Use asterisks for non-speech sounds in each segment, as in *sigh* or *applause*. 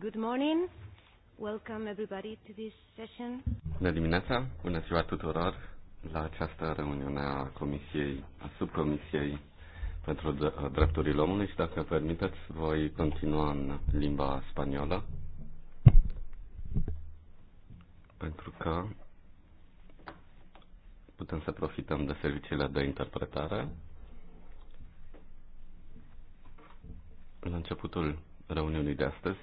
Good morning. Welcome everybody to this session. Bună dimineața, bună ziua tuturor la această reuniune a Comisiei, a Subcomisiei pentru Drepturile Omului și dacă permiteți voi continua în limba spaniolă pentru că putem să profităm de serviciile de interpretare. La începutul reuniunii de astăzi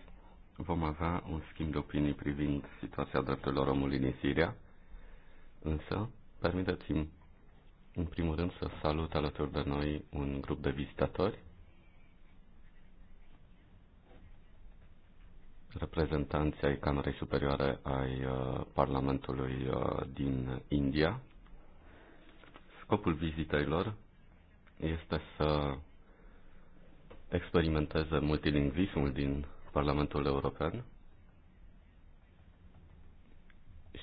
vom avea un schimb de opinii privind situația drepturilor omului din Siria, însă permiteți-mi în primul rând să salut alături de noi un grup de vizitatori, reprezentanții ai Camerei Superioare ai uh, Parlamentului uh, din India. Scopul vizitelor este să experimenteze multilingvismul din Parlamentul European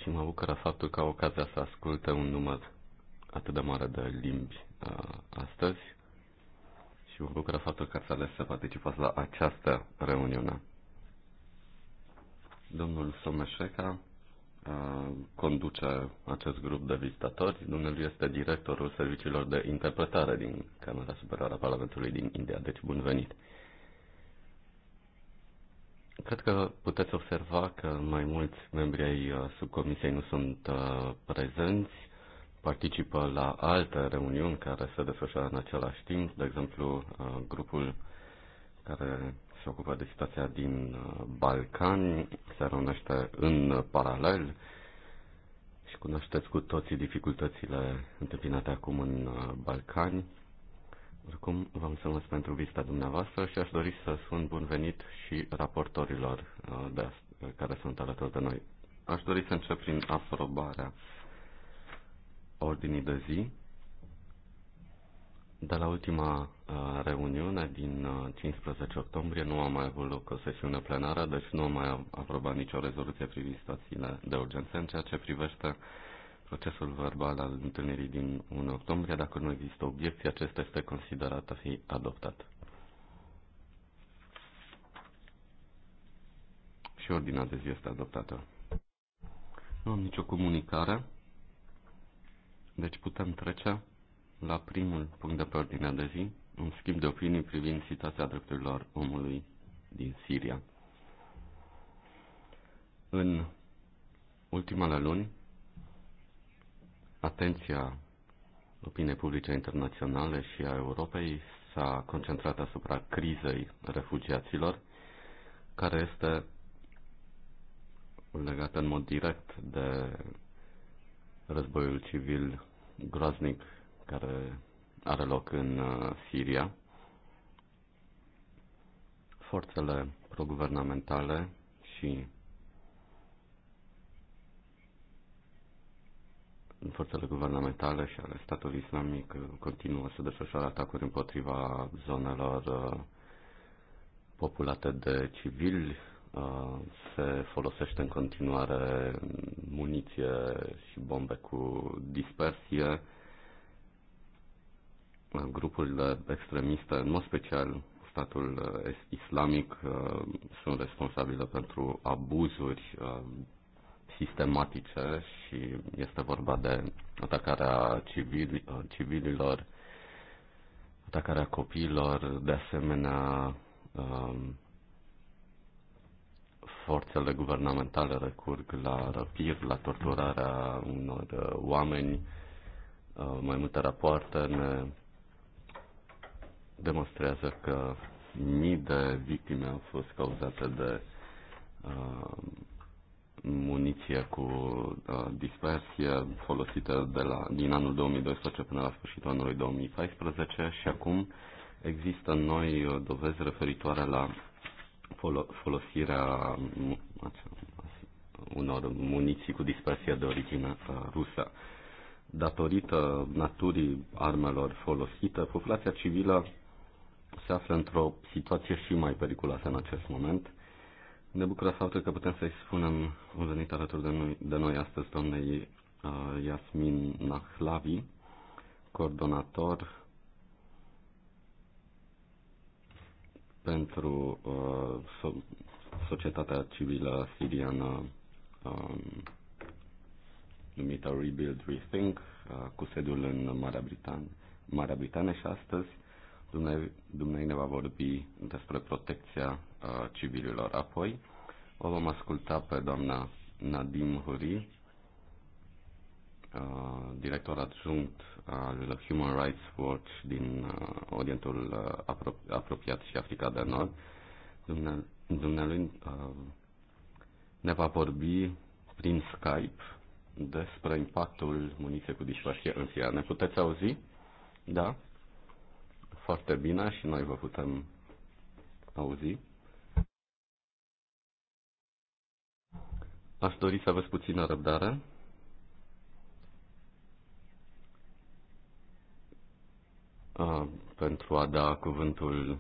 și mă bucură faptul că au ocazia să asculte un număr atât de mare de limbi uh, astăzi și mă bucură faptul că ați ales să participați la această reuniune. Domnul Someșeca uh, conduce acest grup de vizitatori. Domnul este directorul serviciilor de interpretare din Camera Superioară a Parlamentului din India, deci bun venit! Cred că puteți observa că mai mulți membri ai uh, subcomisiei nu sunt uh, prezenți, participă la alte reuniuni care se desfășoară în același timp, de exemplu uh, grupul care se ocupă de situația din Balcani, se reunește în paralel și cunoașteți cu toții dificultățile întâmpinate acum în Balcani. Oricum, vă mulțumesc pentru vizita dumneavoastră și aș dori să spun bun venit și raportorilor uh, de uh, care sunt alături de noi. Aș dori să încep prin aprobarea ordinii de zi. De la ultima uh, reuniune din 15 octombrie nu a mai avut loc o sesiune plenară, deci nu am mai aprobat nicio rezoluție privind stațiile de urgență în ceea ce privește uh, procesul verbal al întâlnirii din 1 octombrie. Dacă nu există obiecții, acesta este considerat a fi adoptat. Și ordinea de zi este adoptată. Nu am nicio comunicare, deci putem trece la primul punct de pe ordinea de zi, un schimb de opinii privind situația drepturilor omului din Siria. În ultimele luni, atenția opiniei publice internaționale și a Europei s-a concentrat asupra crizei refugiaților, care este legată în mod direct de războiul civil groaznic care are loc în uh, Siria. Forțele proguvernamentale și forțele guvernamentale și ale statului islamic continuă să desfășoare atacuri împotriva zonelor uh, populate de civili. Uh, se folosește în continuare muniție și bombe cu dispersie. Uh, Grupurile extremiste, în mod special statul islamic, sunt responsabile pentru abuzuri sistematice și este vorba de atacarea civil, uh, civililor, atacarea copiilor, de asemenea um, forțele guvernamentale recurg la răpiri, la torturarea unor uh, oameni. Uh, mai multe rapoarte ne demonstrează că mii de victime au fost cauzate de muniție cu uh, dispersie folosită de la, din anul 2012 până la sfârșitul anului 2014 și acum există noi uh, dovezi referitoare la folosirea unor muniții cu dispersie de origine uh, rusă. Datorită naturii armelor folosite, populația civilă se află într-o situație și mai periculoasă în acest moment ne bucură faptul că putem să-i spunem un venit alături de noi, de noi astăzi domnei uh, Yasmin Nahlavi, coordonator pentru uh, so- societatea civilă siriană um, numită Rebuild Rethink, uh, cu sediul în Marea Britanie. Marea Britanie și astăzi dumneavoastră ne va vorbi despre protecția Uh, civililor. Apoi o vom asculta pe doamna Nadim Huri, uh, director adjunct al Human Rights Watch din uh, Orientul Apropiat și Africa de Nord. Dumnealui ne va vorbi prin Skype despre impactul muniției cu dispersie în Sia. Ne puteți auzi? Da? Foarte bine și noi vă putem auzi. Aș dori să aveți puțină răbdare. pentru a da cuvântul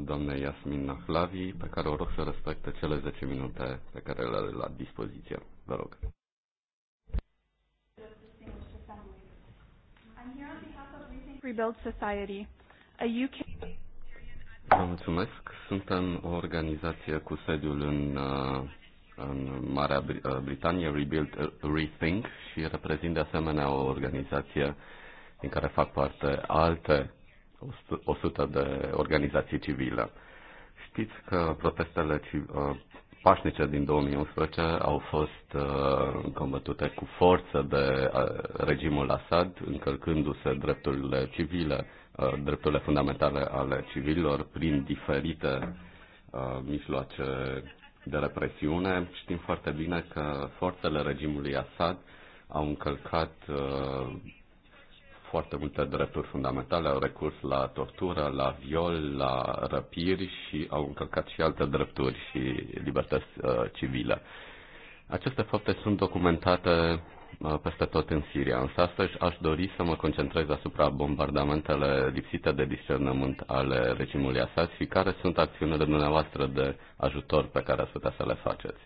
doamnei Yasmin Nahlavi, pe care o rog să respecte cele 10 minute pe care le are la dispoziție. Vă rog. Rebuild Society, a UK... Vă mulțumesc. Suntem o organizație cu sediul în în Marea uh, Britanie, Rebuild uh, Rethink, și reprezint de asemenea o organizație din care fac parte alte 100 de organizații civile. Știți că protestele uh, pașnice din 2011 au fost combătute cu forță de regimul Assad, încălcându-se drepturile civile, drepturile fundamentale ale civililor prin diferite mijloace de represiune. Știm foarte bine că forțele regimului Assad au încălcat uh, foarte multe drepturi fundamentale, au recurs la tortură, la viol, la răpiri și au încălcat și alte drepturi și libertăți uh, civile. Aceste fapte sunt documentate Uh, peste tot în Siria. Însă astăzi aș dori să mă concentrez asupra bombardamentele lipsite de discernământ ale regimului Assad și care sunt acțiunile dumneavoastră de ajutor pe care ați putea să le faceți.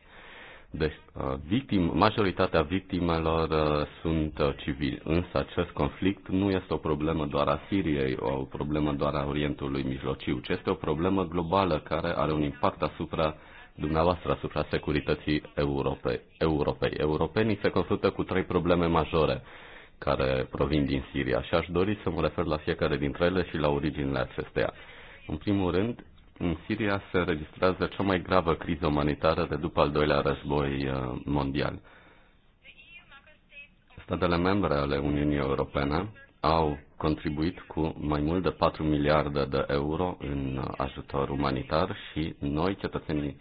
Deci, uh, victim, majoritatea victimelor uh, sunt civili, însă acest conflict nu este o problemă doar a Siriei, o problemă doar a Orientului Mijlociu, ci este o problemă globală care are un impact asupra dumneavoastră asupra securității Europei. Europei. Europenii se confruntă cu trei probleme majore care provin din Siria și aș dori să mă refer la fiecare dintre ele și la originile acesteia. În primul rând, în Siria se înregistrează cea mai gravă criză umanitară de după al doilea război uh, mondial. Statele membre ale Uniunii Europene au contribuit cu mai mult de 4 miliarde de euro în ajutor umanitar și noi, cetățenii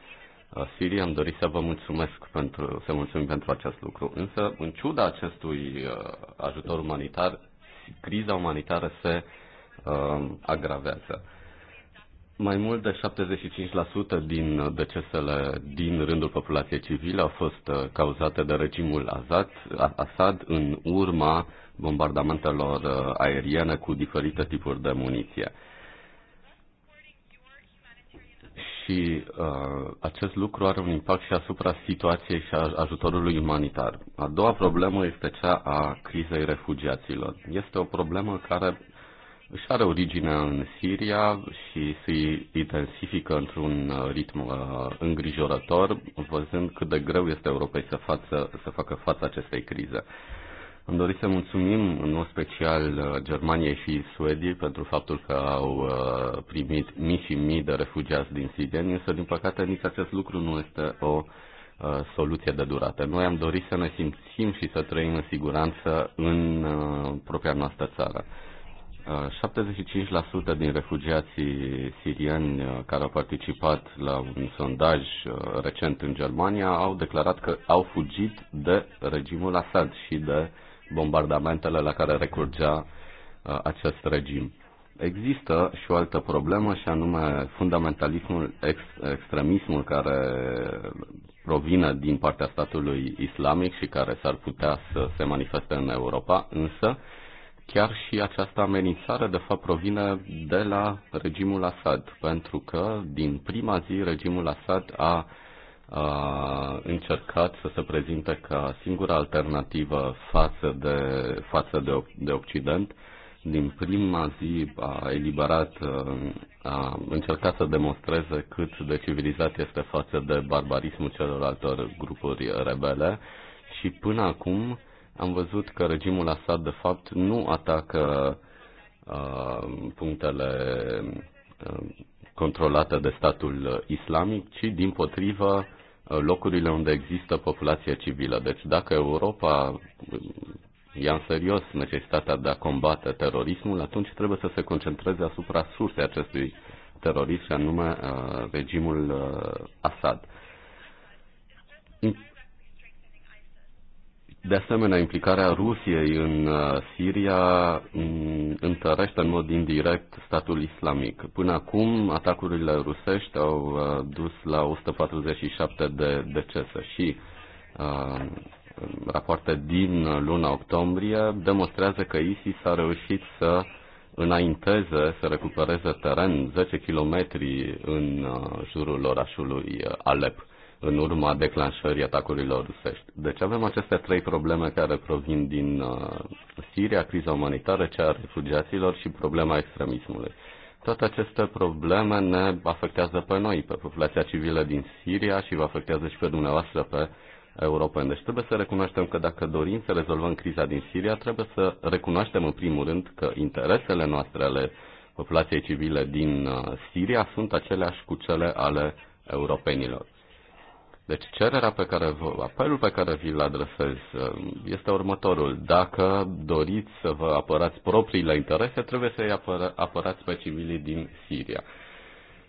Siria. Am dorit să vă mulțumesc pentru, să mulțumim pentru acest lucru. Însă, în ciuda acestui uh, ajutor umanitar, criza umanitară se uh, agravează. Mai mult de 75% din decesele din rândul populației civile au fost uh, cauzate de regimul Azad, Assad în urma bombardamentelor uh, aeriene cu diferite tipuri de muniție. și uh, acest lucru are un impact și asupra situației și a ajutorului umanitar. A doua problemă este cea a crizei refugiaților. Este o problemă care își are originea în Siria și se intensifică într-un uh, ritm uh, îngrijorător, văzând cât de greu este Europei să, față, să facă față acestei crize. Uh, am dorit să mulțumim în mod special uh, Germaniei și Suediei pentru faptul că au uh, primit mii și mii de refugiați din Sigen, însă din păcate nici acest lucru nu este o uh, soluție de durată. Noi am dorit să ne simțim și să trăim în siguranță în propria noastră țară. 75% din refugiații sirieni care au participat la un sondaj recent în Germania au declarat că au fugit de regimul Assad și de bombardamentele la care recurgea uh, acest regim. Există și o altă problemă și anume fundamentalismul, ex- extremismul care provine din partea statului islamic și care s-ar putea să se manifeste în Europa, însă chiar și această amenințare de fapt provine de la regimul Assad, pentru că din prima zi regimul Assad a a încercat să se prezinte ca singura alternativă față de, față de, de Occident. Din prima zi a eliberat, a încercat să demonstreze cât de civilizat este față de barbarismul celorlaltor grupuri rebele și până acum am văzut că regimul Assad de fapt nu atacă a, punctele a, controlate de statul islamic, ci din potrivă locurile unde există populație civilă. Deci dacă Europa ia în serios necesitatea de a combate terorismul, atunci trebuie să se concentreze asupra sursei acestui terorism, și anume uh, regimul uh, Assad. De asemenea, implicarea Rusiei în uh, Siria mm, întărește în mod indirect statul islamic. Până acum, atacurile rusești au uh, dus la 147 de decese și uh, rapoarte din luna octombrie demonstrează că ISIS a reușit să înainteze, să recupereze teren 10 km în jurul orașului Alep în urma declanșării atacurilor rusești. Deci avem aceste trei probleme care provin din uh, Siria, criza umanitară, cea a refugiaților și problema extremismului. Toate aceste probleme ne afectează pe noi, pe populația civilă din Siria și vă afectează și pe dumneavoastră, pe europeni. Deci trebuie să recunoaștem că dacă dorim să rezolvăm criza din Siria, trebuie să recunoaștem în primul rând că interesele noastre ale populației civile din uh, Siria sunt aceleași cu cele ale europenilor. Deci cererea pe care vă, apelul pe care vi-l adresez uh, este următorul. Dacă doriți să vă apărați propriile interese, trebuie să-i apără, apărați pe civilii din Siria.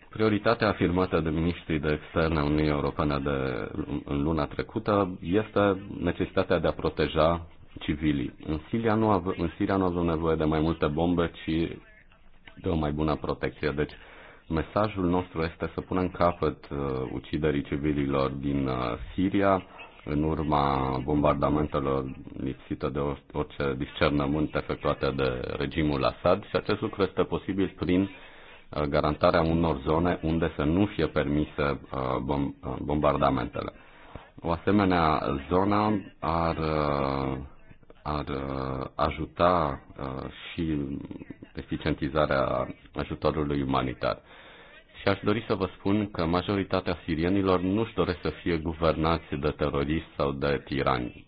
Prioritatea afirmată de ministrii de externe a Uniunii Europene de, în luna trecută este necesitatea de a proteja civilii. În Siria nu, ave, în Siria nu avem nevoie de mai multe bombe, ci de o mai bună protecție. Deci Mesajul nostru este să punem capăt uh, uciderii civililor din uh, Siria în urma bombardamentelor lipsite de orice discernământ efectuate de regimul Assad și acest lucru este posibil prin uh, garantarea unor zone unde să nu fie permise uh, uh, bombardamentele. O asemenea zonă ar, ar ajuta și eficientizarea ajutorului umanitar. Și aș dori să vă spun că majoritatea sirienilor nu-și doresc să fie guvernați de teroriști sau de tirani,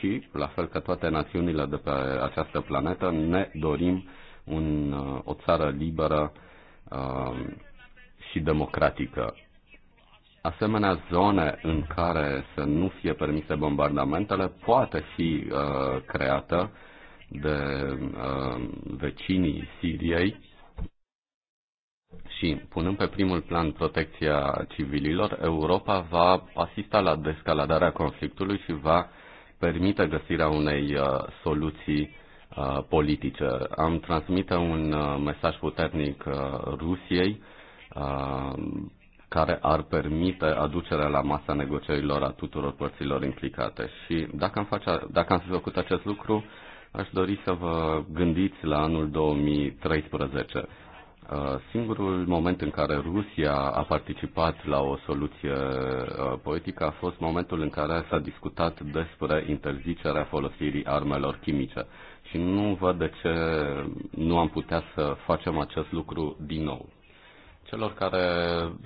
ci, la fel ca toate națiunile de pe această planetă, ne dorim un, uh, o țară liberă uh, și democratică. Asemenea, zone în care să nu fie permise bombardamentele poate fi uh, creată uh, de uh, vecinii Siriei și punând pe primul plan protecția civililor, Europa va asista la descaladarea conflictului și va permite găsirea unei uh, soluții uh, politice. Am transmis un uh, mesaj puternic uh, Rusiei uh, care ar permite aducerea la masa negocierilor a tuturor părților implicate. Și dacă am, face, dacă am făcut acest lucru, aș dori să vă gândiți la anul 2013. Uh, singurul moment în care Rusia a participat la o soluție uh, politică a fost momentul în care s-a discutat despre interzicerea folosirii armelor chimice. Și nu văd de ce nu am putea să facem acest lucru din nou. Celor care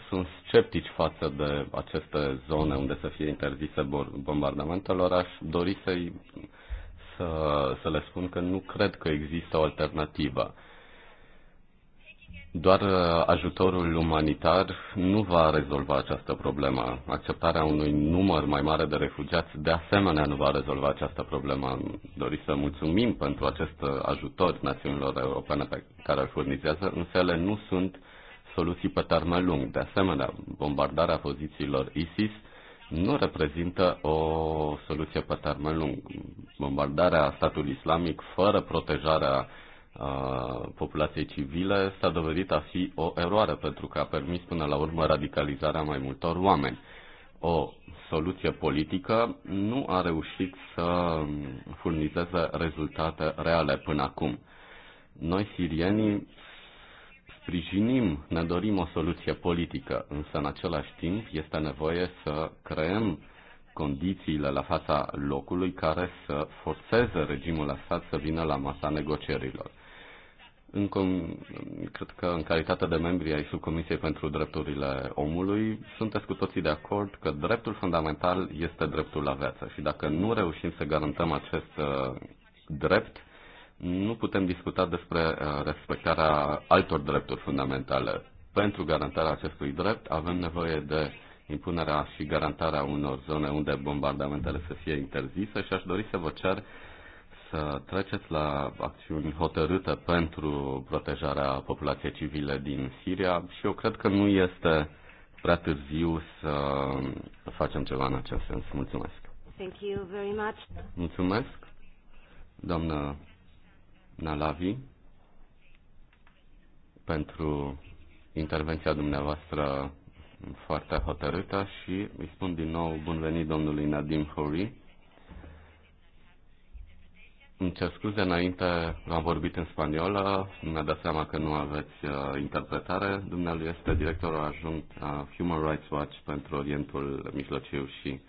sunt sceptici față de aceste zone unde să fie interzise bombardamentelor, aș dori să-i să, să le spun că nu cred că există o alternativă. Doar uh, ajutorul umanitar nu va rezolva această problemă. Acceptarea unui număr mai mare de refugiați de asemenea nu va rezolva această problemă. Dori să mulțumim pentru acest uh, ajutor națiunilor europene pe care îl furnizează, însă ele nu sunt soluții pe termen lung. De asemenea, bombardarea pozițiilor ISIS nu reprezintă o soluție pe termen lung. Bombardarea statului islamic fără protejarea uh, populației civile s-a dovedit a fi o eroare pentru că a permis până la urmă radicalizarea mai multor oameni. O soluție politică nu a reușit să furnizeze rezultate reale până acum. Noi, sirienii, sprijinim, ne dorim o soluție politică, însă în același timp este nevoie să creăm condițiile la fața locului care să forțeze regimul Assad să vină la masa negocierilor. În com- cred că în calitate de membri ai Subcomisiei pentru Drepturile Omului, sunteți cu toții de acord că dreptul fundamental este dreptul la viață și dacă nu reușim să garantăm acest uh, drept, nu putem discuta despre uh, respectarea altor drepturi fundamentale. Pentru garantarea acestui drept avem nevoie de impunerea și garantarea unor zone unde bombardamentele să fie interzise și aș dori să vă cer să treceți la acțiuni hotărâte pentru protejarea populației civile din Siria și eu cred că nu este prea târziu să facem ceva în acest sens. Mulțumesc. Thank you very much. Mulțumesc. Doamnă Nalavi, pentru intervenția dumneavoastră foarte hotărâtă și îi spun din nou bun venit domnului Nadim Hori. Îmi cer scuze, înainte am vorbit în spaniolă, mi-a dat seama că nu aveți uh, interpretare. Dumnealui este directorul ajunt a Human Rights Watch pentru Orientul Mijlociu și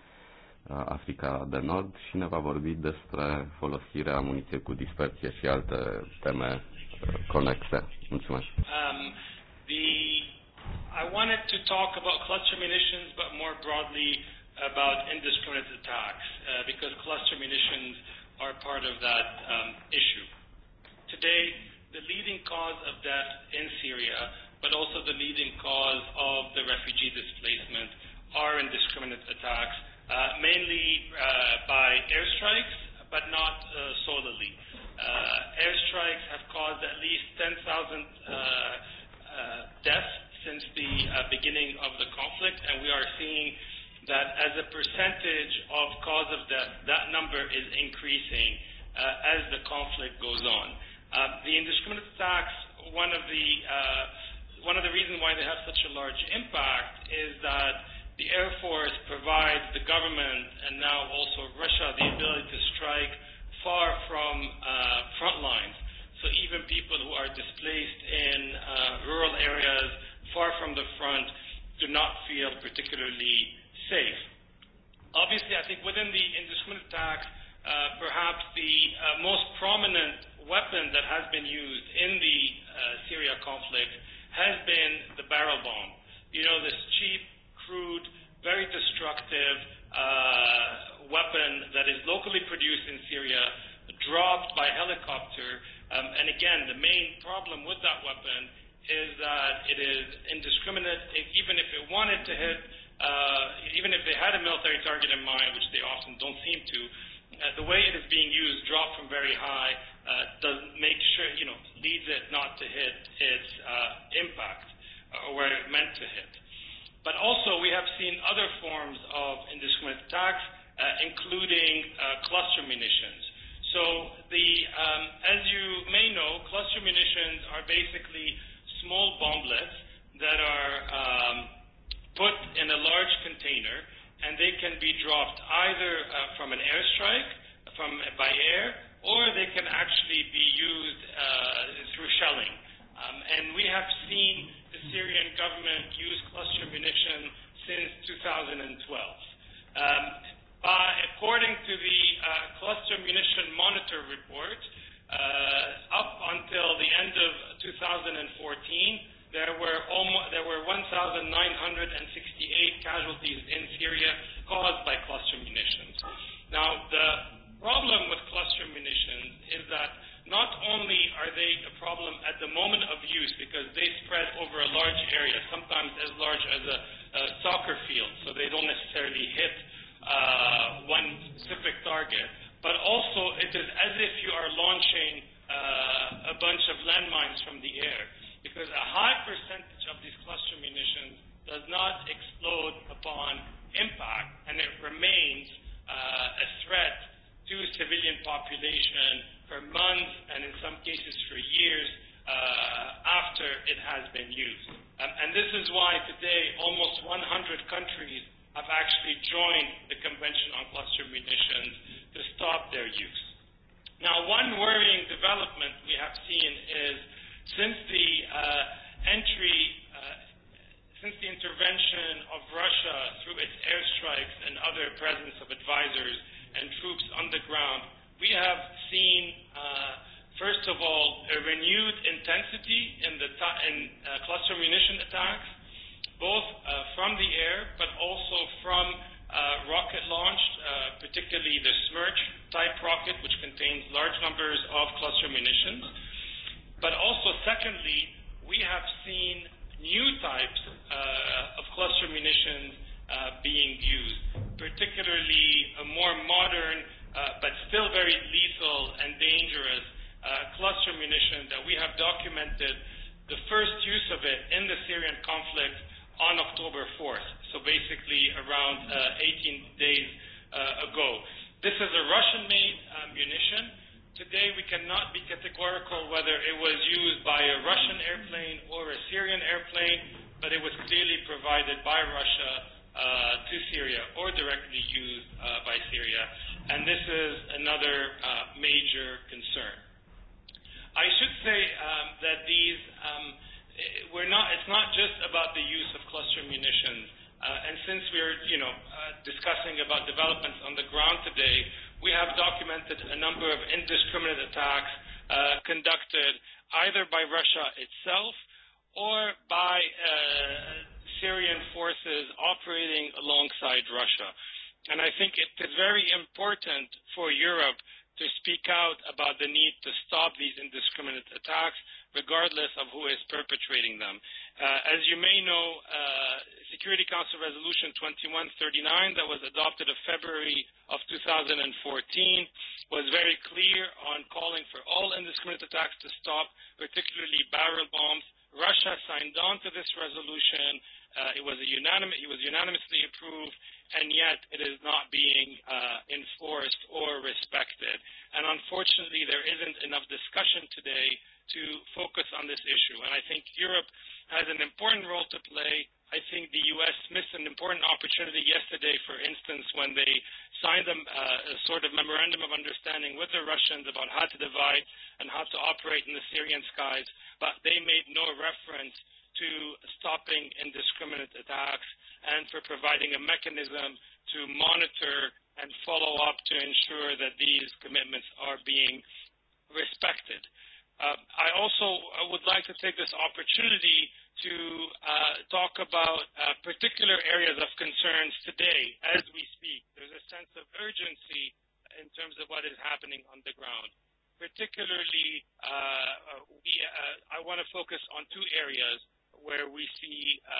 Africa de Nord și ne va vorbi despre folosirea muniției cu dispersie și alte teme uh, conexe. Mulțumesc. Um, the, I wanted to talk about cluster munitions, but more broadly about indiscriminate attacks, uh, because cluster munitions are part of that um, issue. Today, the leading cause of death in Syria, but also the leading cause of the refugee displacement, are indiscriminate attacks Uh, mainly uh, by airstrikes, but not uh, solely. Uh, airstrikes have caused at least 10,000 uh, uh, deaths since the uh, beginning of the conflict, and we are seeing that as a percentage of cause of death, that number is increasing uh, as the conflict goes on. Uh, the indiscriminate attacks, one of the uh, one of the reasons why they have such a large impact is that The Air Force provides the government and now also Russia the ability to strike far from uh, front lines. So even people who are displaced in uh, rural areas far from the front do not feel particularly safe. Obviously, I think within the indiscriminate attacks, uh, perhaps the uh, most prominent weapon that has been used in the uh, Syria conflict has been the barrel bomb. You know, this cheap crude, very destructive uh, weapon that is locally produced in Syria, dropped by helicopter. Um, and again, the main problem with that weapon is that it is indiscriminate. Even if it wanted to hit, uh, even if they had a military target in mind, which they often don't seem to, uh, the way it is being used, dropped from very high, uh, does make sure you know leads it not to hit its uh, impact uh, or where it meant to hit. But also we have seen other forms of indiscriminate attacks, uh, including uh, cluster munitions. So the, um, as you may know, cluster munitions are basically small bomblets that are um, put in a large container, and they can be dropped either uh, from an airstrike, from by air, or they can actually be used uh, through shelling. Um, and we have seen the Syrian government used cluster munition since 2012. Um, by, according to the uh, Cluster Munition Monitor Report, uh, up until the end of 2014, there were, almost, there were 1,968 casualties in Syria caused by cluster munitions. Now, the problem with cluster munitions is that not only are they a problem at the moment of use because they spread over a large area, sometimes as large as a, a soccer field, so they don't necessarily hit uh, one specific target, but also it is as if you are launching uh, a bunch of landmines from the air because a high percentage of these cluster munitions does not explode upon impact and it remains uh, a threat to civilian population for months and in some cases for years uh, after it has been used. Um, and this is why today almost 100 countries have actually joined the Convention on Cluster Munitions to stop their use. Now, one worrying development we have seen is since the uh, entry, uh, since the intervention of Russia through its airstrikes and other presence of advisors and troops on the ground we have seen, uh, first of all, a renewed intensity in, the ta- in uh, cluster munition attacks, both uh, from the air but also from uh, rocket launched, uh, particularly the Smirch type rocket, which contains large numbers of cluster munitions. But also, secondly, we have seen new types uh, of cluster munitions uh, being used, particularly a more modern Uh, but still very lethal and dangerous uh, cluster munition that we have documented the first use of it in the Syrian conflict on October 4th, so basically around uh, 18 days uh, ago. This is a Russian-made uh, munition. Today we cannot be categorical whether it was used by a Russian airplane or a Syrian airplane, but it was clearly provided by Russia uh, to Syria or directly used uh, by Syria. Uh, And this is another uh, major concern. I should say um, that these, um, eh, we're not, it's not just about the use of cluster munitions. Uh, and since we're, you know, uh, discussing about developments on the ground today, we have documented a number of indiscriminate attacks uh, conducted either by Russia itself or by uh, Syrian forces operating alongside Russia. And I think it is very important for Europe to speak out about the need to stop these indiscriminate attacks, regardless of who is perpetrating them. Uh, as you may know, uh, Security Council Resolution 2139 that was adopted in February of 2014 was very clear on calling for all indiscriminate attacks to stop, particularly barrel bombs. Russia signed on to this resolution. Uh, it was a unanimous, it was unanimously approved and yet it is not being uh, enforced or respected. And unfortunately, there isn't enough discussion today to focus on this issue. And I think Europe has an important role to play. I think the U.S. missed an important opportunity yesterday, for instance, when they signed a, uh, a sort of memorandum of understanding with the Russians about how to divide and how to operate in the Syrian skies, but they made no reference to stopping indiscriminate attacks and for providing a mechanism to monitor and follow up to ensure that these commitments are being respected. Uh, I also uh, would like to take this opportunity to uh, talk about uh, particular areas of concerns today as we speak. There's a sense of urgency in terms of what is happening on the ground. Particularly, uh, uh we, uh, I want to focus on two areas where we see, uh,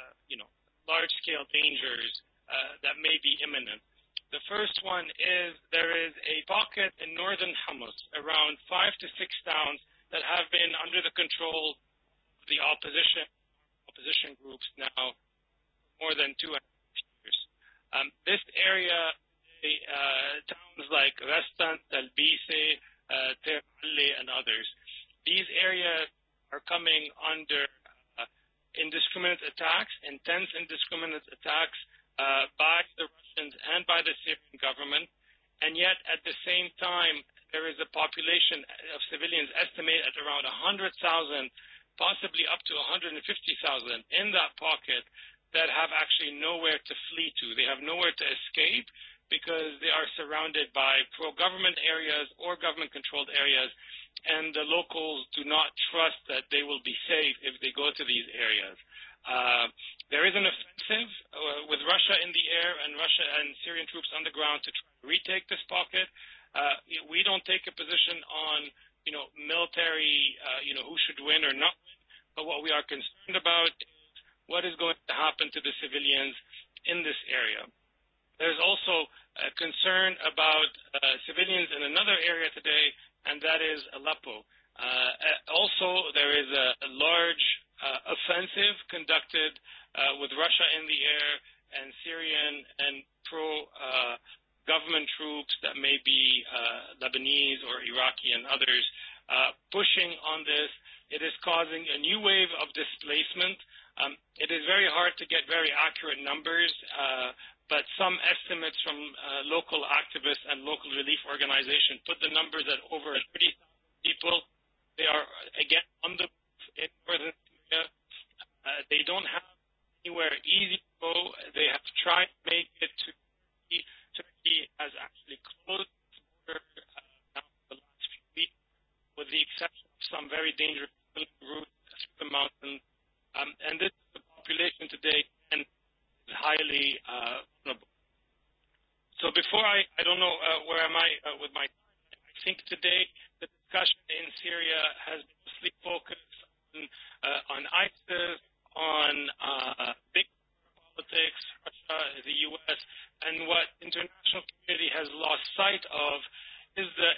uh, you know, large-scale dangers uh, that may be imminent. The first one is there is a pocket in northern Hamas, around five to six towns that have been under the control of the opposition opposition groups now more than two years. Um, this area, the, uh, towns like Restan, Talbise, uh, Terhali and others, these areas are coming under indiscriminate attacks, intense indiscriminate attacks uh, by the Russians and by the Syrian government. And yet, at the same time, there is a population of civilians estimated at around 100,000, possibly up to 150,000 in that pocket that have actually nowhere to flee to. They have nowhere to escape because they are surrounded by pro-government areas or government-controlled areas and the locals do not trust that they will be safe if they go to these areas. Uh, there is an offensive uh, with Russia in the air and Russia and Syrian troops on the ground to try retake this pocket. Uh, we don't take a position on, you know, military, uh, you know, who should win or not. But what we are concerned about is what is going to happen to the civilians in this area. There's also a concern about uh, civilians in another area today and that is Aleppo. Uh, eh, also, there is a, a large uh, offensive conducted uh, with Russia in the air and Syrian and pro uh, government troops that may be uh, Lebanese or Iraqi and others uh, pushing on this. It is causing a new wave of displacement. Um, it is very hard to get very accurate numbers. Uh, but some estimates from uh, local activists and local relief organizations put the numbers at over 30,000 people. They are, again, on the in northern Syria. Uh, they don't have anywhere easy to go. They have tried to make it to Turkey. Turkey has actually closed its border uh, now for the last few weeks, with the exception of some very dangerous routes through the mountains. Um, and this is the population today highly uh, so before I, I don't know uh, where am I uh, with my time. I think today the discussion in Syria has mostly focused on, uh, on ISIS, on uh, big politics, Russia, the U.S., and what international community has lost sight of is the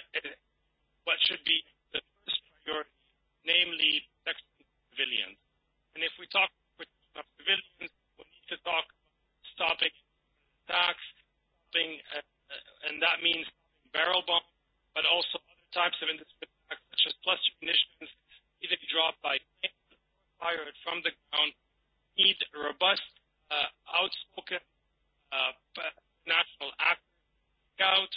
what should be the first priority, namely protection of civilians. And if we talk about civilians, we need to talk stopping uh, and that means barrel bonds, but also other types of industry stocks, such as cluster munitions, either dropped by fired from the ground, need robust, uh, outspoken uh, uh national act out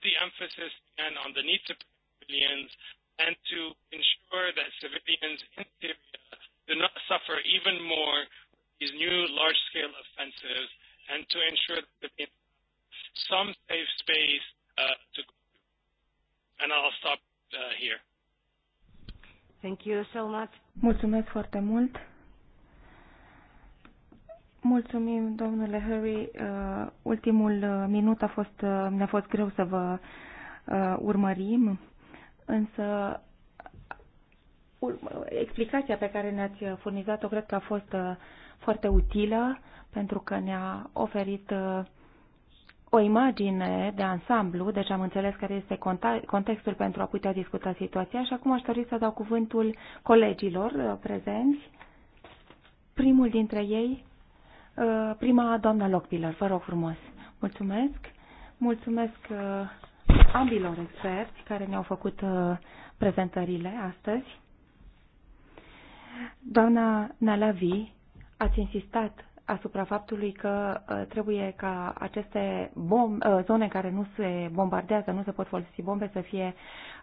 the emphasis again on the needs of civilians and to ensure that civilians in Syria do not suffer even more these new large-scale offensives and to ensure that some safe space uh, to. And I'll stop uh, here. Thank you so much. Mulțumesc foarte mult. Mulțumim, domnule Harry. Uh, ultimul uh, minut a fost, uh, ne-a fost greu să vă uh, urmărim, însă uh, uh, explicația pe care ne-ați furnizat-o cred că a fost uh, foarte utilă pentru că ne-a oferit uh, o imagine de ansamblu, deci am înțeles care este contextul pentru a putea discuta situația și acum aș dori să dau cuvântul colegilor uh, prezenți. Primul dintre ei, uh, prima doamna Lockpiller, vă rog frumos. Mulțumesc. Mulțumesc ambilor experți care ne-au făcut prezentările astăzi. Doamna Nalavi ați insistat asupra faptului că uh, trebuie ca aceste bom, uh, zone care nu se bombardează, nu se pot folosi bombe, să fie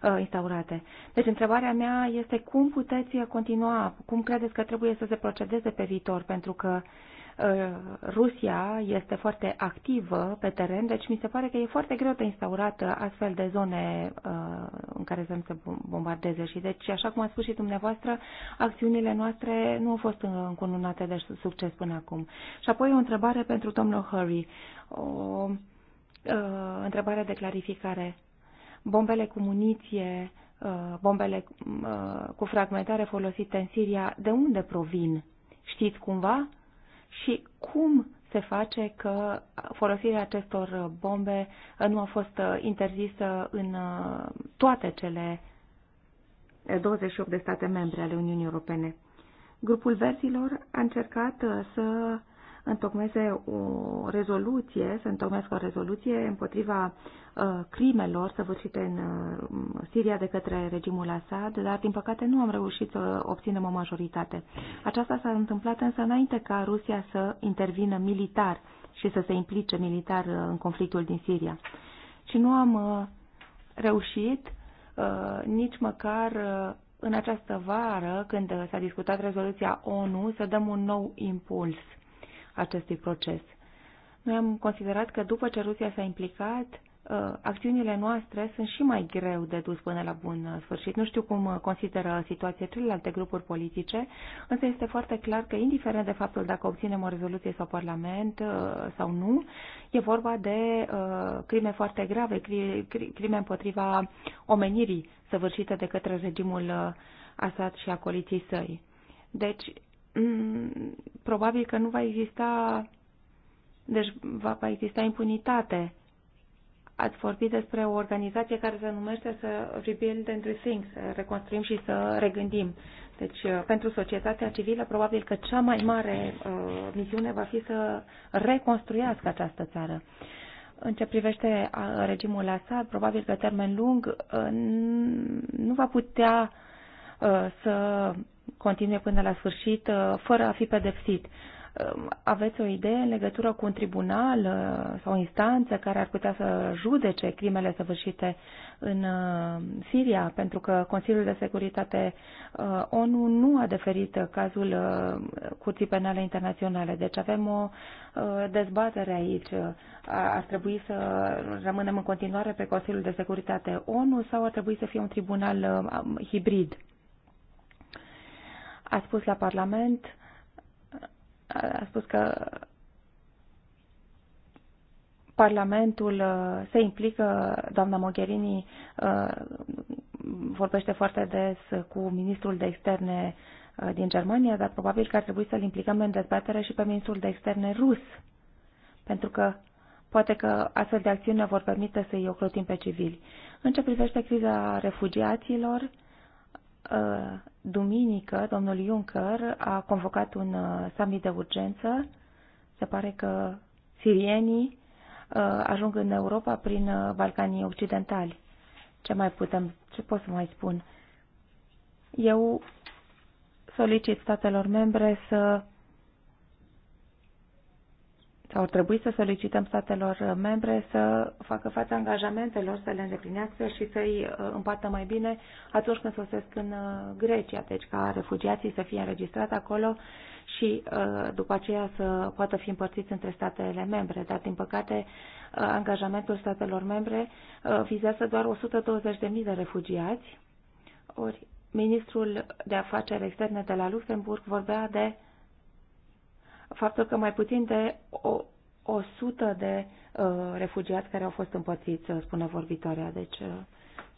uh, instaurate. Deci întrebarea mea este cum puteți continua, cum credeți că trebuie să se procedeze pe viitor, pentru că uh, Uh, Rusia este foarte activă pe teren, deci mi se pare că e foarte greu de instaurat uh, astfel de zone uh, în care să nu se bombardeze. Și deci, așa cum a spus și dumneavoastră, acțiunile noastre nu au fost încununate de succes până acum. Și apoi o întrebare pentru domnul Hurry, o întrebare de clarificare. Bombele cu muniție, bombele cu fragmentare folosite în Siria, de unde provin? Știți cumva? și cum se face că folosirea acestor bombe nu a fost interzisă în uh, toate cele 28 de state membre ale Uniunii Europene. Grupul Verzilor a încercat uh, să întocmeze o rezoluție, să întocmească o rezoluție împotriva uh, crimelor săvârșite în uh, Siria de către regimul Assad, dar din păcate nu am reușit să obținem o majoritate. Aceasta s-a întâmplat însă înainte ca Rusia să intervină militar și să se implice militar uh, în conflictul din Siria. Și nu am uh, reușit uh, nici măcar uh, în această vară, când s-a discutat rezoluția ONU, să dăm un nou impuls acestui proces. Noi am considerat că după ce Rusia s-a implicat, uh, acțiunile noastre sunt și mai greu de dus până la bun uh, sfârșit. Nu știu cum uh, consideră situația celelalte grupuri politice, însă este foarte clar că, indiferent de faptul dacă obținem o rezoluție sau parlament sau nu, e vorba de crime foarte grave, crime împotriva omenirii săvârșite de către regimul Assad și a coliției săi. Deci, Mm, probabil că nu va exista, deci va, va exista impunitate. Ați vorbit despre o organizație care se numește să Rebuild and Rethink, să reconstruim și să regândim. Deci, uh, pentru societatea civilă, probabil că cea mai mare uh, misiune va fi să reconstruiască această țară. În ce privește uh, regimul Assad, probabil că termen lung uh, nu va putea uh, Uh, să continue până la sfârșit uh, fără a fi pedepsit. Uh, aveți o idee în legătură cu un tribunal sau o instanță care ar putea să judece crimele săvârșite în Siria? Pentru că Consiliul de Securitate ONU nu a deferit cazul Curții Penale Internaționale. Deci avem o dezbatere aici. Ar trebui să rămânem în continuare pe Consiliul de Securitate ONU sau ar trebui să fie un tribunal hibrid? a spus la Parlament, a spus că Parlamentul uh, se implică, doamna Mogherini uh, vorbește foarte des cu ministrul de externe uh, din Germania, dar probabil că ar trebui să-l implicăm în dezbatere și pe ministrul de externe rus, pentru că poate că astfel de acțiuni vor permite să-i ocrotim pe civili. În ce privește criza refugiaților, Duminică, domnul Juncker a convocat un uh, summit de urgență. Se pare că sirienii uh, ajung în Europa prin uh, Balcanii Occidentali. Ce mai putem, ce pot să mai spun? Eu solicit statelor membre să sau ar trebui să solicităm statelor membre să facă față angajamentelor, să le îndeplinească și să-i uh, împartă mai bine atunci când sosesc în uh, Grecia, deci ca refugiații să fie înregistrați acolo și uh, după aceea să poată fi împărțiți între statele membre. Dar, din păcate, angajamentul statelor membre vizează doar 120.000 de refugiați, ori ministrul de afaceri externe de la Luxemburg vorbea de faptul că mai puțin de o, 100 de uh, refugiați care au fost împărțiți, uh, spune vorbitoarea. Deci uh,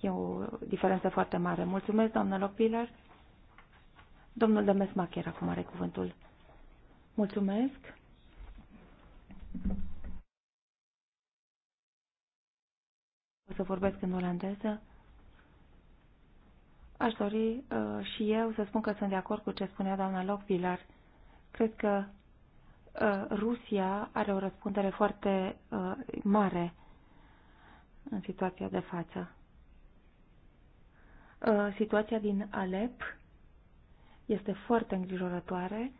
e o diferență foarte mare. Mulțumesc, doamnă Lockpiller. Domnul Macher acum are cuvântul. Mulțumesc. O să vorbesc în olandeză. Aș dori uh, și eu să spun că sunt de acord cu ce spunea doamna Lockpiller. Cred că Uh, Rusia are o răspundere foarte uh, mare în situația de față. Uh, situația din Alep este foarte îngrijorătoare.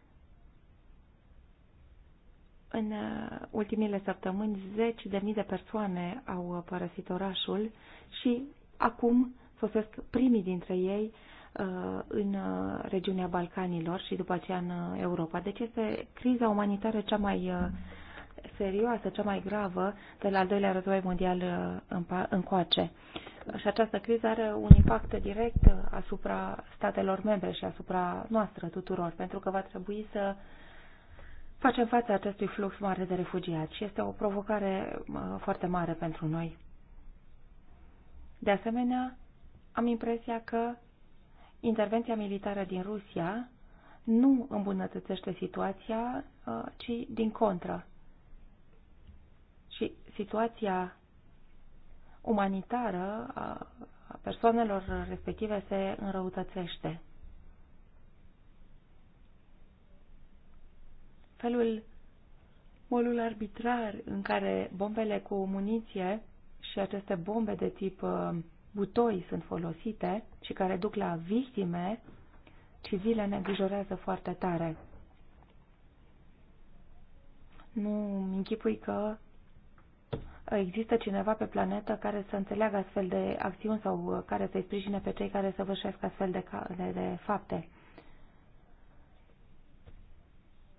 În ultimile săptămâni, zeci de mii de persoane au părăsit orașul și acum sosesc primii dintre ei Uh, în uh, regiunea Balcanilor și după aceea în uh, Europa. Deci este criza umanitară cea mai serioasă, cea mai gravă de la al doilea război mondial încoace. Și această criză are un impact direct asupra statelor membre și asupra noastră tuturor, pentru că va trebui să facem față acestui flux mare de refugiați și este o provocare foarte mare pentru noi. De asemenea, am impresia că intervenția militară din Rusia nu îmbunătățește situația, uh, ci din contră. Și situația umanitară a persoanelor respective se înrăutățește. Felul, molul arbitrar în care bombele cu muniție și aceste bombe de tip uh, butoi sunt folosite și care duc la victime civile ne îngrijorează foarte tare. Nu închipui că există cineva pe planetă care să înțeleagă astfel de acțiuni sau care să-i sprijine pe cei care să vârșesc astfel de, de, de fapte.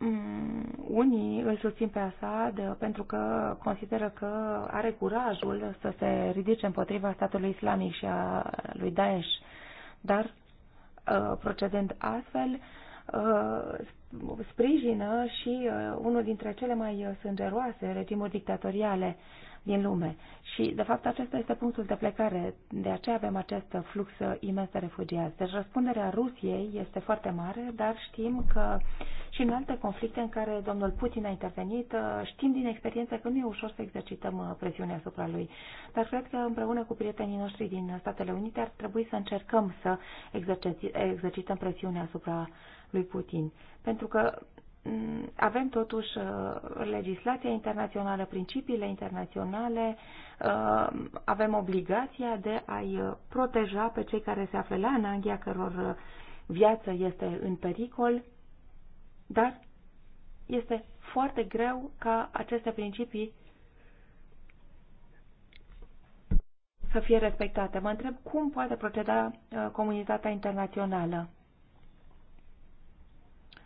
Mm, unii îl susțin pe Assad uh, pentru că consideră că are curajul să se ridice împotriva statului islamic și a lui Daesh, dar uh, procedând astfel uh, sprijină și unul dintre cele mai sângeroase regimuri dictatoriale din lume. Și, de fapt, acesta este punctul de plecare. De aceea avem acest flux imens de refugiați. Deci răspunderea Rusiei este foarte mare, dar știm că și în alte conflicte în care domnul Putin a intervenit, știm din experiență că nu e ușor să exercităm presiunea asupra lui. Dar cred că împreună cu prietenii noștri din Statele Unite ar trebui să încercăm să exercităm presiunea asupra lui Putin. Pentru că Mm, avem totuși uh, legislația internațională, principiile internaționale, uh, avem obligația de a-i uh, proteja pe cei care se află la ananghia căror viață este în pericol, dar este foarte greu ca aceste principii să fie respectate. Mă întreb cum poate proceda comunitatea internațională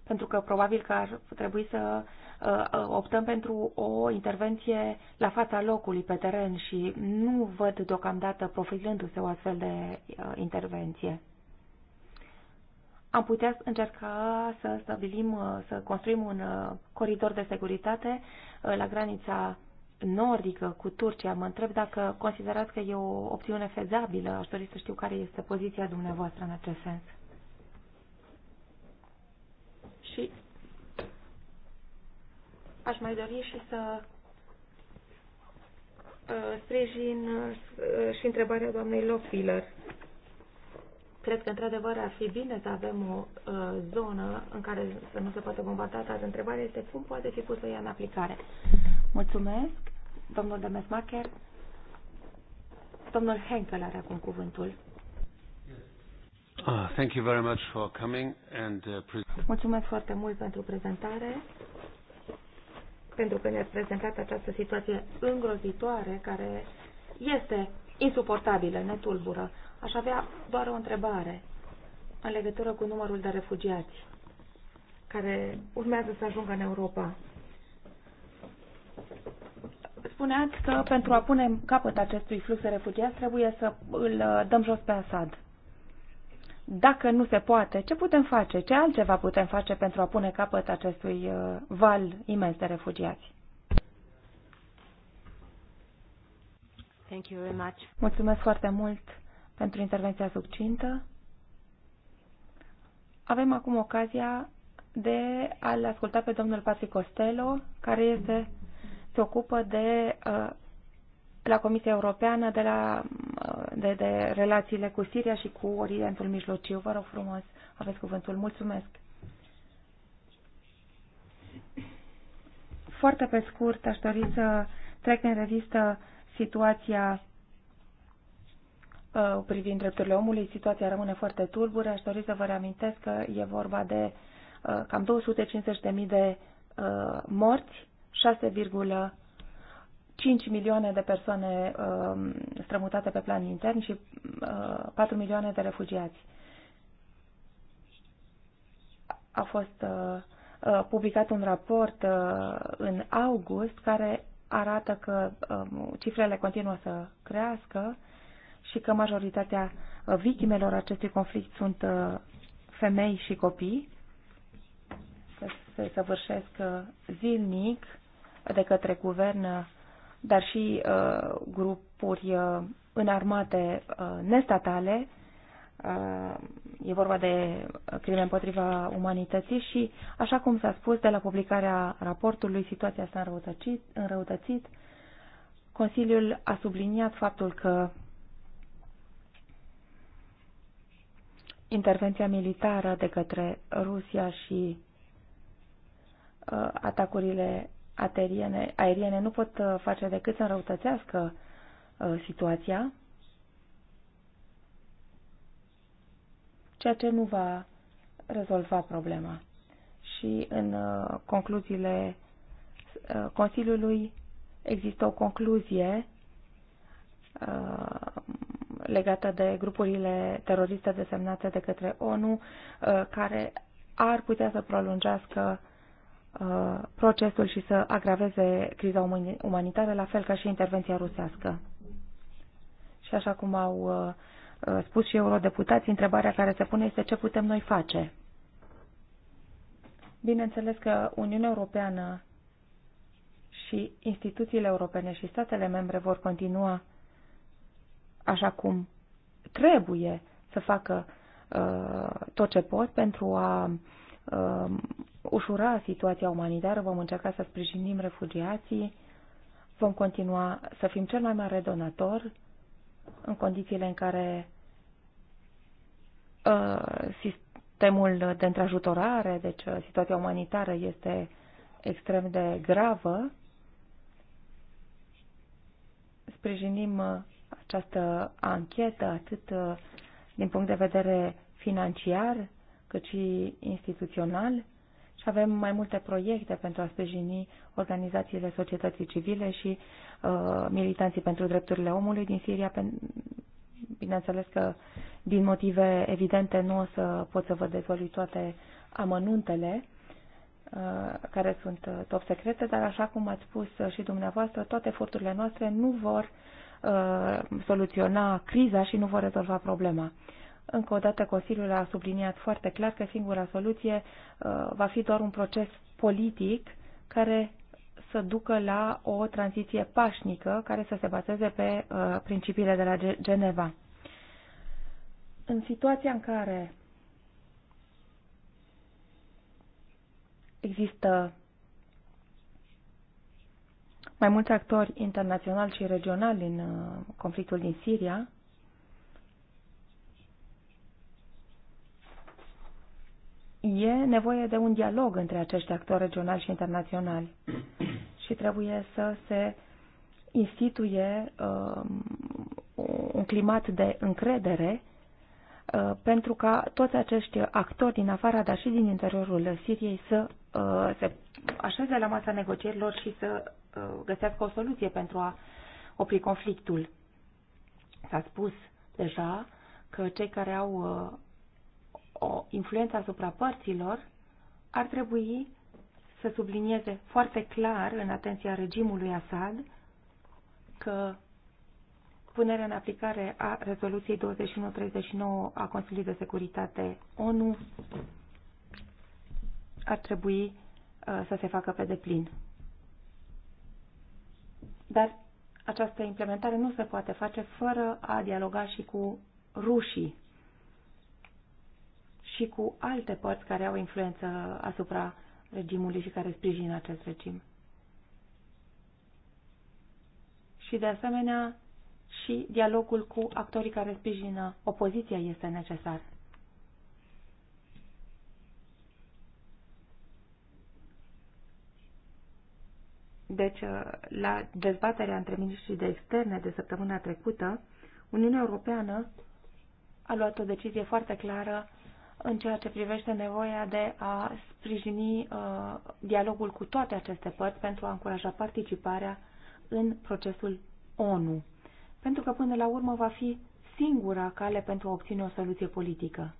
pentru că probabil că ar trebui să uh, uh, optăm pentru o intervenție la fața locului, pe teren și nu văd deocamdată profilându-se o astfel de uh, intervenție. Am putea încerca să stabilim, să construim un coridor de securitate la granița nordică cu Turcia. Mă întreb dacă considerați că e o opțiune fezabilă. Aș dori să știu care este poziția dumneavoastră în acest sens. Aș mai dori și să uh, sprijin uh, și întrebarea doamnei Lofiller. Cred că, într-adevăr, ar fi bine să avem o uh, zonă în care să nu se poate bombarda, dar întrebarea este cum poate fi pusă ea în aplicare. Mulțumesc, domnul Demesmacher. Domnul Henkel are acum cuvântul. Ah, thank you very much for coming and, uh, Mulțumesc foarte mult pentru prezentare pentru că ne-ați prezentat această situație îngrozitoare care este insuportabilă, ne tulbură. Aș avea doar o întrebare în legătură cu numărul de refugiați care urmează să ajungă în Europa. Spuneați că pentru a pune capăt acestui flux de refugiați trebuie să îl dăm jos pe Assad dacă nu se poate, ce putem face? Ce altceva putem face pentru a pune capăt acestui uh, val imens de refugiați? Thank you very much. Mulțumesc foarte mult pentru intervenția subcintă. Avem acum ocazia de a-l asculta pe domnul Patrick Costello, care este, se ocupă de uh, la Comisia Europeană de, la, de, de relațiile cu Siria și cu Orientul Mijlociu. Vă rog frumos, aveți cuvântul. Mulțumesc! Foarte pe scurt, aș dori să trec în revistă situația uh, privind drepturile omului. Situația rămâne foarte tulbură. Aș dori să vă reamintesc că e vorba de uh, cam 250.000 de uh, morți, 5 milioane de persoane uh, strămutate pe plan intern și uh, 4 milioane de refugiați. A fost uh, uh, publicat un raport uh, în august care arată că uh, cifrele continuă să crească și că majoritatea uh, victimelor acestui conflict sunt uh, femei și copii. Se, se săvârșesc uh, zilnic de către guvern dar și uh, grupuri uh, înarmate uh, nestatale. Uh, e vorba de uh, crime împotriva umanității și, așa cum s-a spus de la publicarea raportului, situația s-a înrăutățit, înrăutățit. Consiliul a subliniat faptul că intervenția militară de către Rusia și uh, atacurile ateriene, aeriene nu pot uh, face decât să înrăutățească uh, situația, ceea ce nu va rezolva problema. Și în uh, concluziile Consiliului există o concluzie legată de grupurile teroriste desemnate de către ONU, care ar putea să prolungească uh, Uh, procesul și să agraveze criza umanitară, la fel ca și intervenția rusească. Și așa cum au uh, uh, spus și eurodeputații, întrebarea care se pune este ce putem noi face. Bineînțeles că Uniunea Europeană și instituțiile europene și statele membre vor continua așa cum trebuie să facă uh, tot ce pot pentru a uh, ușura situația umanitară, vom încerca să sprijinim refugiații, vom continua să fim cel mai mare donator în condițiile în care uh, sistemul de întrajutorare, deci uh, situația umanitară este extrem de gravă. Sprijinim uh, această anchetă atât uh, din punct de vedere financiar cât și instituțional și avem mai multe proiecte pentru a sprijini organizațiile societății civile și uh, militanții pentru drepturile omului din Siria. Bineînțeles că din motive evidente nu o să pot să vă dezvălui toate amănuntele uh, care sunt uh, top secrete, dar așa cum ați spus uh, și dumneavoastră, toate eforturile noastre nu vor uh, soluționa criza și nu vor rezolva problema. Uh, încă o dată, Consiliul a subliniat foarte clar că singura soluție uh, va fi doar un proces politic care să ducă la o tranziție pașnică care să se bazeze pe uh, principiile de la Geneva. În situația în care există mai mulți actori internaționali și regionali în uh, conflictul din Siria, e nevoie de un dialog între acești actori regionali și internaționali și trebuie să se instituie uh, un climat de încredere uh, pentru ca toți acești actori din afara, dar și din interiorul Siriei să uh, se așeze la masa negocierilor și să uh, găsească o soluție pentru a opri conflictul. S-a spus deja că cei care au uh, o influență asupra părților, ar trebui să sublinieze foarte clar în atenția regimului Assad că punerea în aplicare a rezoluției 2139 a Consiliului de Securitate ONU ar trebui uh, să se facă pe deplin. Dar această implementare nu se poate face fără a dialoga și cu rușii și cu alte părți care au influență asupra regimului și care sprijină acest regim. Și de asemenea, și dialogul cu actorii care sprijină opoziția este necesar. Deci, la dezbaterea între miniștrii de externe de săptămâna trecută, Uniunea Europeană a luat o decizie foarte clară în ceea ce privește nevoia de a sprijini uh, dialogul cu toate aceste părți pentru a încuraja participarea în procesul ONU. Pentru că până la urmă va fi singura cale pentru a obține o soluție politică.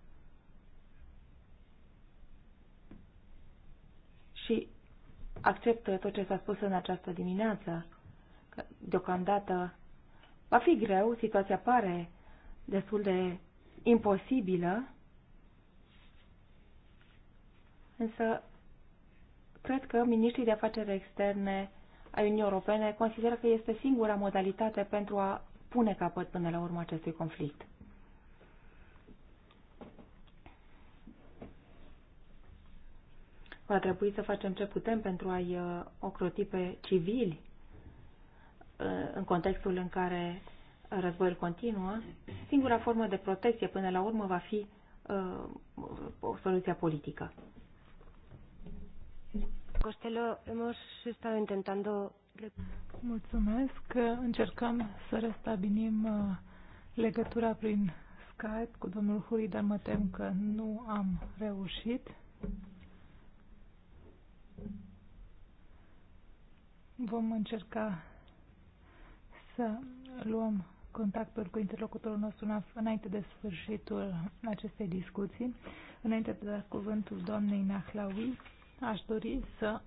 Și accept tot ce s-a spus în această dimineață, că deocamdată va fi greu, situația pare destul de imposibilă, însă cred că miniștrii de afaceri externe ai Uniunii Europene consideră că este singura modalitate pentru a pune capăt până la urmă acestui conflict. Va trebui să facem ce putem pentru a-i uh, ocroti pe civili uh, în contextul în care războiul continuă. Singura formă de protecție până la urmă va fi uh, soluția politică. Costello, hemos estado intentando... Mulțumesc. Încercăm să restabilim uh, legătura prin Skype cu domnul Huri, dar mă tem că nu am reușit. Vom încerca să luăm contactul cu interlocutorul nostru înainte de sfârșitul acestei discuții. Înainte de a da cuvântul doamnei Nahlaui, aș dori să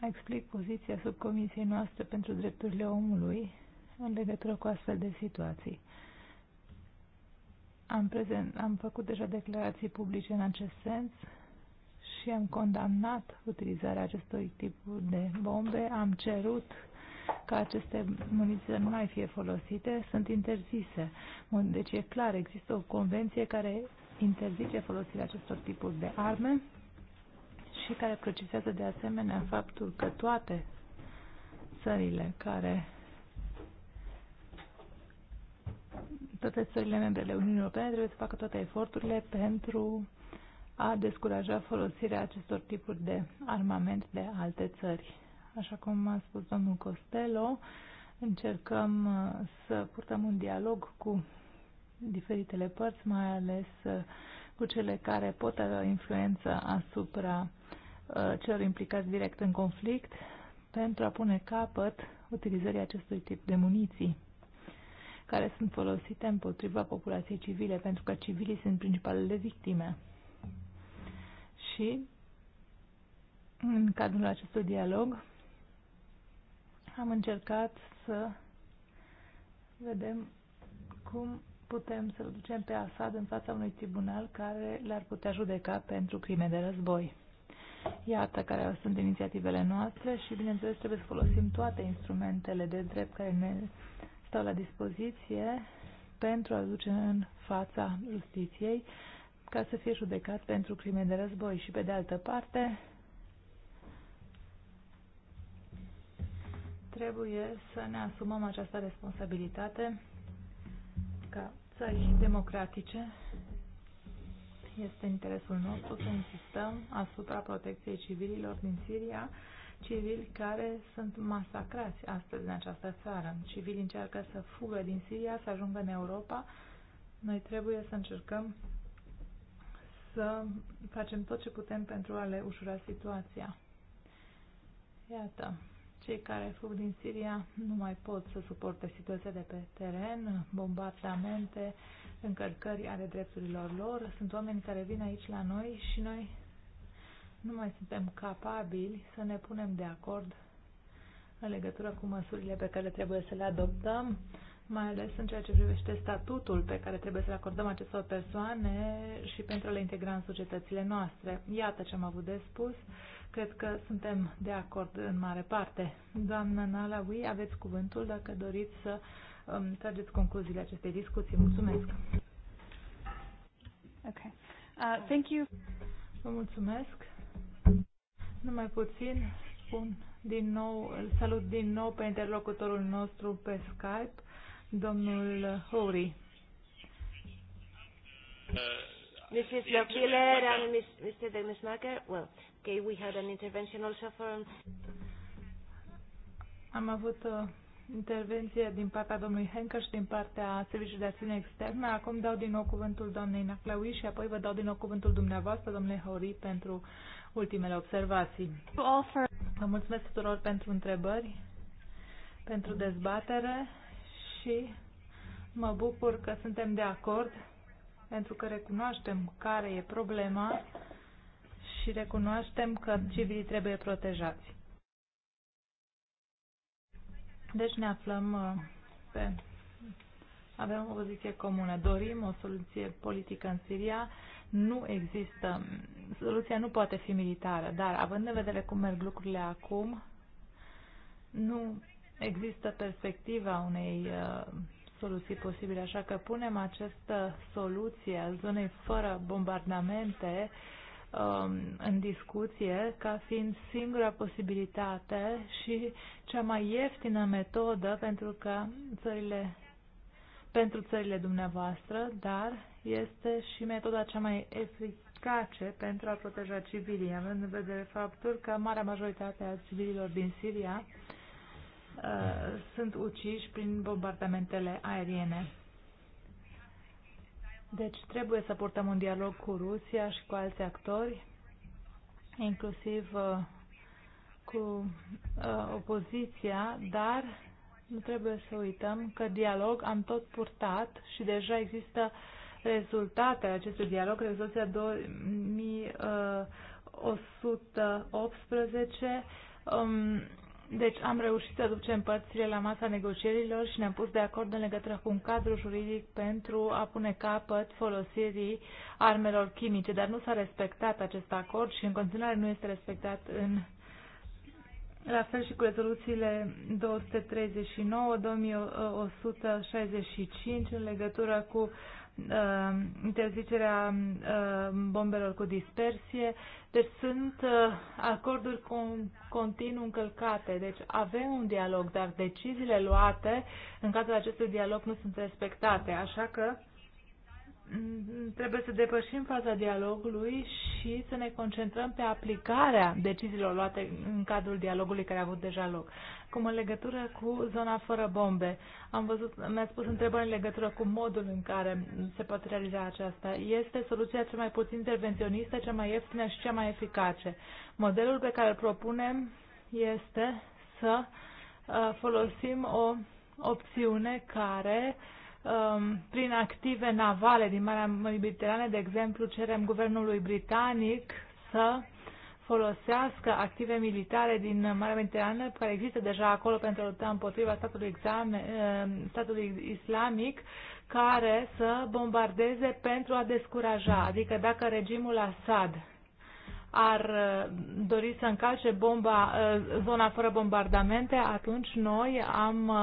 explic poziția subcomisiei noastre pentru drepturile omului în legătură cu astfel de situații. Am, prezent, am făcut deja declarații publice în acest sens și am condamnat utilizarea acestor tipuri de bombe, am cerut ca aceste muniții să nu mai fie folosite, sunt interzise. Deci e clar, există o convenție care interzice folosirea acestor tipuri de arme și care precizează de asemenea faptul că toate țările care toate țările membrele Uniunii Europene trebuie să facă toate eforturile pentru a descuraja folosirea acestor tipuri de armament de alte țări. Așa cum a spus domnul Costello, încercăm uh, să purtăm un dialog cu diferitele părți, mai ales uh, cu cele care pot avea influență asupra uh, celor implicați direct în conflict, pentru a pune capăt utilizării acestui tip de muniții care sunt folosite împotriva populației civile, pentru că civilii sunt principalele victime. Și în cadrul acestui dialog am încercat să vedem cum putem să-l ducem pe Assad în fața unui tribunal care l-ar putea judeca pentru crime de război. Iată care sunt inițiativele noastre și, bineînțeles, trebuie să folosim toate instrumentele de drept care ne stau la dispoziție pentru a duce în fața justiției ca să fie judecat pentru crime de război și, pe de altă parte, trebuie să ne asumăm această responsabilitate ca țări democratice, este interesul nostru să insistăm asupra protecției civililor din Siria, civili care sunt masacrați astăzi în această țară. Civili încearcă să fugă din Siria, să ajungă în Europa. Noi trebuie să încercăm să facem tot ce putem pentru a le ușura situația. Iată. Cei care fug din Siria nu mai pot să suporte situația de pe teren, bombardamente, încălcări ale drepturilor lor. Sunt oameni care vin aici la noi și noi nu mai suntem capabili să ne punem de acord în legătură cu măsurile pe care trebuie să le adoptăm, mai ales în ceea ce privește statutul pe care trebuie să l acordăm acestor persoane și pentru a le integra în societățile noastre. Iată ce am avut de spus. Cred că suntem de acord în mare parte. Doamna Nalawi, aveți cuvântul dacă doriți să um, trageți concluziile acestei discuții. Mulțumesc. Okay. Uh, thank you. Vă mulțumesc. Numai puțin spun din nou, salut din nou pe interlocutorul nostru pe Skype, domnul Houri. Uh, Mrs. Lockiller and Mr. Demesmaker, well, Okay, we had an intervention also from... Am avut o uh, intervenție din partea domnului Henker și din partea Serviciului de Acțiune Externă. Acum dau din nou cuvântul doamnei Naclaui și apoi vă dau din nou cuvântul dumneavoastră, domnule Hori, pentru ultimele observații. Vă mulțumesc tuturor pentru întrebări, pentru dezbatere și mă bucur că suntem de acord pentru că recunoaștem care e problema și recunoaștem că civilii trebuie protejați. Deci ne aflăm uh, pe... Avem o poziție comună. Dorim o soluție politică în Siria. Nu există... Soluția nu poate fi militară, dar având în vedere cum merg lucrurile acum, nu există perspectiva unei uh, soluții posibile. Așa că punem această soluție a zonei fără bombardamente uh, Um, în discuție ca fiind singura posibilitate și cea mai ieftină metodă pentru că țările pentru țările dumneavoastră, dar este și metoda cea mai eficace pentru a proteja civilii, având în vedere faptul că marea majoritate a civililor din Siria uh, sunt uciși prin bombardamentele aeriene. Deci trebuie să purtăm un dialog cu Rusia și cu alți actori, inclusiv uh, cu uh, opoziția, dar nu trebuie să uităm că dialog am tot purtat și deja există rezultatele acestui dialog, rezoluția 2118. Deci am reușit să ducem părțile la masa negocierilor și ne-am pus de acord în legătură cu un cadru juridic pentru a pune capăt folosirii armelor chimice, dar nu s-a respectat acest acord și în continuare nu este respectat în la fel și cu rezoluțiile 239-2165 în legătură cu Uh, interzicerea uh, bombelor cu dispersie. Deci sunt uh, acorduri continuu încălcate. Deci avem un dialog, dar deciziile luate în cadrul acestui dialog nu sunt respectate. Așa că Mm, trebuie să depășim faza dialogului și să ne concentrăm pe aplicarea deciziilor luate în cadrul dialogului care a avut deja loc. Cum în legătură cu zona fără bombe. Am văzut, mi a spus întrebări în legătură cu modul în care se poate realiza aceasta. Este soluția cea mai puțin intervenționistă, cea mai ieftină și cea mai eficace. Modelul pe care îl propunem este să uh, folosim o opțiune care uh, Um, prin active navale din Marea Mediterană, de exemplu, cerem guvernului britanic să folosească active militare din Marea Mediterană, care există deja acolo pentru a lupta împotriva statului, examen, um, statului islamic, care să bombardeze pentru a descuraja. Adică dacă regimul Assad ar uh, dori să încalce bomba, uh, zona fără bombardamente, atunci noi am uh,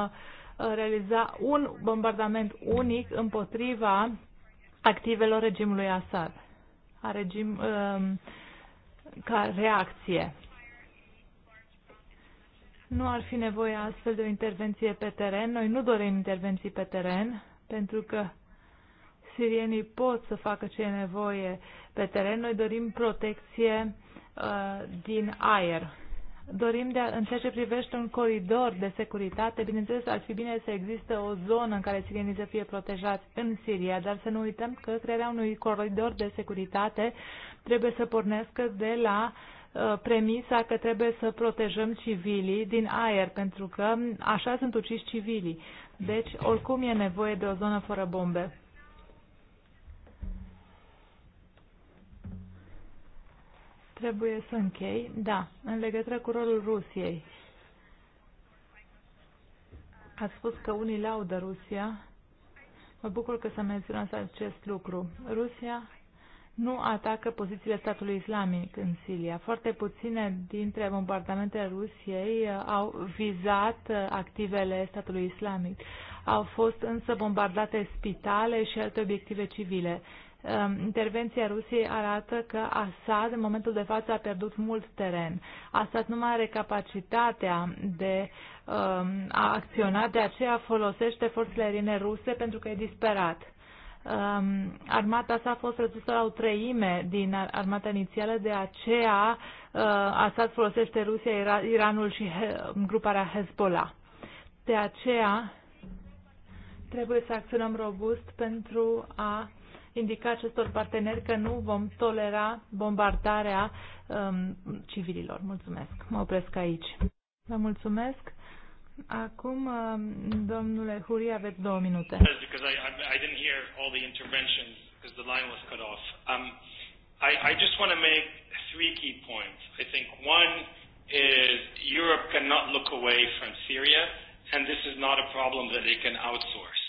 realiza un bombardament unic împotriva activelor regimului Assad, a regim, um, ca reacție. Nu ar fi nevoie astfel de o intervenție pe teren. Noi nu dorim intervenții pe teren, pentru că sirienii pot să facă ce e nevoie pe teren. Noi dorim protecție uh, din aer dorim de, în ceea ce privește un coridor de securitate, bineînțeles ar fi bine să există o zonă în care sirienii să fie protejați în Siria, dar să nu uităm că crearea unui coridor de securitate trebuie să pornească de la uh, premisa că trebuie să protejăm civilii din aer, pentru că așa sunt uciși civilii. Deci, oricum e nevoie de o zonă fără bombe. Trebuie să închei. Da, în legătură cu rolul Rusiei. Ați spus că unii laudă Rusia. Mă bucur că să menționat acest lucru. Rusia nu atacă pozițiile statului islamic în Siria. Foarte puține dintre bombardamentele Rusiei uh, au vizat uh, activele statului islamic. Au fost însă bombardate spitale și alte obiective civile. Um, intervenția Rusiei arată că Assad în momentul de față a pierdut mult teren. Assad nu mai are capacitatea de um, a acționa, de aceea folosește forțele aeriene ruse pentru că e disperat um, armata sa a fost redusă la o treime din armata inițială, de aceea uh, Assad folosește Rusia, Iranul și gruparea Hezbollah. De aceea trebuie să acționăm robust pentru a indica acestor parteneri că nu vom tolera bombardarea um, civililor. Mulțumesc. Mă opresc aici. Vă mulțumesc. Acum, um, domnule Huri, aveți două minute. I, I just want to make three key points. I think one is Europe cannot look away from Syria, and this is not a problem that they can outsource.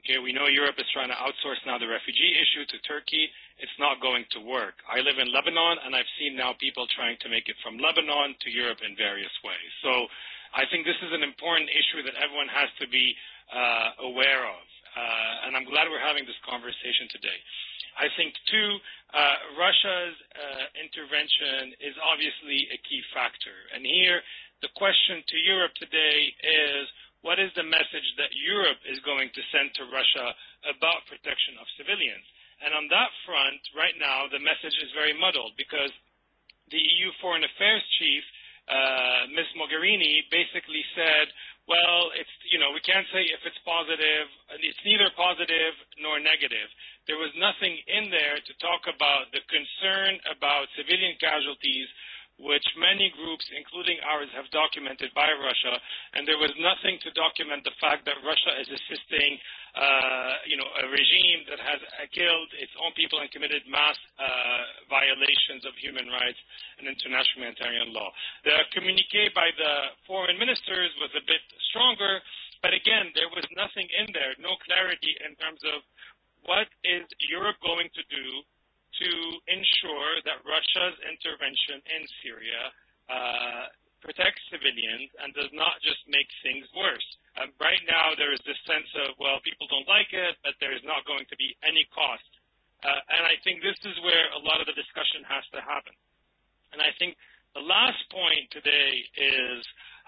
Okay, we know Europe is trying to outsource now the refugee issue to Turkey. It's not going to work. I live in Lebanon, and I've seen now people trying to make it from Lebanon to Europe in various ways. So I think this is an important issue that everyone has to be uh, aware of. Uh, and I'm glad we're having this conversation today. I think, too, uh, Russia's uh, intervention is obviously a key factor. And here, the question to Europe today is What is the message that Europe is going to send to Russia about protection of civilians? And on that front, right now, the message is very muddled because the EU Foreign Affairs Chief, uh, Ms. Mogherini, basically said, well, it's, you know, we can't say if it's positive, it's neither positive nor negative. There was nothing in there to talk about the concern about civilian casualties which many groups, including ours, have documented by Russia, and there was nothing to document the fact that Russia is assisting, uh, you know, a regime that has killed its own people and committed mass uh, violations of human rights and international humanitarian law. The communique by the foreign ministers was a bit stronger, but again, there was nothing in there, no clarity in terms of what is Europe going to do to ensure that Russia's intervention in Syria uh, protects civilians and does not just make things worse. Um, right now, there is this sense of, well, people don't like it, but there is not going to be any cost. Uh, and I think this is where a lot of the discussion has to happen. And I think the last point today is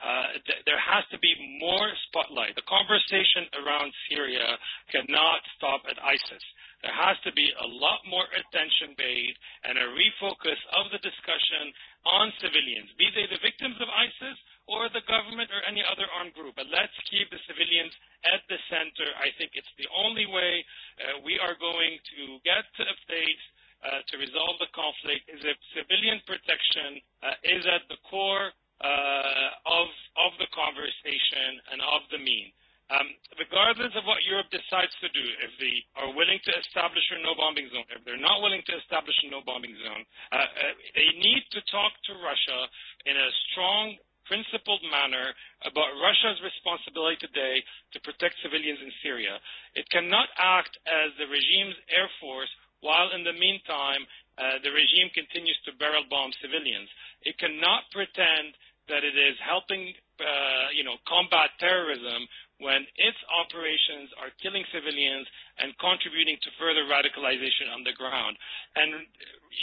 uh, th- there has to be more spotlight. The conversation around Syria cannot stop at ISIS. There has to be a lot more attention paid and a refocus of the discussion on civilians, be they the victims of ISIS or the government or any other armed group. But let's keep the civilians at the center. I think it's the only way uh, we are going to get to a place uh, to resolve the conflict is if civilian protection uh, is at the core uh, of of the conversation and of the means. Um, regardless of what Europe decides to do, if they are willing to establish a no-bombing zone, if they're not willing to establish a no-bombing zone, uh, uh, they need to talk to Russia in a strong, principled manner about Russia's responsibility today to protect civilians in Syria. It cannot act as the regime's air force while in the meantime uh, the regime continues to barrel bomb civilians. It cannot pretend that it is helping, uh, you know, combat terrorism when its operations are killing civilians and contributing to further radicalization on the ground. And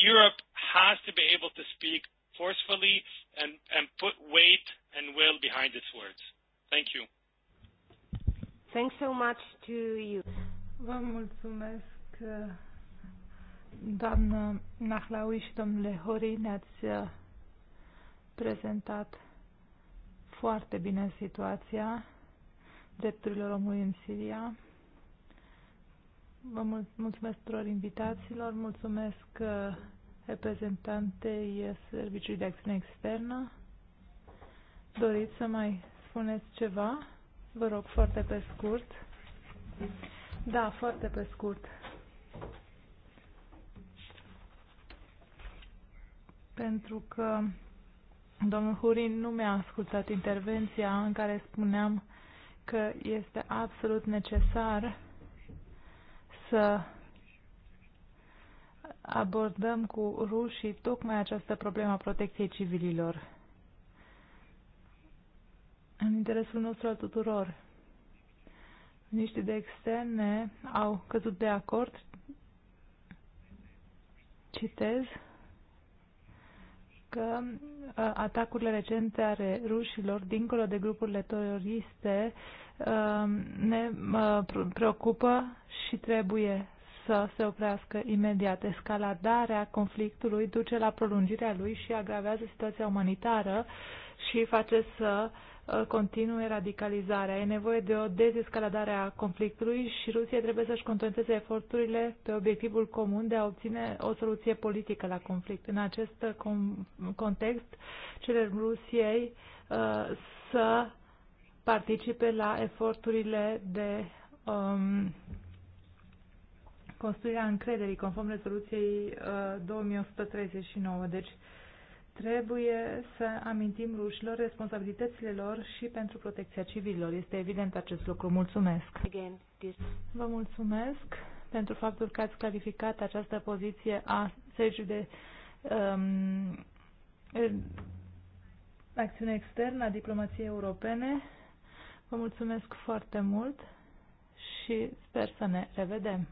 Europe has to be able to speak forcefully and, and put weight and will behind its words. Thank you. Thanks so much to you. Vă mulțumesc, doamnă Nahlaui și domnule Hori, ne-ați prezentat foarte bine situația drepturilor omului în Siria. Vă mulțumesc tuturor invitațiilor, mulțumesc uh, reprezentantei uh, Serviciului de Acțiune Externă. Doriți să mai spuneți ceva? Vă rog foarte pe scurt. Da, foarte pe scurt. Pentru că domnul Hurin nu mi-a ascultat intervenția în care spuneam că este absolut necesar să abordăm cu rușii tocmai această problemă a protecției civililor. În interesul nostru al tuturor. Niște de externe au căzut de acord, citez, că uh, atacurile recente ale rușilor, dincolo de grupurile teroriste, uh, ne uh, preocupă și trebuie să se oprească imediat. Escaladarea conflictului duce la prolungirea lui și agravează situația umanitară și face să Uh, continue radicalizarea. E nevoie de o dezescaladare a conflictului și Rusia trebuie să-și concentreze eforturile pe obiectivul comun de a obține o soluție politică la conflict. În acest context, cerem Rusiei uh, să participe la eforturile de um, construirea încrederii conform rezoluției uh, 2139. Deci, Trebuie să amintim rușilor responsabilitățile lor și pentru protecția civililor. Este evident acest lucru. Mulțumesc. Again, this... Vă mulțumesc pentru faptul că ați clarificat această poziție a Sergiu de um, acțiune externă a diplomației europene. Vă mulțumesc foarte mult și sper să ne revedem.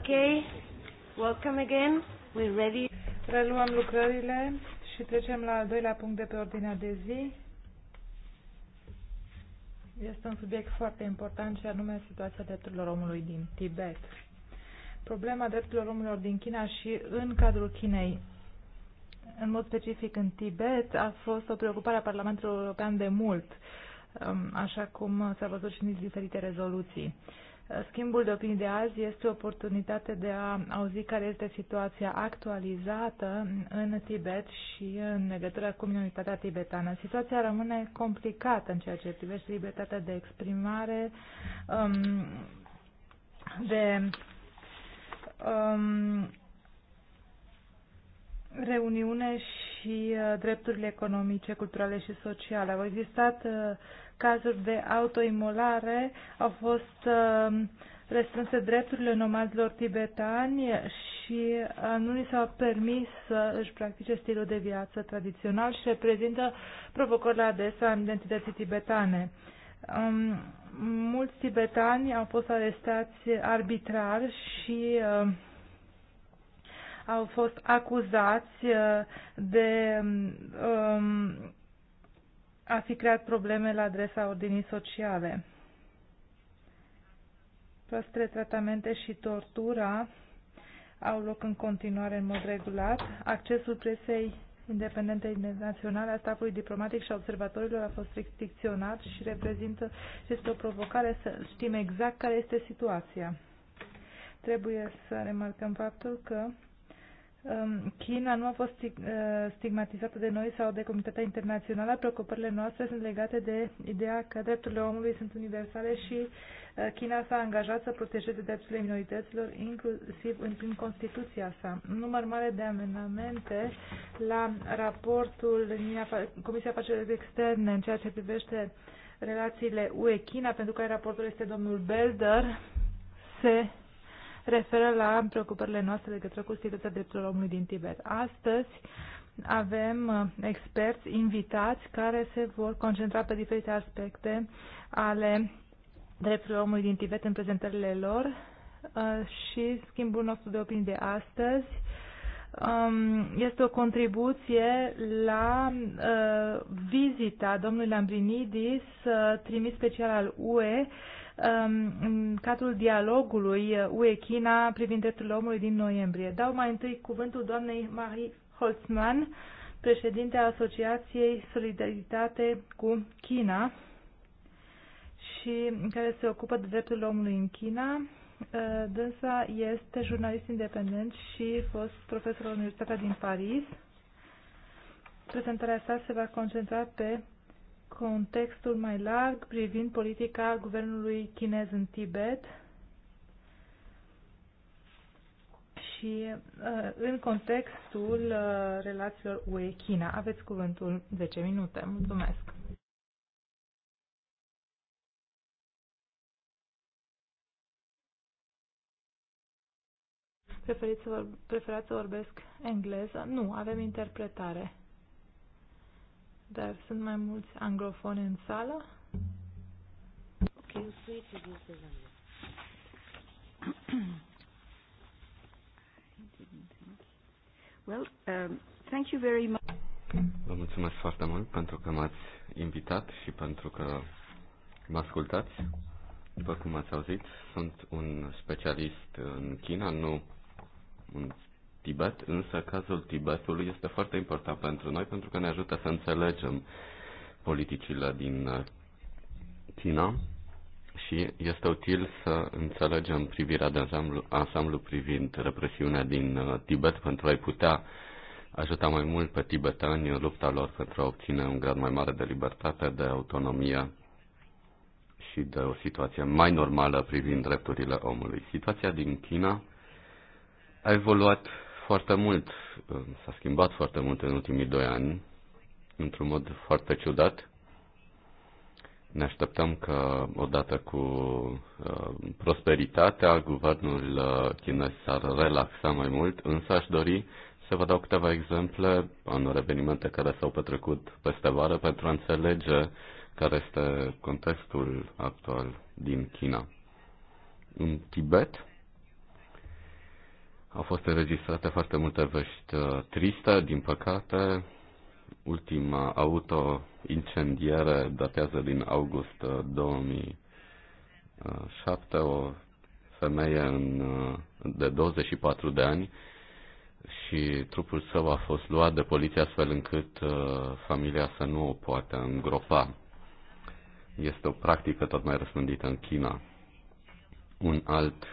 Okay. Welcome again. We're ready. Reluăm lucrările și trecem la al doilea punct de pe ordinea de zi. Este un subiect foarte important și anume situația drepturilor omului din Tibet. Problema drepturilor omului din China și în cadrul Chinei, în mod specific în Tibet, a fost o preocupare a Parlamentului European de mult, um, așa cum s-a văzut și în diferite rezoluții. Schimbul de opinii de azi este o oportunitate de a auzi care este situația actualizată în Tibet și în legătură cu minoritatea tibetană. Situația rămâne complicată în ceea ce privește libertatea de exprimare, um, de um, reuniune și uh, drepturile economice, culturale și sociale. Au existat uh, cazuri de autoimolare, au fost uh, restrânse drepturile nomadilor tibetani și nu li s-a permis să își practice stilul de viață tradițional și reprezintă provocările adesea în identității tibetane. Um, mulți tibetani au fost arestați arbitrar și uh, au fost acuzați uh, de um, a fi creat probleme la adresa ordinii sociale. Păstre tratamente și tortura au loc în continuare în mod regulat. Accesul presei independente naționale a statului diplomatic și a observatorilor a fost restricționat și reprezintă și este o provocare să știm exact care este situația. Trebuie să remarcăm faptul că China nu a fost uh, stigmatizată de noi sau de comunitatea internațională. Preocupările noastre sunt legate de ideea că drepturile omului sunt universale și uh, China s-a angajat să protejeze drepturile minorităților, inclusiv în, prin Constituția sa. Număr mare de amenamente la raportul Comisia Afacerilor Externe în ceea ce privește relațiile UE-China, pentru care raportul este domnul Belder, se referă la preocupările noastre legătură cu situația drepturilor omului din Tibet. Astăzi avem uh, experți invitați care se vor concentra pe diferite aspecte ale drepturilor omului din Tibet în prezentările lor uh, și schimbul nostru de opinii de astăzi um, este o contribuție la uh, vizita domnului Lambrinidis, trimis special al UE Um, în cadrul dialogului uh, UE-China privind drepturile omului din noiembrie. Dau mai întâi cuvântul doamnei Marie Holzmann, președinte a Asociației Solidaritate cu China și care se ocupă de drepturile omului în China. Uh, dânsa este jurnalist independent și fost profesor la Universitatea din Paris. Prezentarea sa se va concentra pe contextul mai larg privind politica guvernului chinez în Tibet și uh, în contextul uh, relațiilor UE-China. Aveți cuvântul 10 minute. Mulțumesc! Preferiți să preferați să vorbesc engleză? Nu, avem interpretare. Dar sunt mai mulți anglofoni în sală. Ok, Well, um, thank you very much. Vă mulțumesc foarte mult pentru că m-ați invitat și pentru că mă ascultați. După cum ați auzit, sunt un specialist în China, nu un Tibet, însă cazul Tibetului este foarte important pentru noi pentru că ne ajută să înțelegem politicile din uh, China și este util să înțelegem privirea de ansamblu, ansamblu privind represiunea din uh, Tibet pentru a-i putea ajuta mai mult pe tibetani în lupta lor pentru a obține un grad mai mare de libertate, de autonomie și de o situație mai normală privind drepturile omului. Situația din China a evoluat foarte mult, uh, s-a schimbat foarte mult în ultimii doi ani, într-un mod foarte ciudat. Ne așteptăm că odată cu uh, prosperitatea, guvernul uh, chinez s-ar relaxa mai mult, însă aș dori să vă dau câteva exemple a unor evenimente care s-au petrecut peste vară pentru a înțelege care este contextul actual din China. În Tibet, au fost înregistrate foarte multe vești uh, triste, din păcate. Ultima auto incendiere datează din august 2007, uh, o femeie în, uh, de 24 de ani și trupul său a fost luat de poliție astfel încât uh, familia să nu o poată îngropa. Este o practică tot mai răspândită în China. Un alt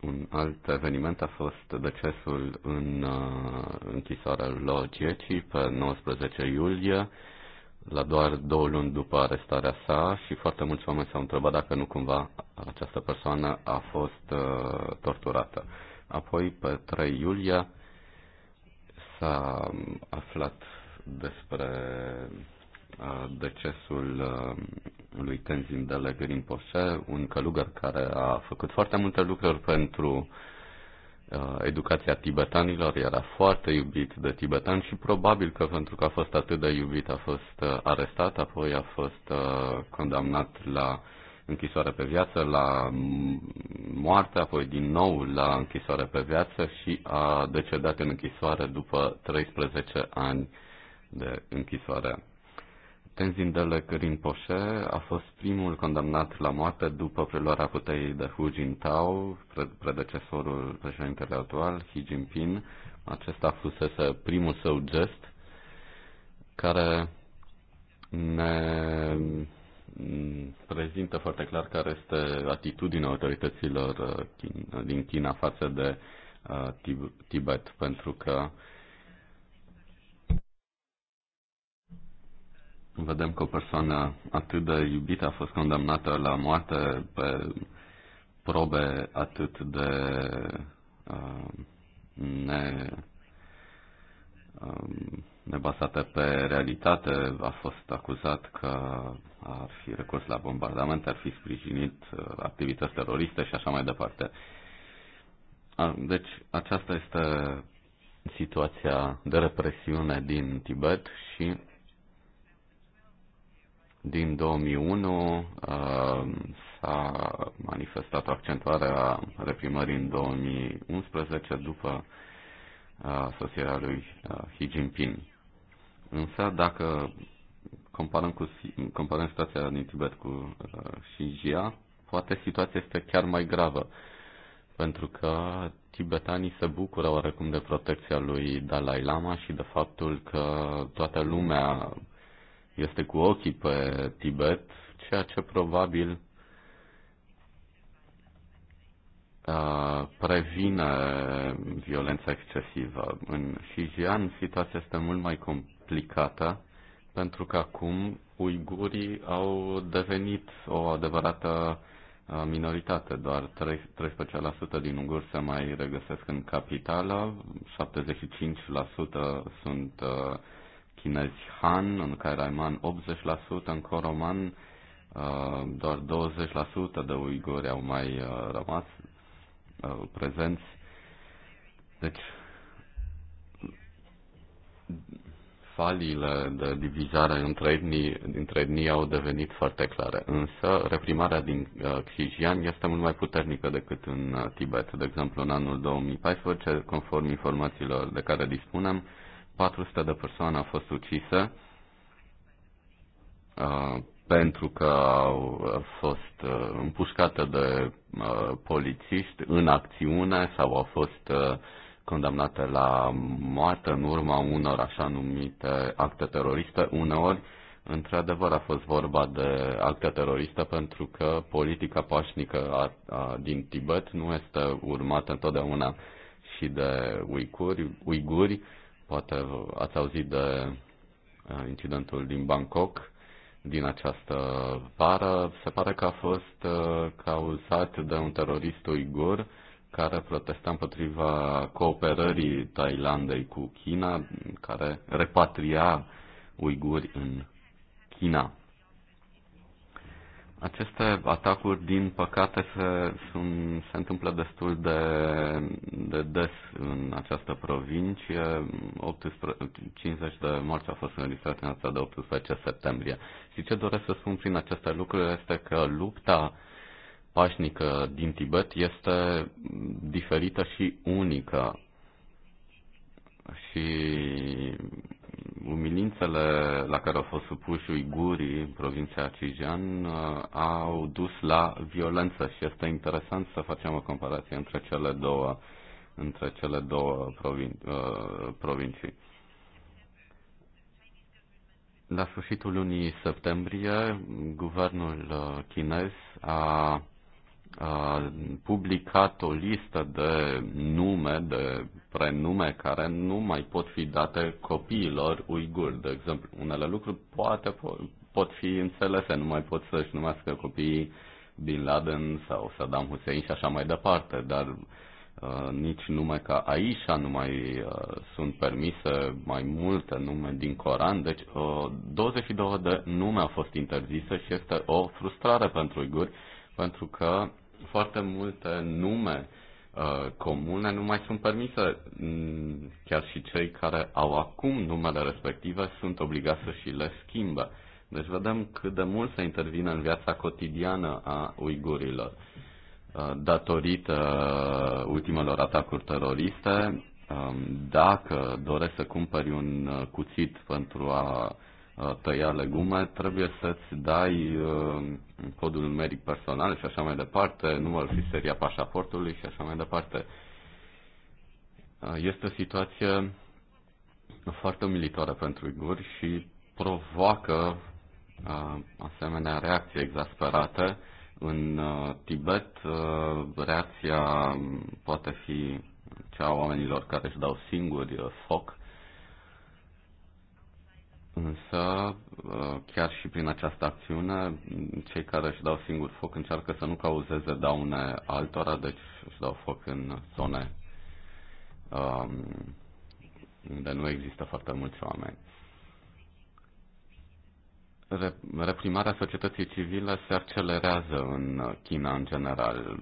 un alt eveniment a fost decesul în uh, închisoarea lui Gieci pe 19 iulie, la doar două luni după arestarea sa și foarte mulți oameni s-au întrebat dacă nu cumva această persoană a fost uh, torturată. Apoi, pe 3 iulie, s-a aflat despre Uh, decesul uh, lui Tenzin Dele Rinpoche, un călugăr care a făcut foarte multe lucruri pentru uh, educația tibetanilor, era foarte iubit de tibetan și probabil că pentru că a fost atât de iubit a fost arestat, apoi a fost condamnat la închisoare pe viață, la moarte, apoi din nou la închisoare pe viață și a decedat în închisoare după 13 ani de închisoare. Tenzindele Cărin Poșe a fost primul condamnat la moarte după preluarea puterii de Hu Jintao, predecesorul președintele actual, Xi Jinping. Acesta fusese primul său gest care ne mm, prezintă foarte clar care este atitudinea autorităților uh, din China față de uh, Tibet, pentru că vedem că o persoană atât de iubită a fost condamnată la moarte pe probe atât de uh, ne, uh, nebasate pe realitate, a fost acuzat că ar fi recurs la bombardamente, ar fi sprijinit uh, activități teroriste și așa mai departe. Deci aceasta este situația de represiune din Tibet și din 2001 uh, s-a manifestat accentuarea reprimării în 2011 după uh, sosirea lui uh, Xi Jinping. Însă, dacă comparăm, cu, comparăm situația din Tibet cu Xinjiang, poate situația este chiar mai gravă, pentru că tibetanii se bucură oarecum de protecția lui Dalai Lama și de faptul că toată lumea este cu ochii pe Tibet, ceea ce probabil previne violența excesivă. În Xinjiang situația este mult mai complicată pentru că acum uigurii au devenit o adevărată minoritate. Doar 13% din uguri se mai regăsesc în capitală, 75% sunt chinezi Han, în Caraiman 80%, în Coroman uh, doar 20% de uiguri au mai uh, rămas uh, prezenți. Deci, faliile de divizare între etnii, între etnii au devenit foarte clare, însă reprimarea din Xijian este mult mai puternică decât în Tibet. De exemplu, în anul 2014, conform informațiilor de care dispunem, 400 de persoane au fost ucise uh, pentru că au fost uh, împușcate de uh, polițiști în acțiune sau au fost condamnate la moarte în urma unor așa numite acte teroriste. Uneori, într-adevăr, a fost vorba de acte teroriste pentru că politica pașnică a, a, din Tibet nu este urmată întotdeauna și de uiguri, uiguri Poate ați auzit de uh, incidentul din Bangkok din această vară. Se pare că a fost uh, cauzat de un terorist uigur care protesta împotriva cooperării Thailandei cu China, care repatria uiguri în China. Aceste atacuri, din păcate, se, sunt, se întâmplă destul de, de des în această provincie. 18, 50 de morți au fost înregistrate în asta de 18 septembrie. Și ce doresc să spun prin aceste lucruri este că lupta pașnică din Tibet este diferită și unică. Și umilințele la care au fost supuși uigurii în provincia Cijan uh, au dus la violență și este interesant să facem o comparație între cele două, între cele două provin- uh, provincii. La sfârșitul lunii septembrie, guvernul uh, chinez a publicat o listă de nume, de prenume care nu mai pot fi date copiilor uiguri. De exemplu, unele lucruri poate pot fi înțelese, nu mai pot să-și numească copiii Bin Laden sau Saddam Hussein și așa mai departe, dar uh, nici nume ca Aisha nu mai uh, sunt permise, mai multe nume din Coran, deci uh, 22 de nume au fost interzise și este o frustrare pentru uiguri, pentru că foarte multe nume uh, comune nu mai sunt permise. Mm, chiar și cei care au acum numele respective sunt obligați să și le schimbe. Deci vedem cât de mult se intervine în viața cotidiană a uigurilor. Uh, datorită ultimelor atacuri teroriste, um, dacă doresc să cumpări un uh, cuțit pentru a tăia legume, trebuie să-ți dai uh, codul numeric personal și așa mai departe, numărul și seria pașaportului și așa mai departe. Uh, este o situație foarte umilitoare pentru uiguri și provoacă uh, asemenea reacții exasperate. În Tibet, reacția poate fi cea a oamenilor care își dau singuri foc Însă, uh, chiar și prin această acțiune, cei care își dau singur foc încearcă să nu cauzeze daune altora, deci își dau foc în zone um, unde nu există foarte mulți oameni. Reprimarea societății civile se accelerează în China în general.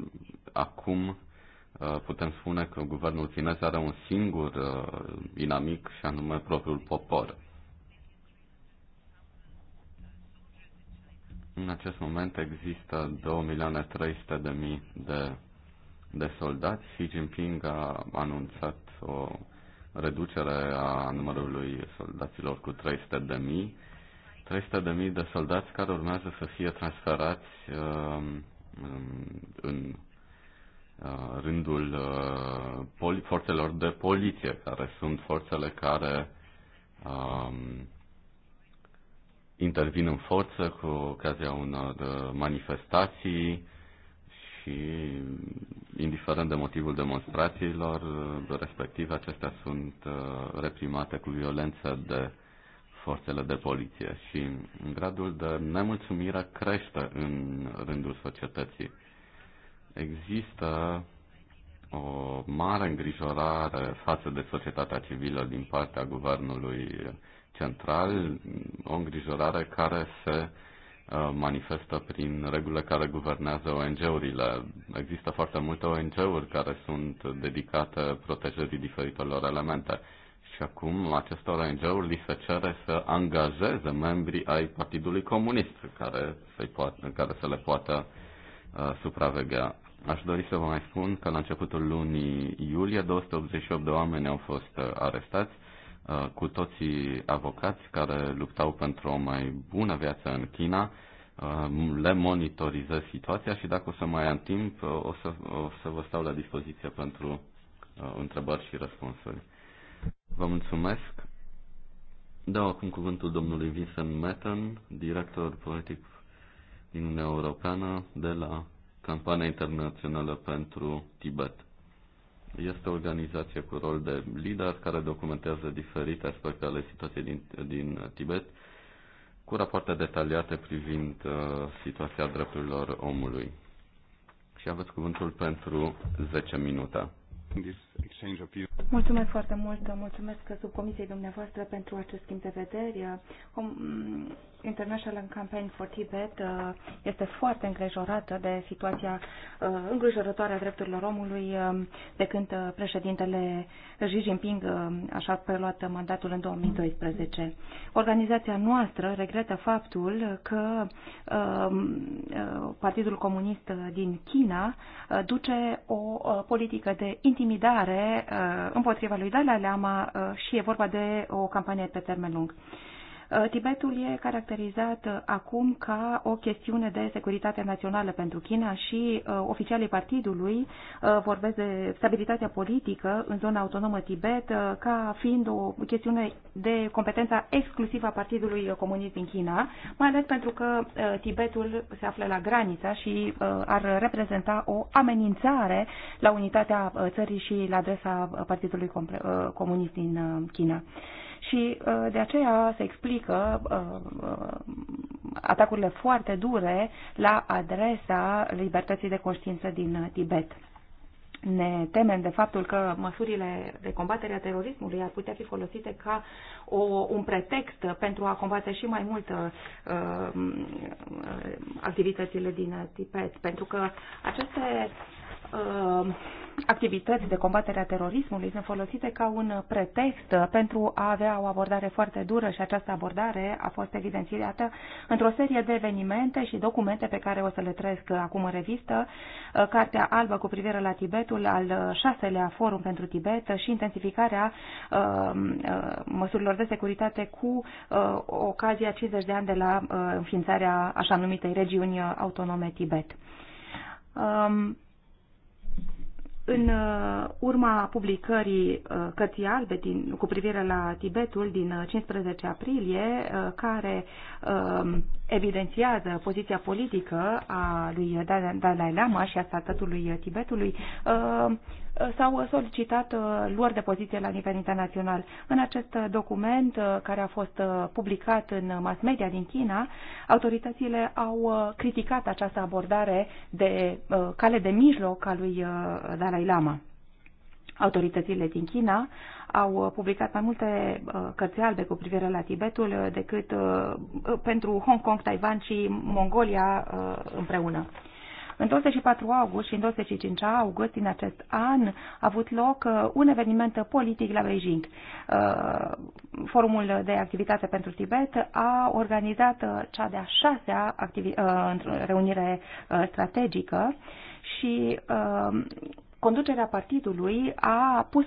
Acum uh, putem spune că guvernul chinez are un singur uh, inamic și anume propriul popor În acest moment există 2.300.000 de, de soldați. Xi Jinping a anunțat o reducere a numărului soldaților cu 300.000. 300.000 de soldați care urmează să fie transferați uh, în uh, rândul uh, poli- forțelor de poliție, care sunt forțele care uh, intervin în forță cu ocazia unor uh, manifestații și, indiferent de motivul demonstrațiilor uh, respective, acestea sunt uh, reprimate cu violență de forțele de poliție și gradul de nemulțumire crește în rândul societății. Există o mare îngrijorare față de societatea civilă din partea guvernului central, o îngrijorare care se uh, manifestă prin regulile care guvernează ONG-urile. Există foarte multe ONG-uri care sunt dedicate protejării diferitelor elemente. Și acum acestor ONG-uri li se cere să angajeze membrii ai Partidului Comunist care, se poate, care să le poată uh, supraveghea. Aș dori să vă mai spun că la începutul lunii iulie 288 de oameni au fost uh, arestați Uh, cu toții avocați care luptau pentru o mai bună viață în China, uh, le monitorizez situația și dacă o să mai am timp, uh, o să, o să vă stau la dispoziție pentru întrebări și răspunsuri. Vă mulțumesc. Dau acum cuvântul domnului Vincent Metten, director politic din Uniunea Europeană de la Campania Internațională pentru Tibet. Este o organizație cu rol de lider care documentează diferite aspecte ale situației din, din Tibet cu rapoarte detaliate privind uh, situația drepturilor omului. Și aveți cuvântul pentru 10 minute. Yes. Deci, Mulțumesc foarte mult, mulțumesc subcomisiei dumneavoastră pentru acest schimb de vederi. Mm, International Campaign for Tibet uh, este foarte îngrijorată de situația uh, îngrijorătoare a drepturilor omului uh, de când președintele Xi Jinping așa a preluat mandatul în 2012. Organizația noastră regretă faptul că Partidul Comunist din China duce o politică de intimidare care, uh, împotriva lui Dalai Lama uh, și e vorba de o campanie pe termen lung. Uh, Tibetul e caracterizat uh, acum ca o chestiune de securitate națională pentru China și uh, oficialii partidului vorbesc de stabilitatea politică în zona autonomă Tibet ca fiind o chestiune de competența exclusivă a Partidului Comunist din China, mai ales pentru că Tibetul se află la granița și ar reprezenta o amenințare la unitatea țării și la adresa Partidului Comunist din China și uh, de aceea se explică uh, uh, atacurile foarte dure la adresa libertății de conștiință din Tibet. Ne temem de faptul că măsurile de combatere a terorismului ar putea fi folosite ca o, un pretext pentru a combate și mai mult uh, activitățile din Tibet, pentru că aceste Uh, activități de combatere a terorismului sunt folosite ca un pretext pentru a avea o abordare foarte dură și această abordare a fost evidențiată într-o serie de evenimente și documente pe care o să le trăiesc acum în revistă, uh, Cartea Albă cu privire la Tibetul, al șaselea Forum pentru Tibet și intensificarea uh, măsurilor de securitate cu ocazia 50 de ani de la înființarea așa numitei regiuni autonome Tibet. Um, în uh, urma publicării uh, cărții albe din, cu privire la Tibetul din 15 uh, aprilie, care um, evidențiază poziția politică a lui Dalai Lama și a statului Tibetului, s-au solicitat uh, luări de poziție la nivel internațional. În acest uh, document uh, care a fost publicat în mass media din China, autoritățile au criticat această abordare de cale de mijloc a lui Dalai Lama. Autoritățile din China au publicat mai multe cărți albe cu privire la Tibetul decât pentru Hong Kong, Taiwan și Mongolia împreună. În 24 august și în 25 august din acest an a avut loc uh, un eveniment politic la Beijing. Uh, forumul de activitate pentru Tibet a organizat uh, cea de-a șasea reunire strategică și conducerea partidului a pus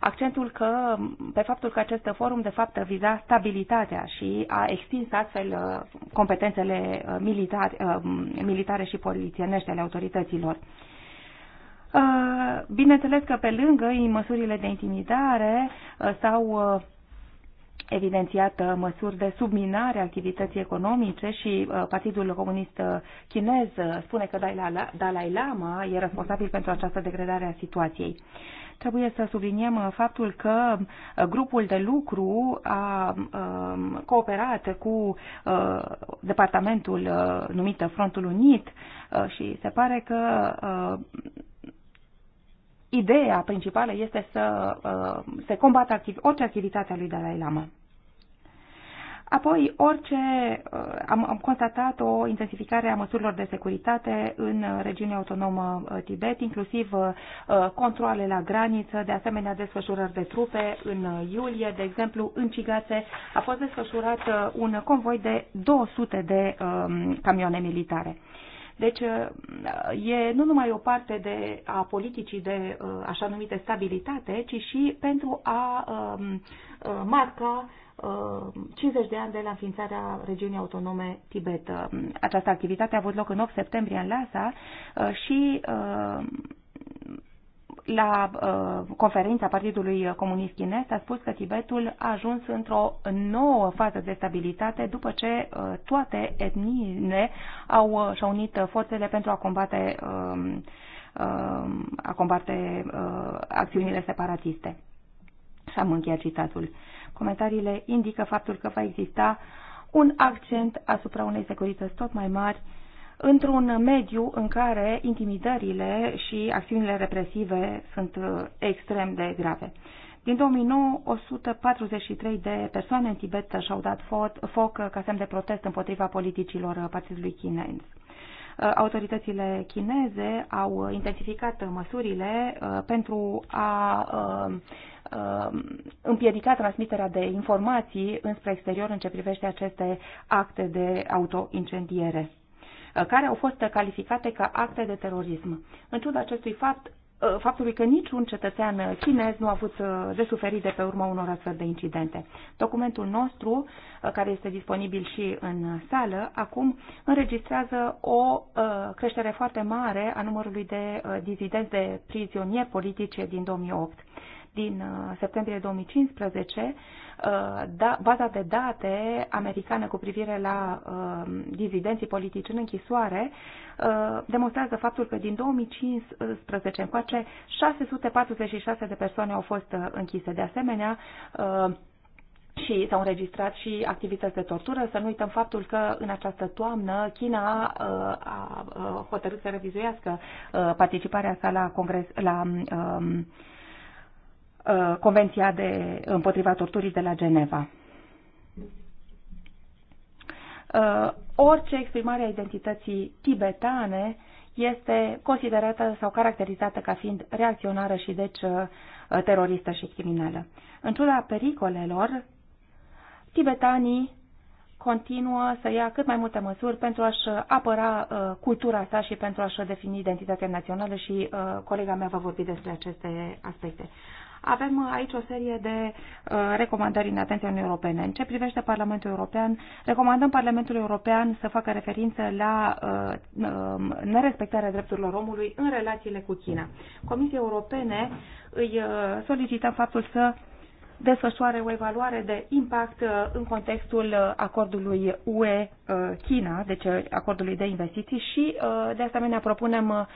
accentul că, pe faptul că acest forum de fapt viza stabilitatea și a extins astfel uh, competențele uh, militare, uh, militare și polițienești ale autorităților. Bineînțeles că pe lângă măsurile de intimidare s-au evidențiat măsuri de subminare a activității economice și Partidul Comunist Chinez spune că Dalai Lama e responsabil pentru această degradare a situației. Trebuie să subliniem uh, faptul că uh, grupul de lucru a um, cooperat cu uh, departamentul numit Frontul Unit și se pare că ideea principală este să se combată activ, orice activitate a lui Dalai Lama. Apoi, orice, uh, am, am constatat o intensificare a măsurilor de securitate în uh, regiunea autonomă uh, Tibet, inclusiv controle la graniță, de asemenea desfășurări de trupe. În iulie, de exemplu, în Cigațe a fost desfășurat un convoi de 200 de um, camioane militare. Deci e nu numai o parte de, a politicii de așa numite stabilitate, ci și pentru a, a um, marca 50 uh, de ani de la înființarea regiunii autonome Tibet. Uh, această activitate a avut loc în 8 septembrie în Lhasa uh, și la conferința Partidului Comunist Chinez a spus că Tibetul a ajuns într-o nouă fază de stabilitate după ce toate etniile au și-au unit forțele pentru a combate, um, um, a combate acțiunile separatiste. Și am încheiat citatul. Uh, Comentariile indică faptul că va exista un accent asupra unei securități tot mai mari într-un mediu în care intimidările și acțiunile represive sunt uh, extrem de grave. Din 2009, 143 de persoane în Tibet și-au dat foc ca semn de protest împotriva politicilor Partidului Chinez. Uh, autoritățile chineze au intensificat măsurile uh, pentru a Um, împiedica transmiterea de informații înspre exterior în ce privește aceste acte de autoincendiere, uh, care au fost calificate ca acte de terorism. În ciuda acestui fapt, uh, faptului că niciun cetățean chinez nu a avut uh, de suferit de pe urma unor astfel de incidente. Documentul nostru, care este disponibil și în sală, acum înregistrează o creștere foarte mare a numărului de dizidenți de prizonieri politici din 2008 din uh, septembrie 2015, uh, da, baza de date americană cu privire la um, dizidenții politici în închisoare uh, demonstrează faptul că din 2015 încoace 646 de persoane au fost închise. De asemenea, și s-au înregistrat și activități de tortură. Să nu uităm faptul că în această toamnă China a hotărât să revizuiască participarea sa la, congres, la a, um, Uh, Convenția de, împotriva torturii de la Geneva. Uh, orice exprimare a identității tibetane este considerată sau caracterizată ca fiind reacționară și deci uh, teroristă și criminală. În ciuda pericolelor, tibetanii continuă să ia cât mai multe măsuri pentru a-și apăra uh, cultura sa și pentru a-și defini identitatea națională și uh, colega mea va vorbi despre aceste aspecte. Avem aici o serie de uh, recomandări în atenția Uniunii Europene. În ce privește Parlamentul European, recomandăm Parlamentului European să facă referință la uh, um, nerespectarea drepturilor omului în relațiile cu China. Comisia Europene îi uh, solicităm faptul să desfășoare o evaluare de impact uh, în contextul uh, acordului UE-China, uh, deci acordului de investiții și de asemenea propunem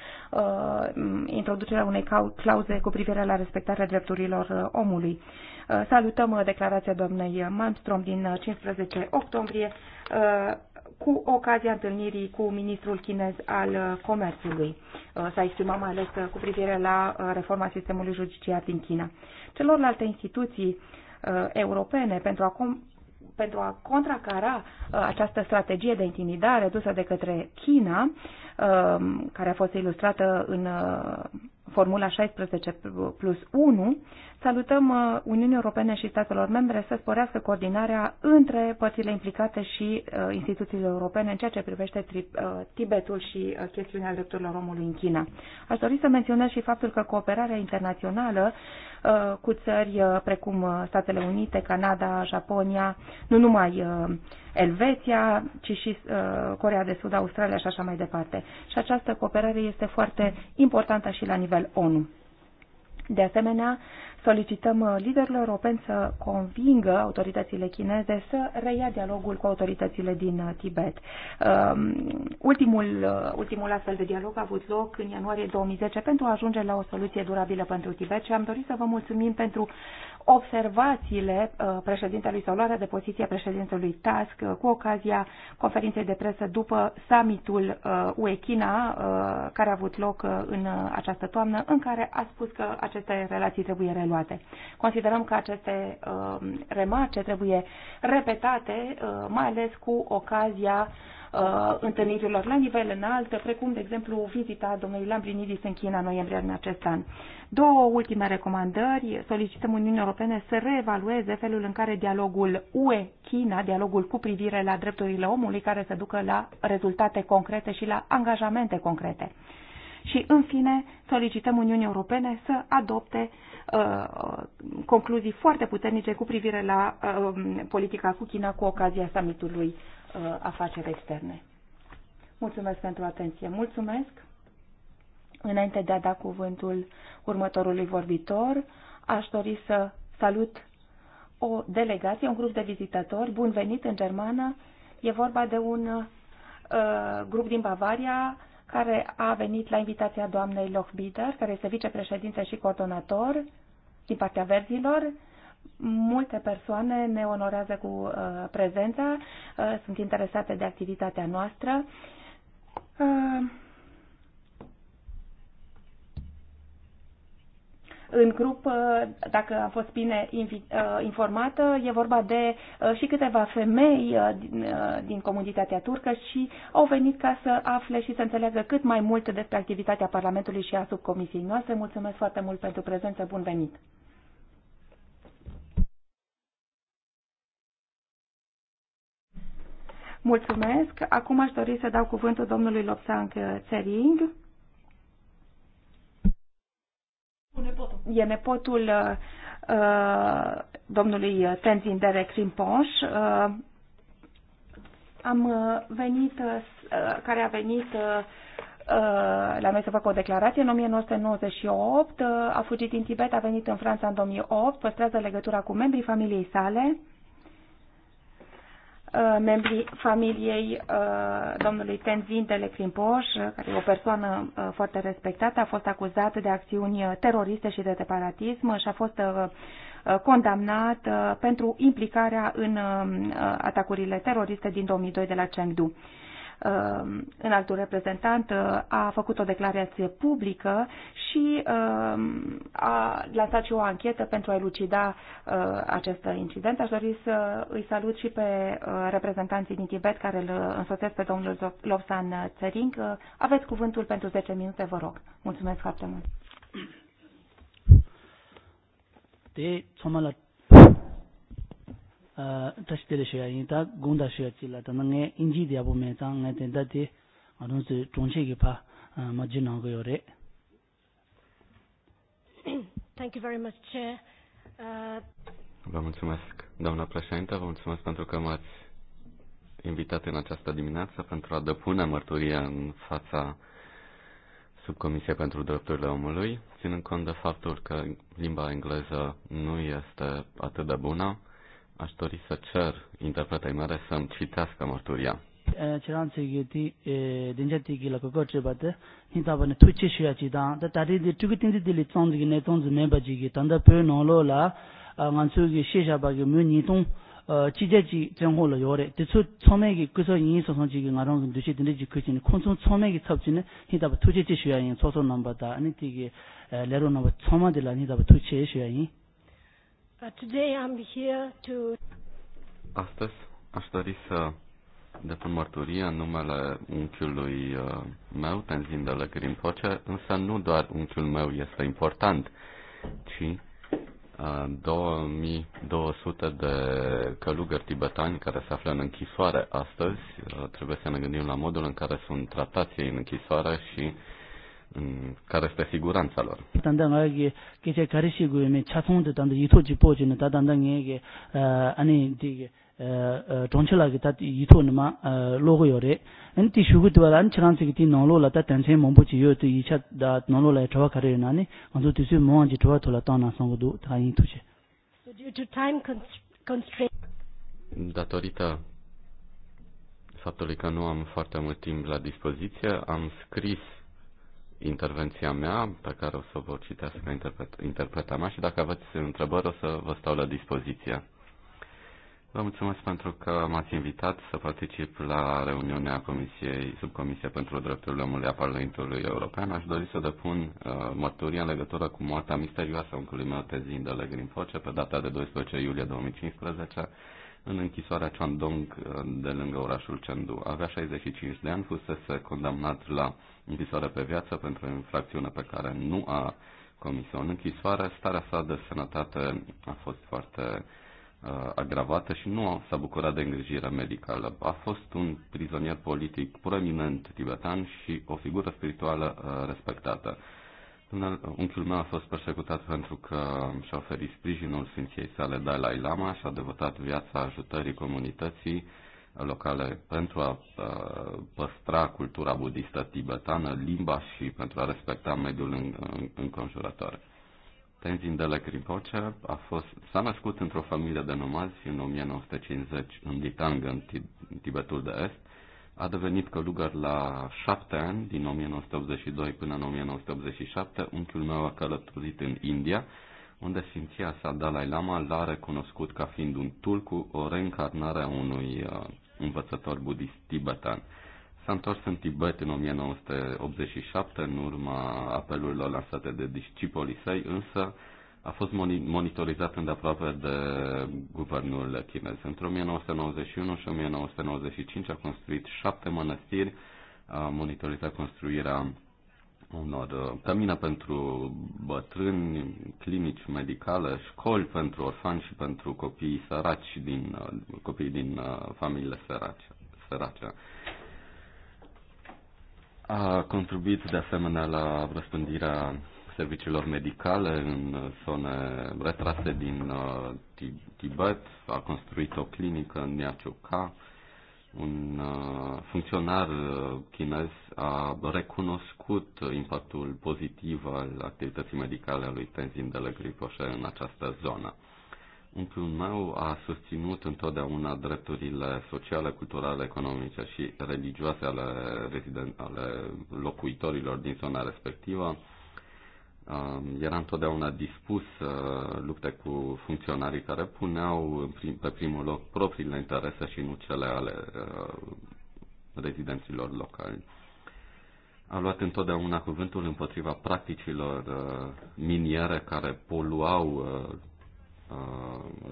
introducerea unei clauze cu privire la respectarea drepturilor omului. Salutăm declarația doamnei Malmstrom din 15 octombrie cu ocazia întâlnirii cu ministrul chinez al uh, comerțului. Uh, s-a exprimat mai ales uh, cu privire la reforma sistemului judiciar din China. Celorlalte instituții europene pentru a pentru a contracara această strategie de intimidare dusă de către China, um, care a fost ilustrată în formula 16 plus 1, Salutăm uh, Uniunii Europene și statelor membre să sporească coordinarea între părțile implicate și uh, instituțiile europene în ceea ce privește uh, Tibetul și chestiunea drepturilor omului în China. Aș dori să menționez și faptul că cooperarea internațională cu țări precum Statele Unite, Canada, Japonia, nu numai Elveția, ci și Corea de Sud, Australia și așa mai departe. Și această cooperare este foarte importantă și la nivel ONU. De asemenea, solicităm uh, liderilor europeni să convingă autoritățile chineze să reia dialogul cu autoritățile din uh, Tibet. Um, ultimul, uh, ultimul astfel de dialog a avut loc în ianuarie 2010 pentru a ajunge la o soluție durabilă pentru Tibet și am dorit să vă mulțumim pentru observațiile uh, președintelui sau luarea de poziție președintelui Tusk uh, cu ocazia conferinței de presă după summitul uh, UE-China care a avut loc în această toamnă, în care a spus că aceste relații trebuie reluate. Considerăm că aceste remarce trebuie repetate, mai ales cu ocazia uh, întâlnirilor la nivel înalt, precum, de exemplu, vizita domnului Lambrinidis în China noiembrie în acest an. Două ultime recomandări. Solicităm Uniunii Europene să reevalueze felul în care dialogul UE-China, dialogul cu privire la drepturile omului, care să ducă la rezultate concrete și la angajamente concrete. Și, în fine, solicităm Uniunii Europene să adopte uh, concluzii foarte puternice cu privire la uh, politica cu China cu ocazia summitului Uh, afaceri externe. Mulțumesc pentru atenție. Mulțumesc. Înainte de a da cuvântul următorului vorbitor, aș dori să salut o delegație, un grup de vizitatori. Bun venit în germană. E vorba de un uh, grup din Bavaria care a venit la invitația doamnei Lochbider, care este vicepreședinte și coordonator din partea verzilor multe persoane ne onorează cu uh, prezența, uh, sunt interesate de activitatea noastră. Uh, în grup, uh, dacă am fost bine uh, informată, e vorba de uh, și câteva femei din, din comunitatea turcă și au venit ca să afle și să înțeleagă cât mai mult despre activitatea Parlamentului și a subcomisiei noastre. Mulțumesc foarte mult pentru prezență, bun venit! Mulțumesc. Acum aș dori să dau cuvântul domnului Lopsang Tsering. E nepotul uh, uh domnului Tenzin Derek Rimpoș, uh, am uh, venit, uh, uh, care a venit uh, la noi să facă o declarație în 1998, a fugit din Tibet, a venit în Franța în 2008, păstrează legătura cu membrii familiei sale Uh, membrii familiei uh, domnului Tenzin Telecrimpoș, uh, care e o persoană foarte respectată, a fost acuzat de acțiuni teroriste și de separatism și a fost condamnat pentru implicarea în atacurile teroriste din 2002 de la Chengdu. Um, înaltul reprezentant uh, a făcut o declarație publică și um, a lansat și o anchetă pentru a elucida uh, acest incident. Aș dori să îi salut și pe uh, reprezentanții din Tibet care îl însoțesc pe domnul Lobsan Țăring. Aveți cuvântul pentru 10 minute, vă rog. Mulțumesc foarte mult tashidele shaya yin ta gongda shaya chila ta na ngay inji diya me tsang ngay ten dati adon si ki pa ma jin nang goyo re. Thank you very much, Chair. Vă mulțumesc, doamna președintă, vă mulțumesc pentru că m-ați invitat în această dimineață pentru a depune mărturie în fața Subcomisiei pentru Drepturile Omului, ținând cont de faptul că limba engleză nu este atât de bună, Aș dori să cer interpretei mele să-mi citească mărturia. Chiranzi yudi dinjati gila kukor chibate hinta bane tuichi shuya chidang da tari di tukitindi dili tsonzi gi ne tsonzi memba jigi tanda pyo la ngansu gi shesha bagi myo nitong chije ji zhengho lo yore ditsu tsome gi kuso yin sosong jigi nga rong dushi dindi ji kuchini Today I'm here to... Astăzi aș dori să depun mărturie în numele unchiului uh, meu, Tenzin de Lăgrin Toce, însă nu doar unchiul meu este important, ci 2200 uh, de călugări tibetani care se află în închisoare astăzi. Uh, trebuie să ne gândim la modul în care sunt tratați ei în închisoare și uh, care este siguranța lor. 단단하게 계제 가르치고 있는 차송도 단도 이토지 보지는 다단단하게 아니 되게 동철하게 다 이토는마 로고요레 엔티 슈구드와 안 지난스기 티 노로라다 단세 몸부지 요도 이차 다 노로라 저와 가려나니 먼저 뒤수 뭐한지 저와 돌아다나 성도 다이 투지. So due to time constraint datorită faptului că nu am foarte mult timp la dispoziție, am scris uh, intervenția mea, pe care o să vă citească interpret, interpreta mea și dacă aveți întrebări o să vă stau la dispoziție. Vă mulțumesc pentru că m-ați invitat să particip la reuniunea Comisiei, Subcomisie pentru Drepturile Omului a Parlamentului European. Aș dori să depun uh, mărturia în legătură cu moartea misterioasă a unchiului meu Tezin de Legrin Foce pe data de 12 iulie 2015 în închisoarea Chandong uh, de lângă orașul Chengdu. Avea 65 de ani, fusese condamnat la închisoare pe viață pentru o infracțiune pe care nu a comis-o în închisoare. Starea sa de sănătate a fost foarte uh, agravată și nu s-a bucurat de îngrijire medicală. A fost un prizonier politic proeminent tibetan și o figură spirituală uh, respectată. Unchiul meu a fost persecutat pentru că și-a oferit sprijinul Sfinției sale Dalai Lama și a devotat viața ajutării comunității locale pentru a păstra cultura budistă tibetană, limba și pentru a respecta mediul înconjurător. Tenzin de Lecrincoce a fost, s-a născut într-o familie de nomazi în 1950 în Ditang, în Tibetul de Est, a devenit călugăr la șapte ani, din 1982 până în 1987. Unchiul meu a călătorit în India, unde simția sa Dalai Lama l-a recunoscut ca fiind un tulcu, o reîncarnare a unui uh, învățător budist tibetan. S-a întors în Tibet în 1987, în urma apelurilor lansate de discipolii săi, însă a fost monitorizat îndeaproape de guvernul chinez. Între 1991 și 1995 a construit șapte mănăstiri, a monitorizat construirea unor uh, camine pentru bătrâni, clinici medicale, școli pentru orfani și pentru copii săraci din, uh, copii din uh, familiile sărace. sărace. A contribuit de asemenea la răspândirea serviciilor medicale în zone retrase din uh, Tibet, a construit o clinică în Niachuca. Un uh, funcționar uh, chinez a recunoscut impactul pozitiv al activității medicale a lui Tenzin de la Gripoșe în această zonă. Unchiul meu a susținut întotdeauna drepturile sociale, culturale, economice și religioase ale, reziden- ale locuitorilor din zona respectivă era întotdeauna dispus să lupte cu funcționarii care puneau pe primul loc propriile interese și nu cele ale uh, rezidenților locali. A luat întotdeauna cuvântul împotriva practicilor uh, miniere care poluau uh,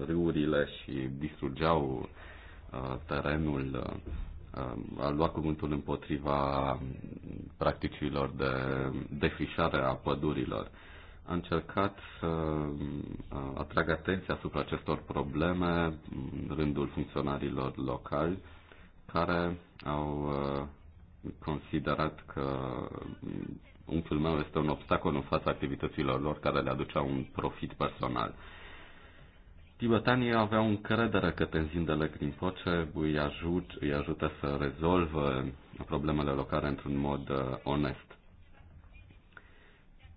râurile și distrugeau terenul a luat cuvântul împotriva practicilor de defișare a pădurilor. A încercat să atragă atenția asupra acestor probleme în rândul funcționarilor locali care au considerat că unchiul meu este un obstacol în fața activităților lor care le aduceau un profit personal. Tibetanii aveau încredere că tenzindele Grinpoche îi, ajut, îi ajută să rezolvă problemele locale într-un mod uh, onest.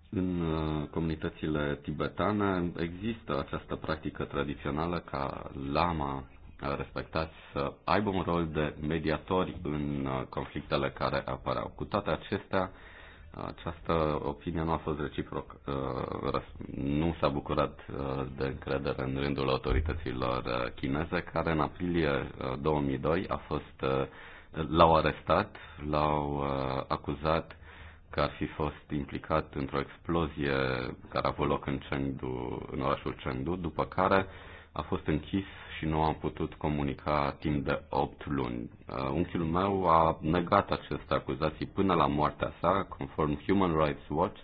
În uh, comunitățile tibetane există această practică tradițională ca lama uh, respectați să aibă un rol de mediatori în conflictele care apăreau. Cu toate acestea, această opinie nu a fost reciproc, uh, nu s-a bucurat uh, de încredere în rândul autorităților uh, chineze, care în aprilie 2002 a fost, l-au arestat, l-au acuzat că ar fi fost implicat într-o explozie care a avut loc în, Chengdu, în orașul Chengdu, după care a fost închis și nu am putut comunica timp de 8 luni. Uh, unchiul meu a negat aceste acuzații până la moartea sa, conform Human Rights Watch.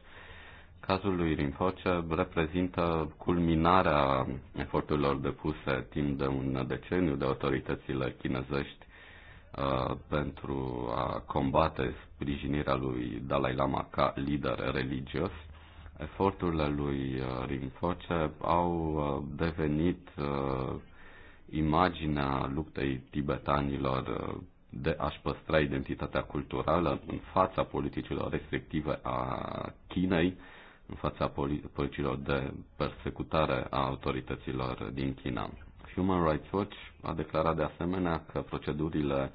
Cazul lui Rinpoche reprezintă culminarea eforturilor depuse timp de un deceniu de autoritățile chinezești uh, pentru a combate sprijinirea lui Dalai Lama ca lider religios eforturile lui uh, Rinpoche au devenit imaginea luptei tibetanilor uh, de a-și păstra identitatea culturală în fața politicilor restrictive a Chinei, în fața politicilor de persecutare a autorităților din China. Human Rights Watch a declarat de asemenea că procedurile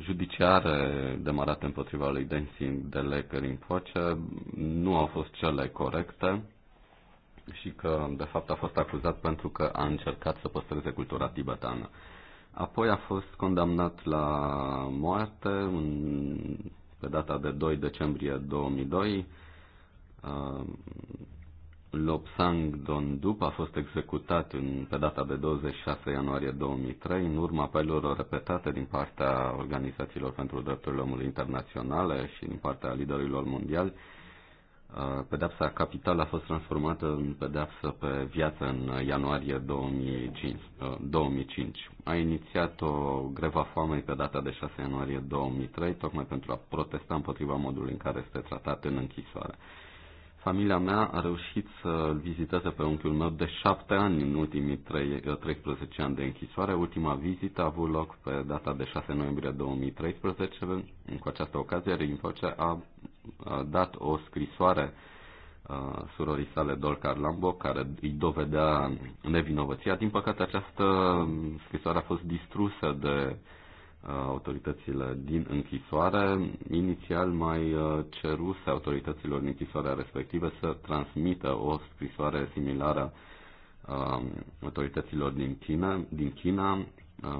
judiciare demarate împotriva lui Deng Dele Rinpoche nu au fost cele corecte și că, de fapt, a fost acuzat pentru că a încercat să păstreze cultura tibetană. Apoi a fost condamnat la moarte în, pe data de 2 decembrie 2002. Uh, Lobsang Dondup a fost executat în, pe data de 26 ianuarie 2003 în urma apelurilor repetate din partea organizațiilor pentru drepturile omului internaționale și din partea liderilor mondiali Pedeapsa capitală a fost transformată în pedeapsă pe viață în ianuarie 2005. 2005. A inițiat o greva foamei pe data de 6 ianuarie 2003, tocmai pentru a protesta împotriva modului în care este tratat în închisoare. Familia mea a reușit să viziteze pe unchiul meu de șapte ani în ultimii 13 eh, ani de închisoare. Ultima vizită a avut loc pe data de 6 noiembrie 2013. Cu această ocazie, Rinpoche a, dat o scrisoare eh, surorii sale Dolcar Lambo, care îi dovedea nevinovăția. Din păcate, această scrisoare a fost distrusă de Uh, autoritățile din închisoare. Inițial mai uh, ceruse autorităților din închisoarea respective să transmită o scrisoare similară um, autorităților din China, din China uh,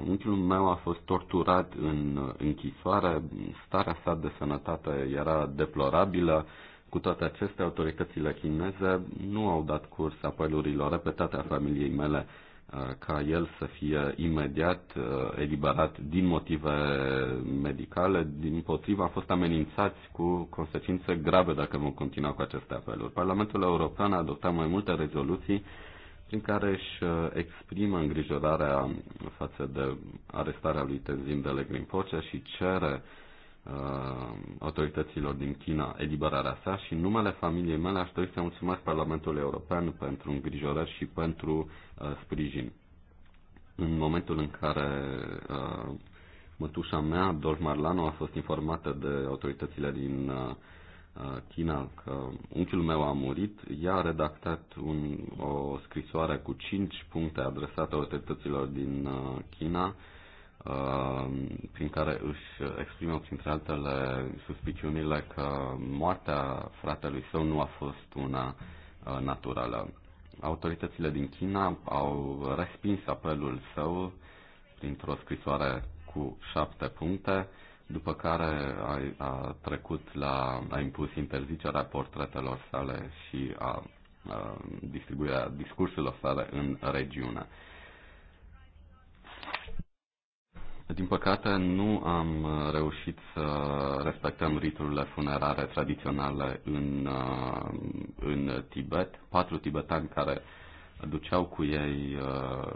Unchiul meu a fost torturat în închisoare, starea sa de sănătate era deplorabilă. Cu toate acestea, autoritățile chineze nu au dat curs apelurilor repetate a familiei mele Uh, ca el să fie imediat uh, eliberat din motive medicale. Din potriva, a fost amenințați cu consecințe grave dacă vom continua cu aceste apeluri. Parlamentul European a adoptat mai multe rezoluții prin care își uh, exprimă îngrijorarea față de arestarea lui Tenzin de Legrin Pocea și cere uh, Uh, autorităților din China eliberarea sa și în numele familiei mele aș dori să mulțumesc Parlamentului European pentru îngrijorări și pentru uh, sprijin. În momentul în care uh, mătușa mea, Dolf Marlano, a fost informată de autoritățile din uh, uh, China că unchiul meu a murit, ea a redactat un, o scrisoare cu 5 puncte adresate autorităților din uh, China, uh, Um, prin care își exprimă, printre altele, suspiciunile că moartea fratelui său nu a fost una uh, naturală. Autoritățile din China au respins apelul său printr-o scrisoare cu șapte puncte, după care a, a trecut la, a impus interzicerea portretelor sale și a, a distribuirea discursurilor sale în regiune. Din păcate, nu am uh, reușit să respectăm riturile funerare tradiționale în, uh, în Tibet. Patru tibetani care duceau cu ei uh,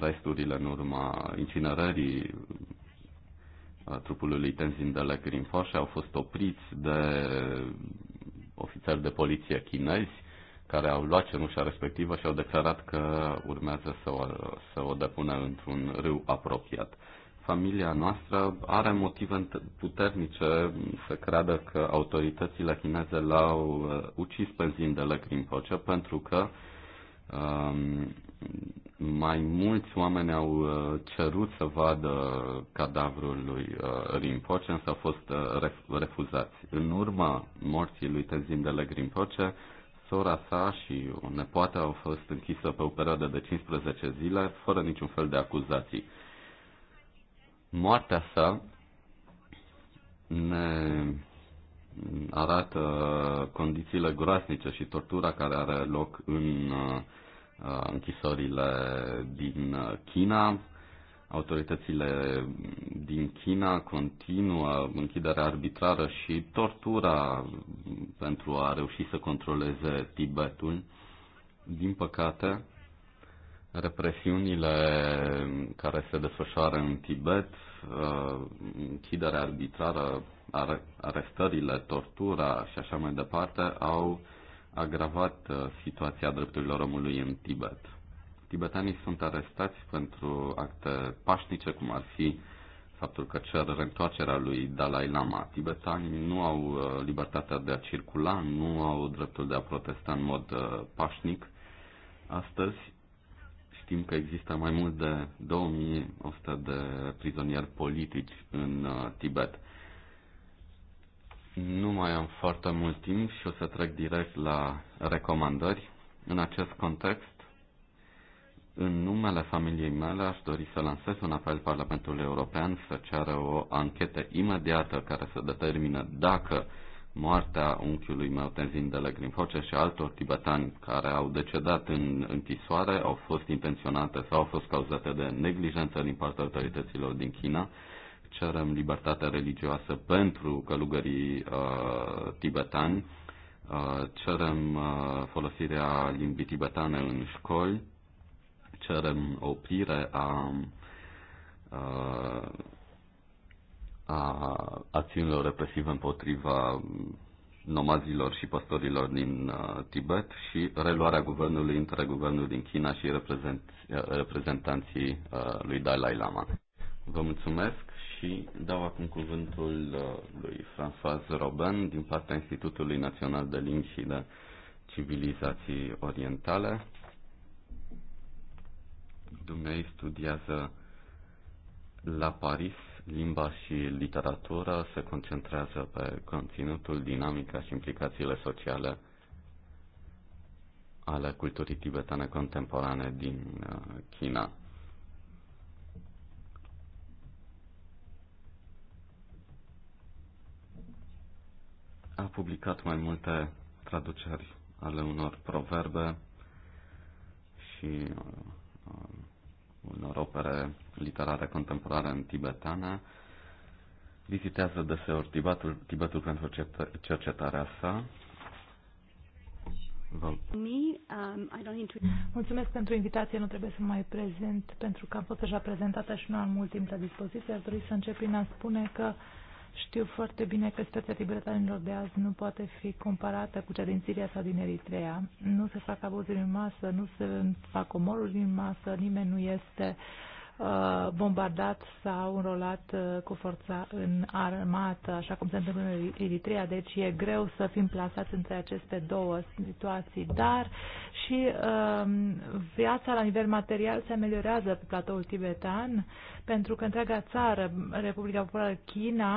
resturile în urma incinerării trupului lui Tenzin de la au fost opriți de ofițeri de poliție chinezi care au luat cenușa respectivă și au declarat că urmează să o, să o depună într-un râu apropiat. Familia noastră are motive puternice să creadă că autoritățile chineze l-au uh, ucis pe zindele Grimpoce pentru că um, mai mulți oameni au uh, cerut să vadă cadavrul lui uh, Rinpoche, însă au fost refuzați. În urma morții lui Tenzin de Leg sora sa și o nepoată au fost închisă pe o perioadă de 15 zile, fără niciun fel de acuzații. Moartea sa ne arată condițiile groaznice și tortura care are loc în uh, închisorile din China, autoritățile din China continuă închiderea arbitrară și tortura pentru a reuși să controleze Tibetul. Din păcate, represiunile care se desfășoară în Tibet, uh, închiderea arbitrară, arestările, tortura și așa mai departe, au agravat uh, situația drepturilor omului în Tibet tibetanii sunt arestați pentru acte pașnice, cum ar fi faptul că cer reîntoarcerea lui Dalai Lama. Tibetanii nu au uh, libertatea de a circula, nu au dreptul de a protesta în mod uh, pașnic. Astăzi știm că există mai mult de 2100 de prizonieri politici în uh, Tibet. Nu mai am foarte mult timp și o să trec direct la recomandări. În acest context, în numele familiei mele aș dori să lansez un apel Parlamentului European să ceară o anchetă imediată care să determine dacă moartea unchiului meu Tenzin de Legrinfoce și altor tibetani care au decedat în închisoare au fost intenționate sau au fost cauzate de neglijență din partea autorităților din China. Cerem libertate religioasă pentru călugării uh, tibetani. Uh, cerem uh, folosirea limbii tibetane în școli cerem oprire a, a, a acțiunilor represive împotriva nomazilor și păstorilor din uh, Tibet și reluarea guvernului între guvernul din China și reprezent, uh, reprezentanții uh, lui Dalai Lama. Vă mulțumesc și dau acum cuvântul uh, lui François Robin din partea Institutului Național de Limbi și de Civilizații Orientale. Dumnezeu studiază la Paris limba și literatura, se concentrează pe conținutul, dinamica și implicațiile sociale ale culturii tibetane contemporane din uh, China. A publicat mai multe traduceri ale unor proverbe și uh, uh, unor opere literare contemporane în tibetană. Vizitează deseori Tibetul, Tibetul pentru cercetarea sa. Um, Mulțumesc pentru invitație, nu trebuie să mai prezent pentru că am fost deja prezentată și nu am mult timp la dispoziție. Aș dori să încep prin a spune că uh, știu foarte bine că situația libertarilor de azi nu poate fi comparată cu cea din Siria sau din Eritrea. Nu se fac abuzuri în masă, nu se fac omoruri în masă, nimeni nu este uh, Uh, bombardat sau înrolat uh, cu forța în armată, așa cum se întâmplă în Eritrea. Deci e greu să fim plasați între aceste două situații, dar și um, viața la nivel material se ameliorează pe platoul tibetan, pentru că întreaga țară, Republica Populară China,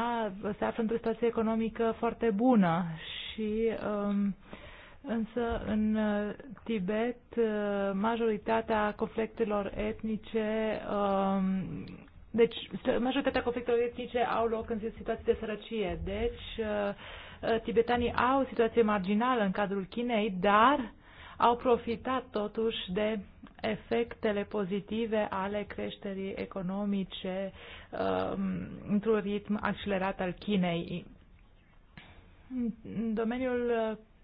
se află într-o situație economică foarte bună și um, Însă în uh, Tibet uh, majoritatea conflictelor etnice um, deci majoritatea conflictelor etnice au loc în situații de sărăcie. Deci uh, tibetanii au o situație marginală în cadrul Chinei, dar au profitat totuși de efectele pozitive ale creșterii economice um, într-un ritm accelerat al Chinei. În domeniul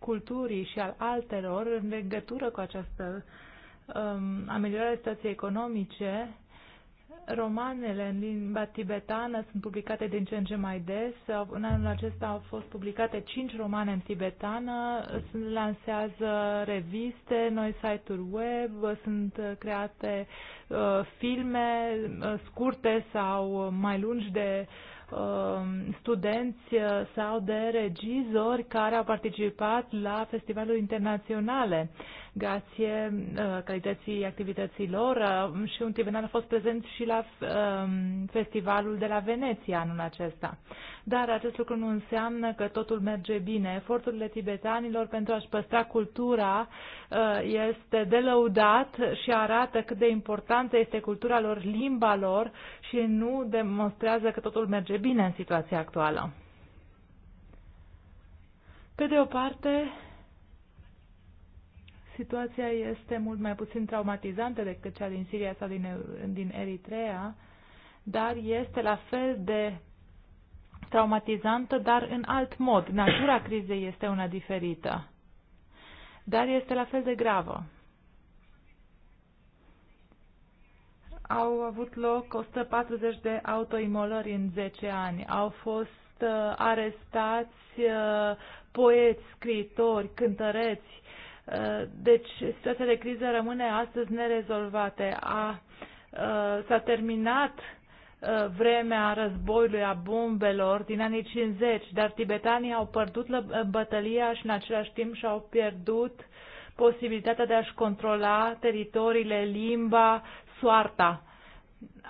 culturii și al altelor în legătură cu această um, ameliorare situației economice. Romanele în limba tibetană sunt publicate din ce în ce mai des. În anul acesta au fost publicate cinci romane în tibetană, Sunt lansează reviste, noi site-uri web, sunt create uh, filme uh, scurte sau mai lungi de uh, Um, studenți uh, sau de regizori care au participat la festivaluri internaționale grație uh, calității activității lor uh, și un tribunal a fost prezent și la um, festivalul de la Veneția anul acesta. Dar acest lucru nu înseamnă că totul merge bine. Eforturile tibetanilor pentru a-și păstra cultura uh, este delăudat și arată cât de importantă este cultura lor, limba lor și nu demonstrează că totul merge bine în situația actuală. Pe de o parte, situația este mult mai puțin traumatizantă decât cea din Siria sau din, din Eritrea, dar este la fel de traumatizantă, dar în alt mod. Natura crizei este una diferită, dar este la fel de gravă. Au avut loc 140 de autoimolări în 10 ani. Au fost uh, arestați uh, poeți, scriitori, cântăreți, deci, situația de criză rămâne astăzi nerezolvate. A, s-a terminat vremea războiului, a bombelor din anii 50, dar tibetanii au pierdut bătălia și în același timp și-au pierdut posibilitatea de a-și controla teritoriile, limba, soarta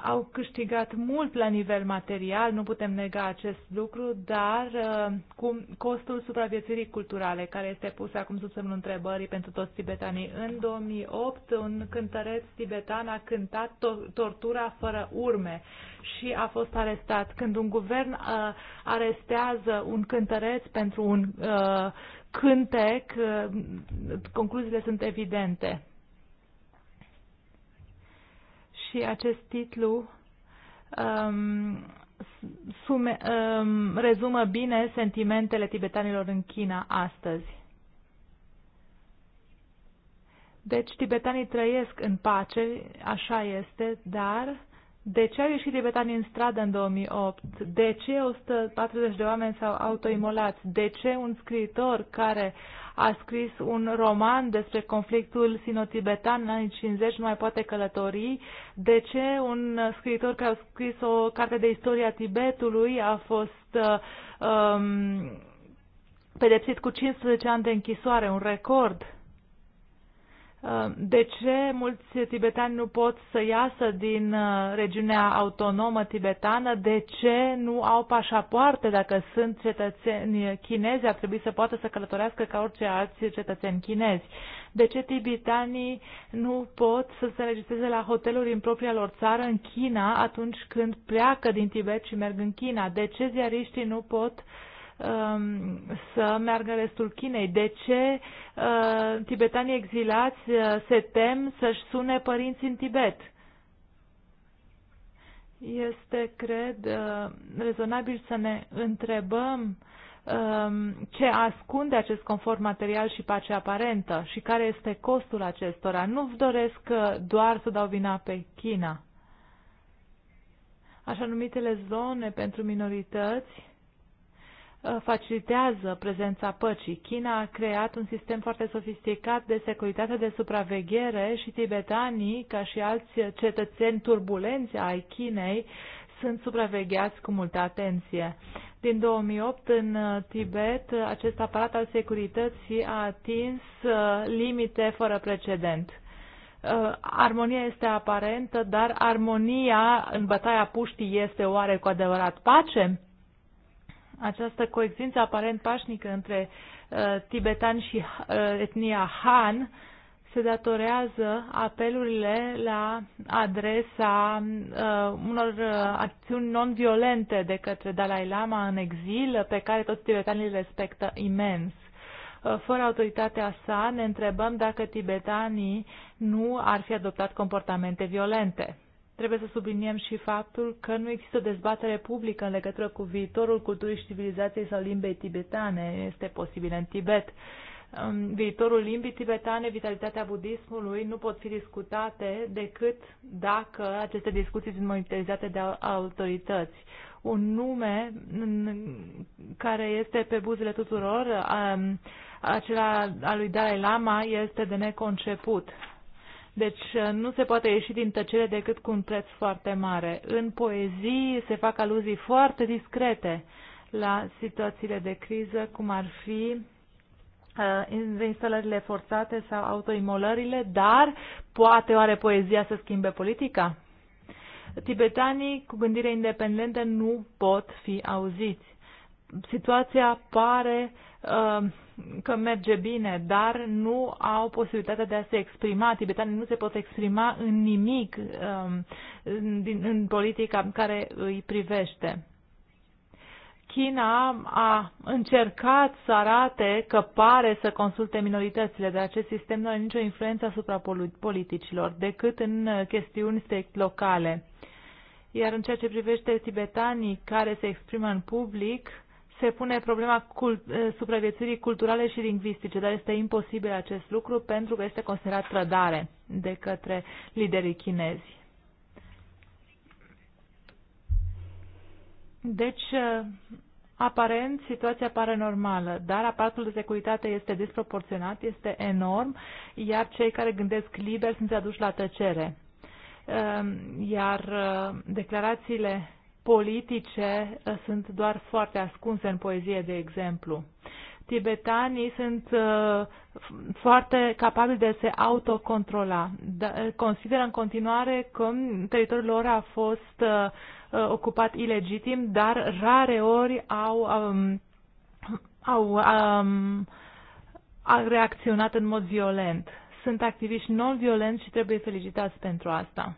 au câștigat mult la nivel material, nu putem nega acest lucru, dar uh, cu costul supraviețuirii culturale, care este pus acum sub semnul întrebării pentru toți tibetanii. În 2008, un cântăreț tibetan a cântat to- tortura fără urme și a fost arestat. Când un guvern uh, arestează un cântăreț pentru un uh, cântec, uh, concluziile sunt evidente și acest titlu um, sume, um, rezumă bine sentimentele tibetanilor în China astăzi. Deci, tibetanii trăiesc în pace, așa este, dar de ce au ieșit tibetanii în stradă în 2008? De ce 140 de oameni s-au autoimolat? De ce un scriitor care a scris un roman despre conflictul sino-tibetan în anii 50 nu mai poate călători? De ce un scriitor care a scris o carte de istoria Tibetului a fost um, pedepsit cu 15 ani de închisoare, un record? Uh, de ce mulți tibetani nu pot să iasă din uh, regiunea autonomă tibetană? De ce nu au pașapoarte dacă sunt cetățeni chinezi? Ar trebui să poată să călătorească ca orice alți cetățeni chinezi. De ce tibetanii nu pot să se registreze la hoteluri în propria lor țară, în China, atunci când pleacă din Tibet și merg în China? De ce ziariștii nu pot uh, Um, să meargă în restul Chinei? De ce uh, tibetanii exilați uh, se tem să-și sune părinții în Tibet? Este, cred, uh, rezonabil să ne întrebăm um, ce ascunde acest confort material și pace aparentă și care este costul acestora. Nu doresc doar să dau vina pe China. Așa numitele zone pentru minorități Uh, facilitează prezența păcii. China a creat un sistem foarte sofisticat de securitate de supraveghere și tibetanii, ca și alți cetățeni turbulenți ai Chinei, sunt supravegheați cu multă atenție. Din 2008 în uh, Tibet, uh, acest aparat al securității a atins limite fără precedent. Armonia este aparentă, dar armonia în bătaia puștii este oare cu adevărat pace? această coexistență aparent pașnică între uh, tibetani și uh, etnia Han se datorează apelurile la adresa uh, unor uh, acțiuni non-violente de către Dalai Lama în exil, pe care toți tibetanii le respectă imens. Uh, fără autoritatea sa, ne întrebăm dacă tibetanii nu ar fi adoptat comportamente violente. Trebuie să subliniem și faptul că nu există dezbatere publică în legătură cu viitorul culturii și civilizației sau limbei tibetane. Este posibil în Tibet. Viitorul limbii tibetane, vitalitatea budismului nu pot fi discutate decât dacă aceste discuții sunt monitorizate de autorități. Un nume care este pe buzele tuturor, um, acela a lui Dalai Lama, este de neconceput deci uh, nu se poate ieși din tăcere decât cu un preț foarte mare. În poezii se fac aluzii foarte discrete la situațiile de criză, cum ar fi uh, reinstalările forțate sau autoimolările, dar poate oare poezia să schimbe politica? Tibetanii cu gândire independentă nu pot fi auziți. Situația pare uh, Uh, că merge bine, dar nu au posibilitatea de a se exprima. Tibetanii nu se pot exprima în nimic um, din, în politica care îi privește. China a încercat să arate că pare să consulte minoritățile, dar acest sistem nu are nicio influență asupra politicilor, decât în uh, chestiuni strict locale. Iar în ceea ce privește tibetanii care se exprimă în public, se pune problema cult eh, supraviețuirii culturale și lingvistice, dar este imposibil acest lucru pentru că este considerat trădare de către liderii chinezi. Deci, eh, aparent, situația pare normală, dar aparatul de securitate este disproporționat, este enorm, iar cei care gândesc liber sunt aduși la tăcere. Eh, iar declarațiile politice uh, sunt doar foarte ascunse în poezie, de exemplu. Tibetanii sunt uh, foarte capabili de a se autocontrola. Da, uh, consideră în continuare că teritoriul lor a fost ocupat ilegitim, dar rare ori au, um, au um, a reacționat în mod violent. Sunt activiști non-violenți și trebuie felicitați pentru asta.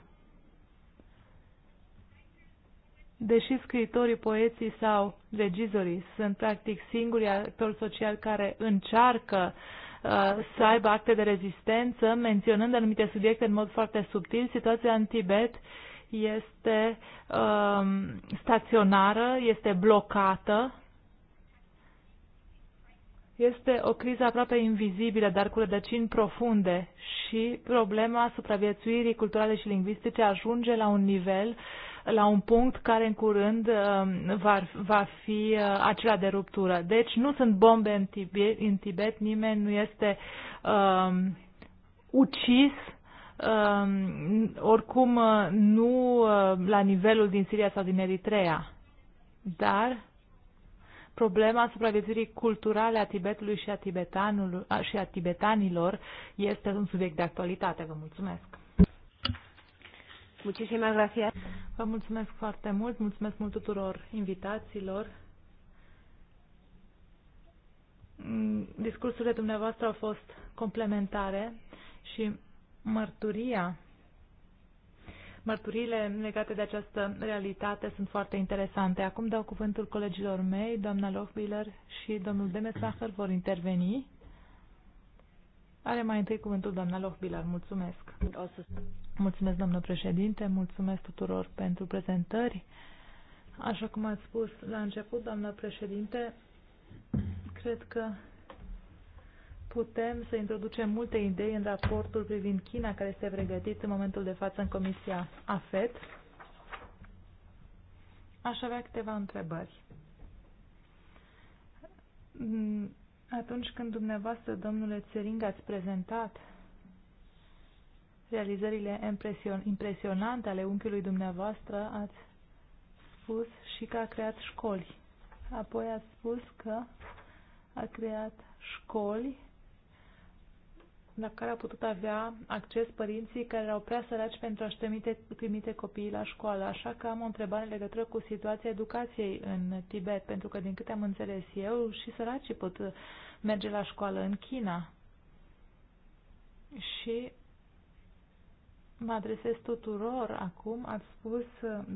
Deși scriitorii, poeții sau regizorii sunt practic singurii actori sociali care încearcă uh, să aibă acte de rezistență, menționând anumite subiecte în mod foarte subtil, situația în Tibet este uh, staționară, este blocată, este o criză aproape invizibilă, dar cu rădăcini profunde și problema supraviețuirii culturale și lingvistice ajunge la un nivel uh, la un punct care în curând um, va, va fi uh, acela de ruptură. Deci nu sunt bombe în Tibet, în Tibet nimeni nu este um, ucis um, oricum uh, nu uh, la nivelul din Siria sau din Eritrea, dar problema supraviețuirii culturale a Tibetului și a, tibetanului, și a tibetanilor este un subiect de actualitate. Vă mulțumesc! Muchísimas gracias. Vă mulțumesc foarte mult, mulțumesc mult tuturor invitațiilor. Mm, discursurile dumneavoastră au fost complementare și mărturia, mărturiile legate de această realitate sunt foarte interesante. Acum dau cuvântul colegilor mei, doamna Lofbiller și domnul Demesacher vor interveni. Are mai întâi cuvântul doamna Lofbiller. Mulțumesc. Mulțumesc, doamnă președinte, mulțumesc tuturor pentru prezentări. Așa cum ați spus la început, doamnă președinte, cred că putem să introducem multe idei în raportul privind China, care este pregătit în momentul de față în Comisia AFET. Aș avea câteva întrebări. Atunci când dumneavoastră, domnule Țering, ați prezentat realizările impresionante ale unchiului dumneavoastră, ați spus și că a creat școli. Apoi ați spus că a creat școli la care au putut avea acces părinții care erau prea săraci pentru a-și trimite, trimite copiii la școală. Așa că am o întrebare în legătură cu situația educației în Tibet, pentru că, din câte am înțeles eu, și săracii pot merge la școală în China. Și Mă adresez tuturor acum. Ați spus,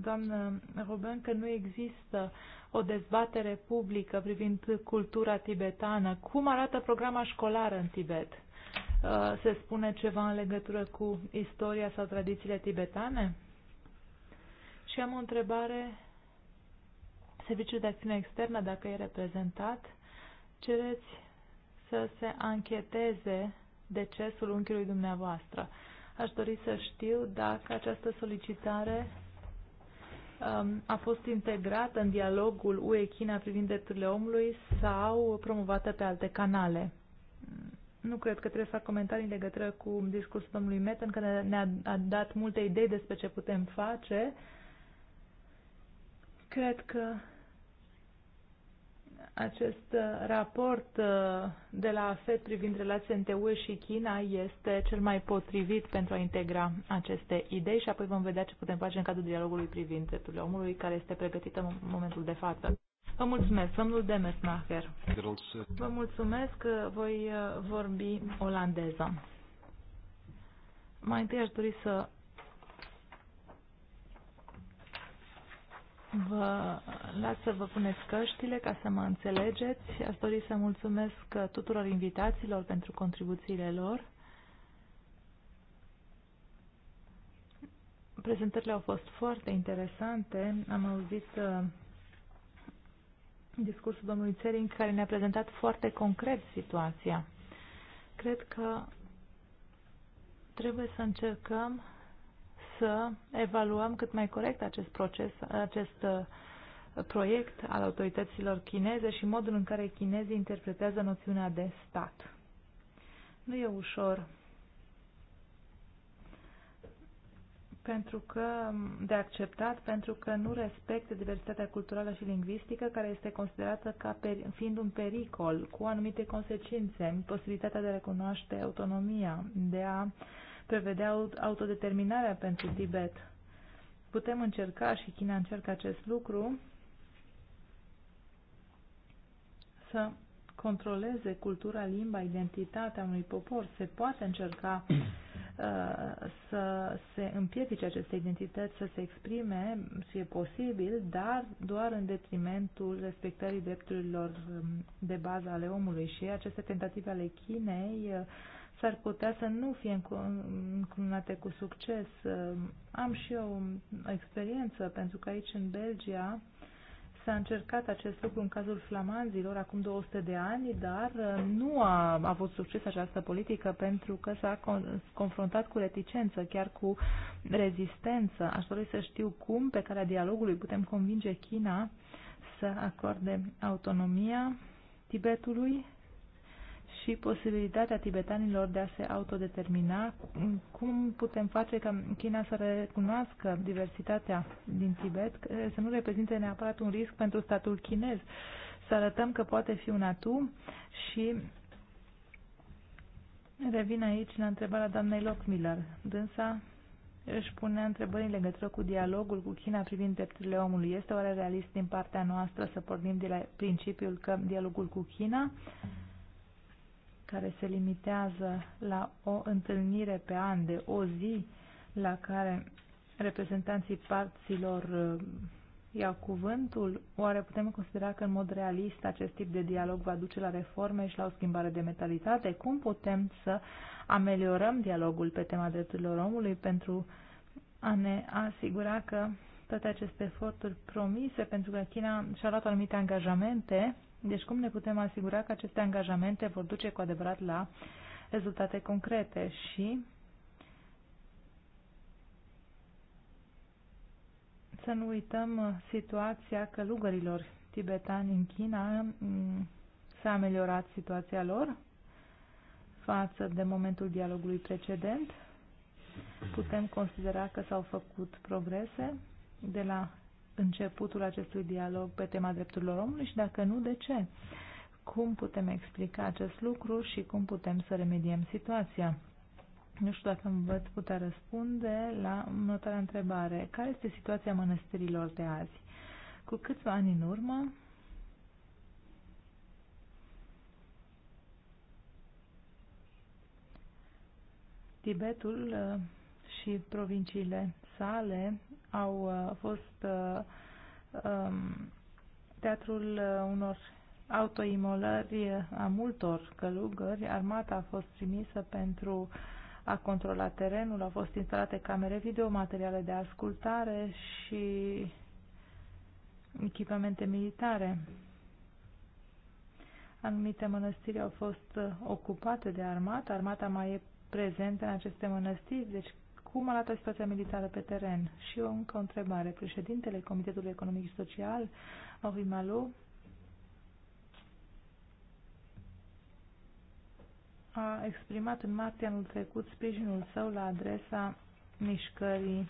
doamnă Robin, că nu există o dezbatere publică privind cultura tibetană. Cum arată programa școlară în Tibet? Uh, se spune ceva în legătură cu istoria sau tradițiile tibetane? Și am o întrebare. Serviciul de acțiune externă, dacă e reprezentat, cereți să se ancheteze decesul unchiului dumneavoastră. Aș dori să știu dacă această solicitare um, a fost integrată în dialogul UE-China privind drepturile omului sau promovată pe alte canale. Nu cred că trebuie să fac comentarii în legătură cu discursul domnului Metan, că ne-a dat multe idei despre ce putem face. Cred că acest uh, raport uh, de la FED privind relația între UE și China este cel mai potrivit pentru a integra aceste idei și apoi vom vedea ce putem face în cadrul dialogului privind drepturile omului, care este pregătită în momentul de față. Vă mulțumesc, domnul Demesmacher. Vă mulțumesc, că uh, voi vorbi olandeză. Mai întâi aș dori să Vă las să vă puneți căștile ca să mă înțelegeți. Aș dori să mulțumesc tuturor invitațiilor pentru contribuțiile lor. Prezentările au fost foarte interesante. Am auzit uh, discursul domnului Țering care ne-a prezentat foarte concret situația. Cred că trebuie să încercăm să evaluăm cât mai corect acest proces, acest uh, proiect al autorităților chineze și modul în care chinezii interpretează noțiunea de stat. Nu e ușor pentru că de acceptat, pentru că nu respectă diversitatea culturală și lingvistică, care este considerată ca per, fiind un pericol cu anumite consecințe, posibilitatea de a recunoaște autonomia, de a prevedea autodeterminarea pentru Tibet. Putem încerca și China încercă acest lucru să controleze cultura, limba, identitatea unui popor. Se poate încerca uh, să se împiedice aceste identități să se exprime și e posibil, dar doar în detrimentul respectării drepturilor um, de bază ale omului și aceste tentative ale Chinei uh, s-ar putea să nu fie încununate cu succes. Am și eu o experiență, pentru că aici în Belgia s-a încercat acest lucru în cazul flamanzilor acum 200 de ani, dar nu a avut succes această politică pentru că s-a confruntat cu reticență, chiar cu rezistență. Aș dori să știu cum, pe calea dialogului, putem convinge China să acorde autonomia Tibetului și posibilitatea tibetanilor de a se autodetermina. Cum putem face ca China să recunoască diversitatea din Tibet, să nu reprezinte neapărat un risc pentru statul chinez, să arătăm că poate fi un atu și revin aici la întrebarea doamnei Lockmiller. Dânsa își pune întrebări în legătură cu dialogul cu China privind drepturile omului. Este oare realist din partea noastră să pornim de la principiul că dialogul cu China uh, care se limitează la o întâlnire pe an de o zi la care reprezentanții parților uh, iau cuvântul, oare putem considera că în mod realist acest tip de dialog va duce la reforme și la o schimbare de mentalitate? Cum putem să ameliorăm dialogul pe tema drepturilor omului pentru a ne asigura că toate aceste eforturi promise, pentru că China și-a luat anumite angajamente deci cum ne putem asigura că aceste angajamente vor duce cu adevărat la rezultate concrete și să nu uităm situația călugărilor tibetani în China. Mm, s-a ameliorat situația lor față de momentul dialogului precedent. Putem considera că s-au făcut progrese de la începutul acestui dialog pe tema drepturilor omului și dacă nu, de ce? Cum putem explica acest lucru și cum putem să remediem situația? Nu știu dacă veți putea răspunde la următoarea întrebare. Care este situația mănăstirilor de azi? Cu câțiva ani în urmă, Tibetul uh, și provinciile sale au uh, fost uh, um, teatrul uh, unor autoimolări a multor călugări. Armata a fost trimisă pentru a controla terenul, au fost instalate camere video, materiale de ascultare și echipamente militare. Anumite mănăstiri au fost ocupate de armată, armata mai e prezentă în aceste mănăstiri, deci cum arată situația militară pe teren? Și o încă o întrebare. Președintele Comitetului Economic și Social, Henri Malot, a exprimat în martie anul trecut sprijinul său la adresa mișcării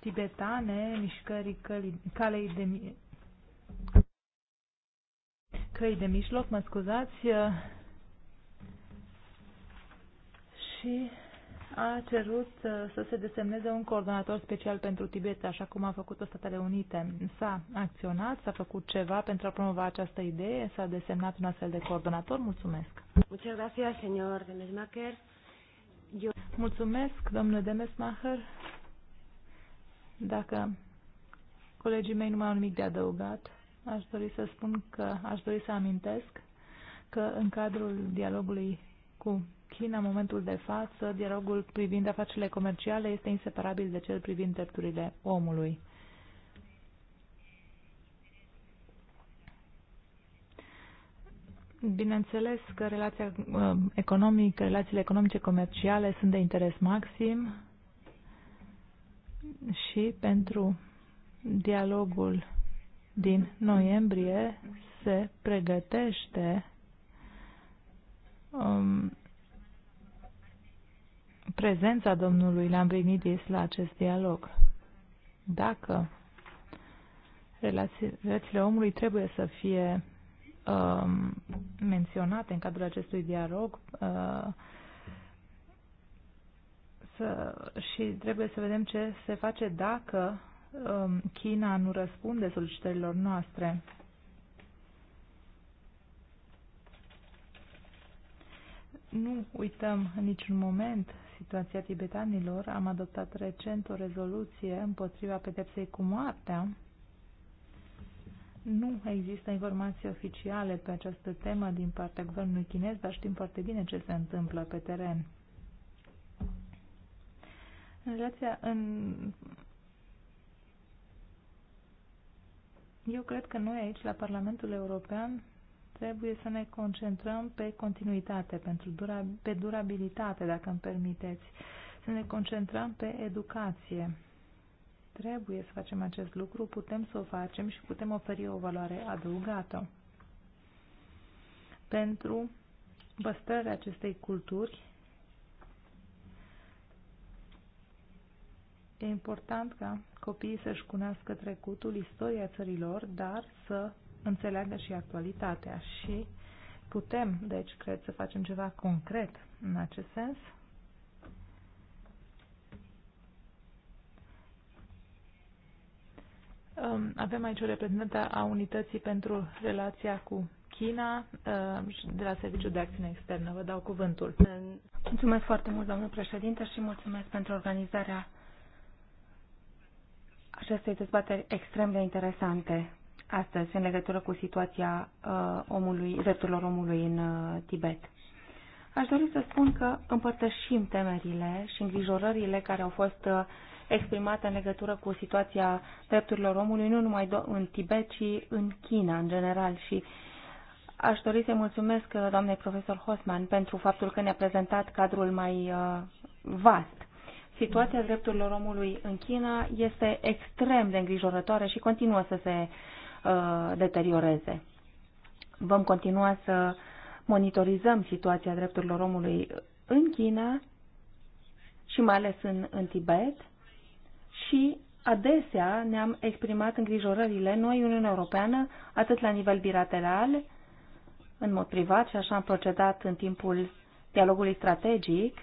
tibetane, mișcării călii, calei de căi de mijloc, mă scuzați, și a cerut uh, să se desemneze un coordonator special pentru Tibet, așa cum a făcut-o Statele Unite. S-a acționat, s-a făcut ceva pentru a promova această idee, s-a desemnat un astfel de coordonator. Mulțumesc. Mulțumesc, domnule Demesmacher. Dacă colegii mei nu mai au nimic de adăugat, aș dori să spun că aș dori să amintesc că în cadrul dialogului cu China, în momentul de față, dialogul privind afacerile comerciale este inseparabil de cel privind drepturile omului. Bineînțeles că relația uh, economică, relațiile economice comerciale sunt de interes maxim și pentru dialogul din noiembrie se pregătește um, prezența domnului l-am Lambrinidis la acest dialog. Dacă relațiile omului trebuie să fie uh, menționate în cadrul acestui dialog uh, să, și trebuie să vedem ce se face dacă uh, China nu răspunde solicitărilor noastre. Nu uităm în niciun moment situația tibetanilor, am adoptat recent o rezoluție împotriva pedepsei cu moartea. Nu există informații oficiale pe această temă din partea guvernului chinez, dar știm foarte bine ce se întâmplă pe teren. În relația în... Eu cred că noi aici, la Parlamentul European, Trebuie să ne concentrăm pe continuitate, pentru dura, pe durabilitate, dacă îmi permiteți. Să ne concentrăm pe educație. Trebuie să facem acest lucru, putem să o facem și putem oferi o valoare adăugată. Pentru păstrarea acestei culturi E important ca copiii să-și cunoască trecutul, istoria țărilor, dar să înțeleagă și actualitatea și putem, deci, cred, să facem ceva concret în acest sens. Um, avem aici o reprezentantă a unității pentru relația cu China uh, de la Serviciul de Acțiune Externă. Vă dau cuvântul. Mulțumesc foarte mult, domnul președinte, și mulțumesc pentru organizarea acestei dezbateri extrem de interesante astăzi în legătură cu situația uh, omului, drepturilor omului în uh, Tibet. Aș dori să spun că împărtășim temerile și îngrijorările care au fost uh, exprimate în legătură cu situația drepturilor omului, nu numai în Tibet, ci în China în general. Și aș dori să mulțumesc uh, doamnei profesor Hosman pentru faptul că ne-a prezentat cadrul mai uh, vast. Situația drepturilor omului în China este extrem de îngrijorătoare și continuă să se uh, Uh, deterioreze. Vom continua să monitorizăm situația drepturilor omului în China și mai ales în, în Tibet și adesea ne-am exprimat îngrijorările noi, Uniunea Europeană, atât la nivel bilateral, în mod privat și așa am procedat în timpul dialogului strategic,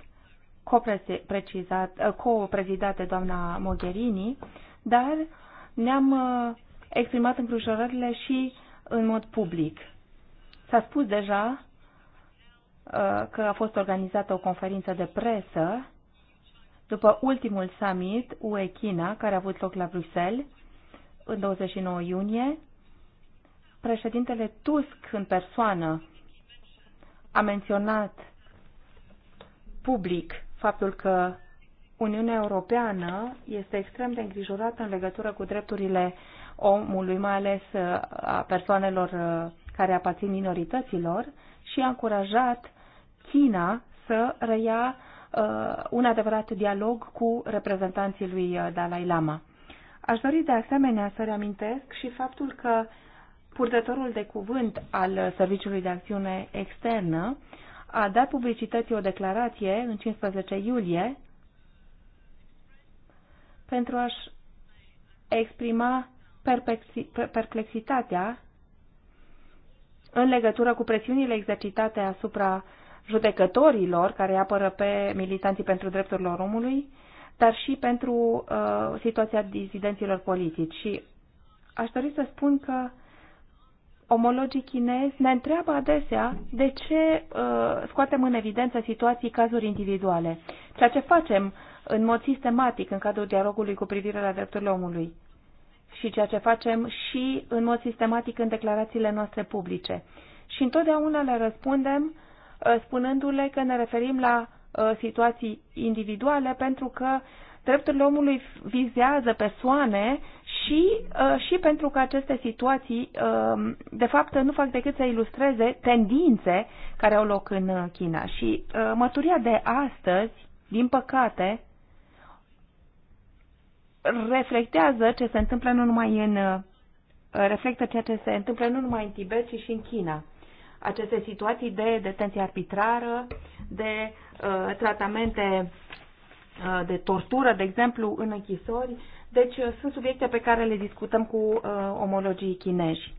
co de doamna Mogherini, dar ne-am uh, exprimat îngrijorările și în mod public. S-a spus deja uh, că a fost organizată o conferință de presă după ultimul summit UE-China, care a avut loc la Bruxelles în 29 iunie, președintele Tusk în persoană a menționat public faptul că Uniunea Europeană este extrem de îngrijorată în legătură cu drepturile omului, mai ales uh, a persoanelor uh, care aparțin minorităților și a încurajat China să reia uh, un adevărat dialog cu reprezentanții lui Dalai Lama. Aș dori de asemenea să reamintesc și faptul că purtătorul de cuvânt al Serviciului de Acțiune Externă a dat publicității o declarație în 15 iulie pentru a-și exprima perplexitatea în legătură cu presiunile exercitate asupra judecătorilor care apără pe militanții pentru drepturile omului, dar și pentru uh, situația dizidenților politici. Și aș dori să spun că omologii chinezi ne întreabă adesea de ce uh, scoatem în evidență situații, cazuri individuale, ceea ce facem în mod sistematic în cadrul dialogului cu privire la drepturile omului și ceea ce facem și în mod sistematic în declarațiile noastre publice. Și întotdeauna le răspundem uh, spunându-le că ne referim la uh, situații individuale pentru că drepturile omului vizează persoane și, uh, și pentru că aceste situații, um, de fapt, nu fac decât să ilustreze tendințe care au loc în China. Și mărturia de astăzi, din păcate, reflectează ce se întâmplă nu numai în uh, reflectă ceea ce se întâmplă nu numai în Tibet, ci și în China. Aceste situații de detenție arbitrară, de uh, tratamente uh, de tortură, de exemplu, în închisori. Deci uh, sunt subiecte pe care le discutăm cu uh, omologii chinezi.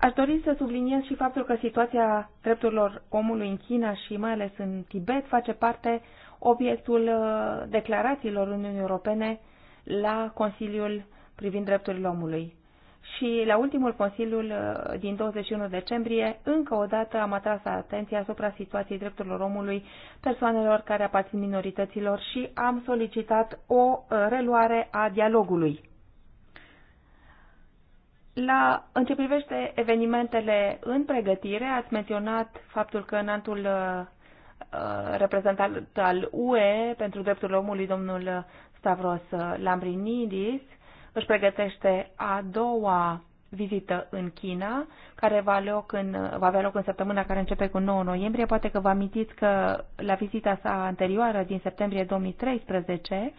Aș dori să subliniez și faptul că situația drepturilor omului în China și mai ales în Tibet face parte obiectul uh, declarațiilor Uniunii Europene la Consiliul privind drepturile omului. Și la ultimul Consiliul uh, din 21 decembrie, încă o dată am atras atenția asupra situației drepturilor omului, persoanelor care aparțin minorităților și am solicitat o uh, reluare a dialogului la, în ce privește evenimentele în pregătire, ați menționat faptul că în antul uh, uh, reprezentant al UE pentru drepturile omului, domnul Stavros Lambrinidis, își pregătește a doua vizită în China, care va, loc în, va avea loc în săptămâna care începe cu 9 noiembrie. Poate că vă amintiți că la vizita sa anterioară din septembrie 2013,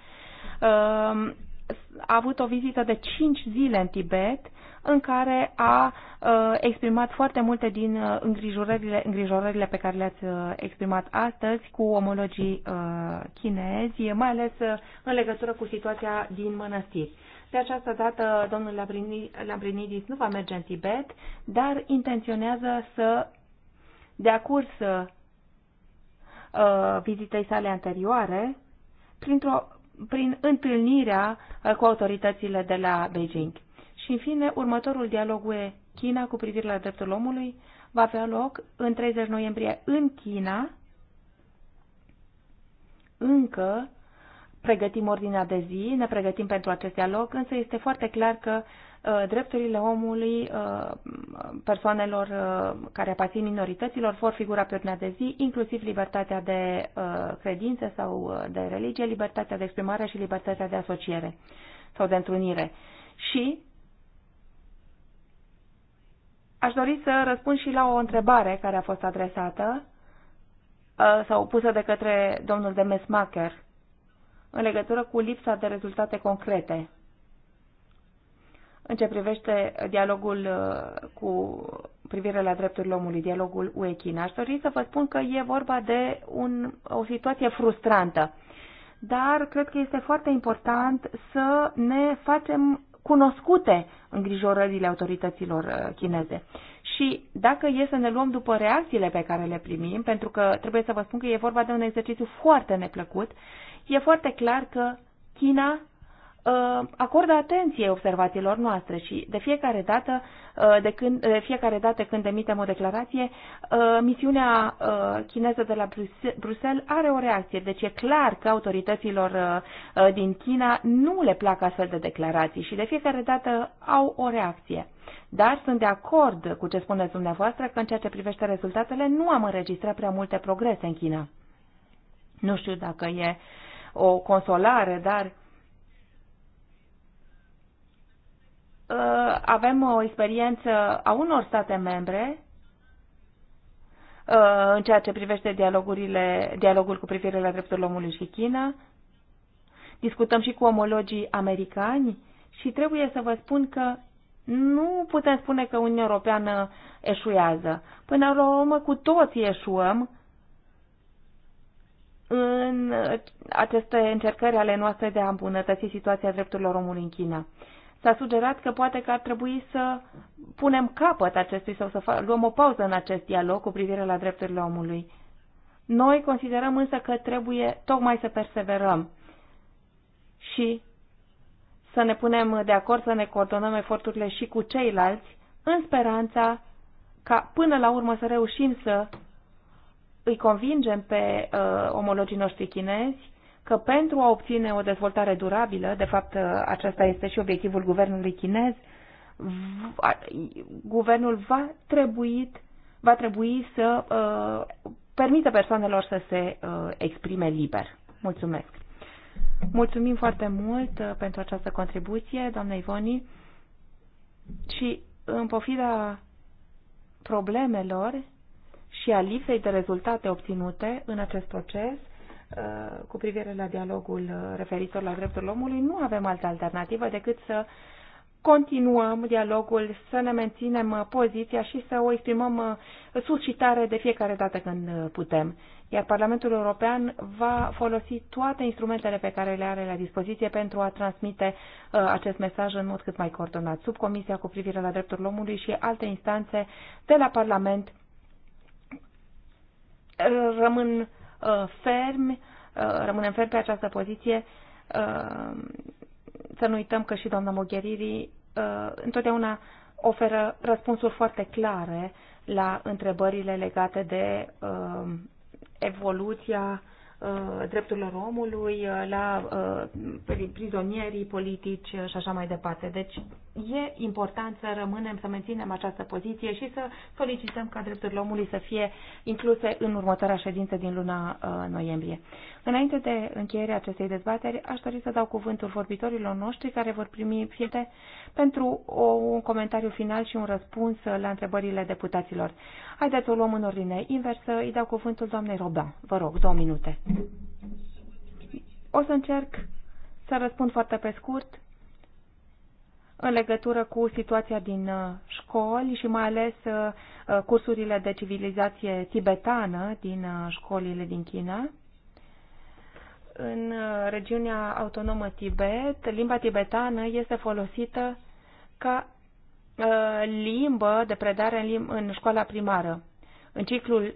a avut o vizită de 5 zile în Tibet, în care a uh, exprimat foarte multe din uh, îngrijorările, îngrijorările pe care le-ați uh, exprimat astăzi cu omologii uh, chinezi, mai ales uh, în legătură cu situația din mănăstiri. De această dată, domnul Lambrinidis nu va merge în Tibet, dar intenționează să dea curs uh, vizitei sale anterioare printr-o prin întâlnirea uh, cu autoritățile de la Beijing. Și, în fine, următorul dialog UE-China cu privire la dreptul omului va avea loc în 30 noiembrie în China. Încă pregătim ordinea de zi, ne pregătim pentru acest dialog, însă este foarte clar că Uh, drepturile omului, uh, persoanelor uh, care aparțin minorităților vor figura pe ordinea de zi, inclusiv libertatea de credință sau de religie, libertatea de exprimare și libertatea de asociere sau de întrunire. Și aș dori să răspund și la o întrebare care a fost adresată sau pusă de către domnul Demesmacher în legătură cu lipsa de rezultate concrete în ce privește dialogul uh, cu privire la drepturile omului, dialogul UE-China. Aș dori să vă spun că e vorba de un, o situație frustrantă, dar cred că este foarte important să ne facem cunoscute îngrijorările autorităților uh, chineze. Și dacă e să ne luăm după reacțiile pe care le primim, pentru că trebuie să vă spun că e vorba de un exercițiu foarte neplăcut, e foarte clar că China Uh, acordă atenție observațiilor noastre și de fiecare dată, uh, de când, de fiecare dată când emitem o declarație, uh, misiunea chineză de la Bruxelles are o reacție. Deci e clar că autorităților din China nu le plac astfel de declarații și de fiecare dată au o reacție. Dar sunt de acord cu ce spuneți dumneavoastră că în ceea ce privește rezultatele nu am înregistrat prea multe progrese în China. Nu știu dacă e o consolare, dar uh, Uh, avem o experiență a unor state membre uh, în ceea ce privește dialogurile, dialogul cu privire la drepturile omului și China. Discutăm și cu omologii americani și trebuie să vă spun că nu putem spune că Uniunea Europeană eșuează. Până la urmă, cu toții eșuăm în aceste încercări ale noastre de a îmbunătăți situația drepturilor omului în China. S-a sugerat că poate că ar trebui să punem capăt acestui sau să luăm o pauză în acest dialog cu privire la drepturile omului. Noi considerăm însă că trebuie tocmai să perseverăm și să ne punem de acord, să ne coordonăm eforturile și cu ceilalți, în speranța ca până la urmă să reușim să îi convingem pe uh, omologii noștri chinezi că pentru a obține o dezvoltare durabilă, de fapt acesta este și obiectivul guvernului chinez, guvernul va trebui, va trebui să uh, permită persoanelor să se uh, exprime liber. Mulțumesc! Mulțumim foarte mult uh, pentru această contribuție, doamna Ivoni, și în pofida problemelor și a lipsei de rezultate obținute în acest proces, Uh, cu privire la dialogul uh, referitor la drepturile omului, nu avem altă alternativă decât să continuăm dialogul, să ne menținem uh, poziția și să o exprimăm suscitare de fiecare dată când putem. Iar Parlamentul European va folosi toate instrumentele pe care le are la dispoziție pentru a transmite acest mesaj în mod cât mai coordonat. Subcomisia cu privire la drepturile omului și alte instanțe de la Parlament rămân Uh, fermi, uh, rămânem fermi pe această poziție. Uh, să nu uităm că și doamna Mogherini întotdeauna oferă răspunsuri foarte clare la întrebările legate de evoluția Uh, drepturilor omului, uh, la uh, prizonierii politici și așa mai departe. Deci e important să rămânem, să menținem această poziție și să solicităm ca drepturile omului să fie incluse în următoarea ședință din luna noiembrie. Înainte de încheierea acestei dezbateri, aș dori să dau cuvântul vorbitorilor noștri care vor primi fiete pentru un comentariu final și un răspuns la întrebările deputaților. Haideți o luăm în ordine inversă. Îi dau cuvântul doamnei Roba. Vă rog, două minute. O să încerc să răspund foarte pe scurt în legătură cu situația din uh, școli și mai ales uh, uh, cursurile de civilizație tibetană din școlile din China. În regiunea autonomă Tibet, limba tibetană este folosită ca Uh, limbă de predare în, lim- în școala primară. În ciclul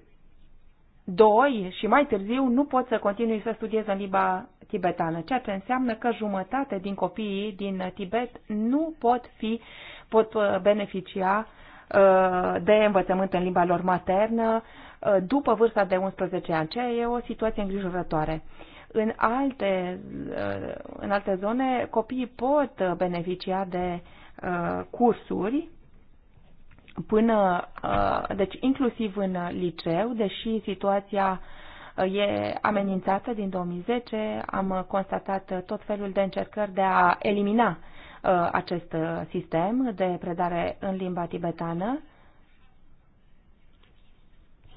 2 și mai târziu nu pot să continui să studiez în limba tibetană, ceea ce înseamnă că jumătate din copiii din Tibet nu pot fi pot uh, beneficia uh, de învățământ în limba lor maternă după vârsta de 11 ani, ceea e o situație îngrijorătoare. În alte, în alte zone, copiii pot beneficia de uh, Uh, cursuri până, uh, deci inclusiv în liceu, deși situația uh, e amenințată din 2010, am constatat tot felul de încercări de a elimina acest sistem de predare în limba tibetană.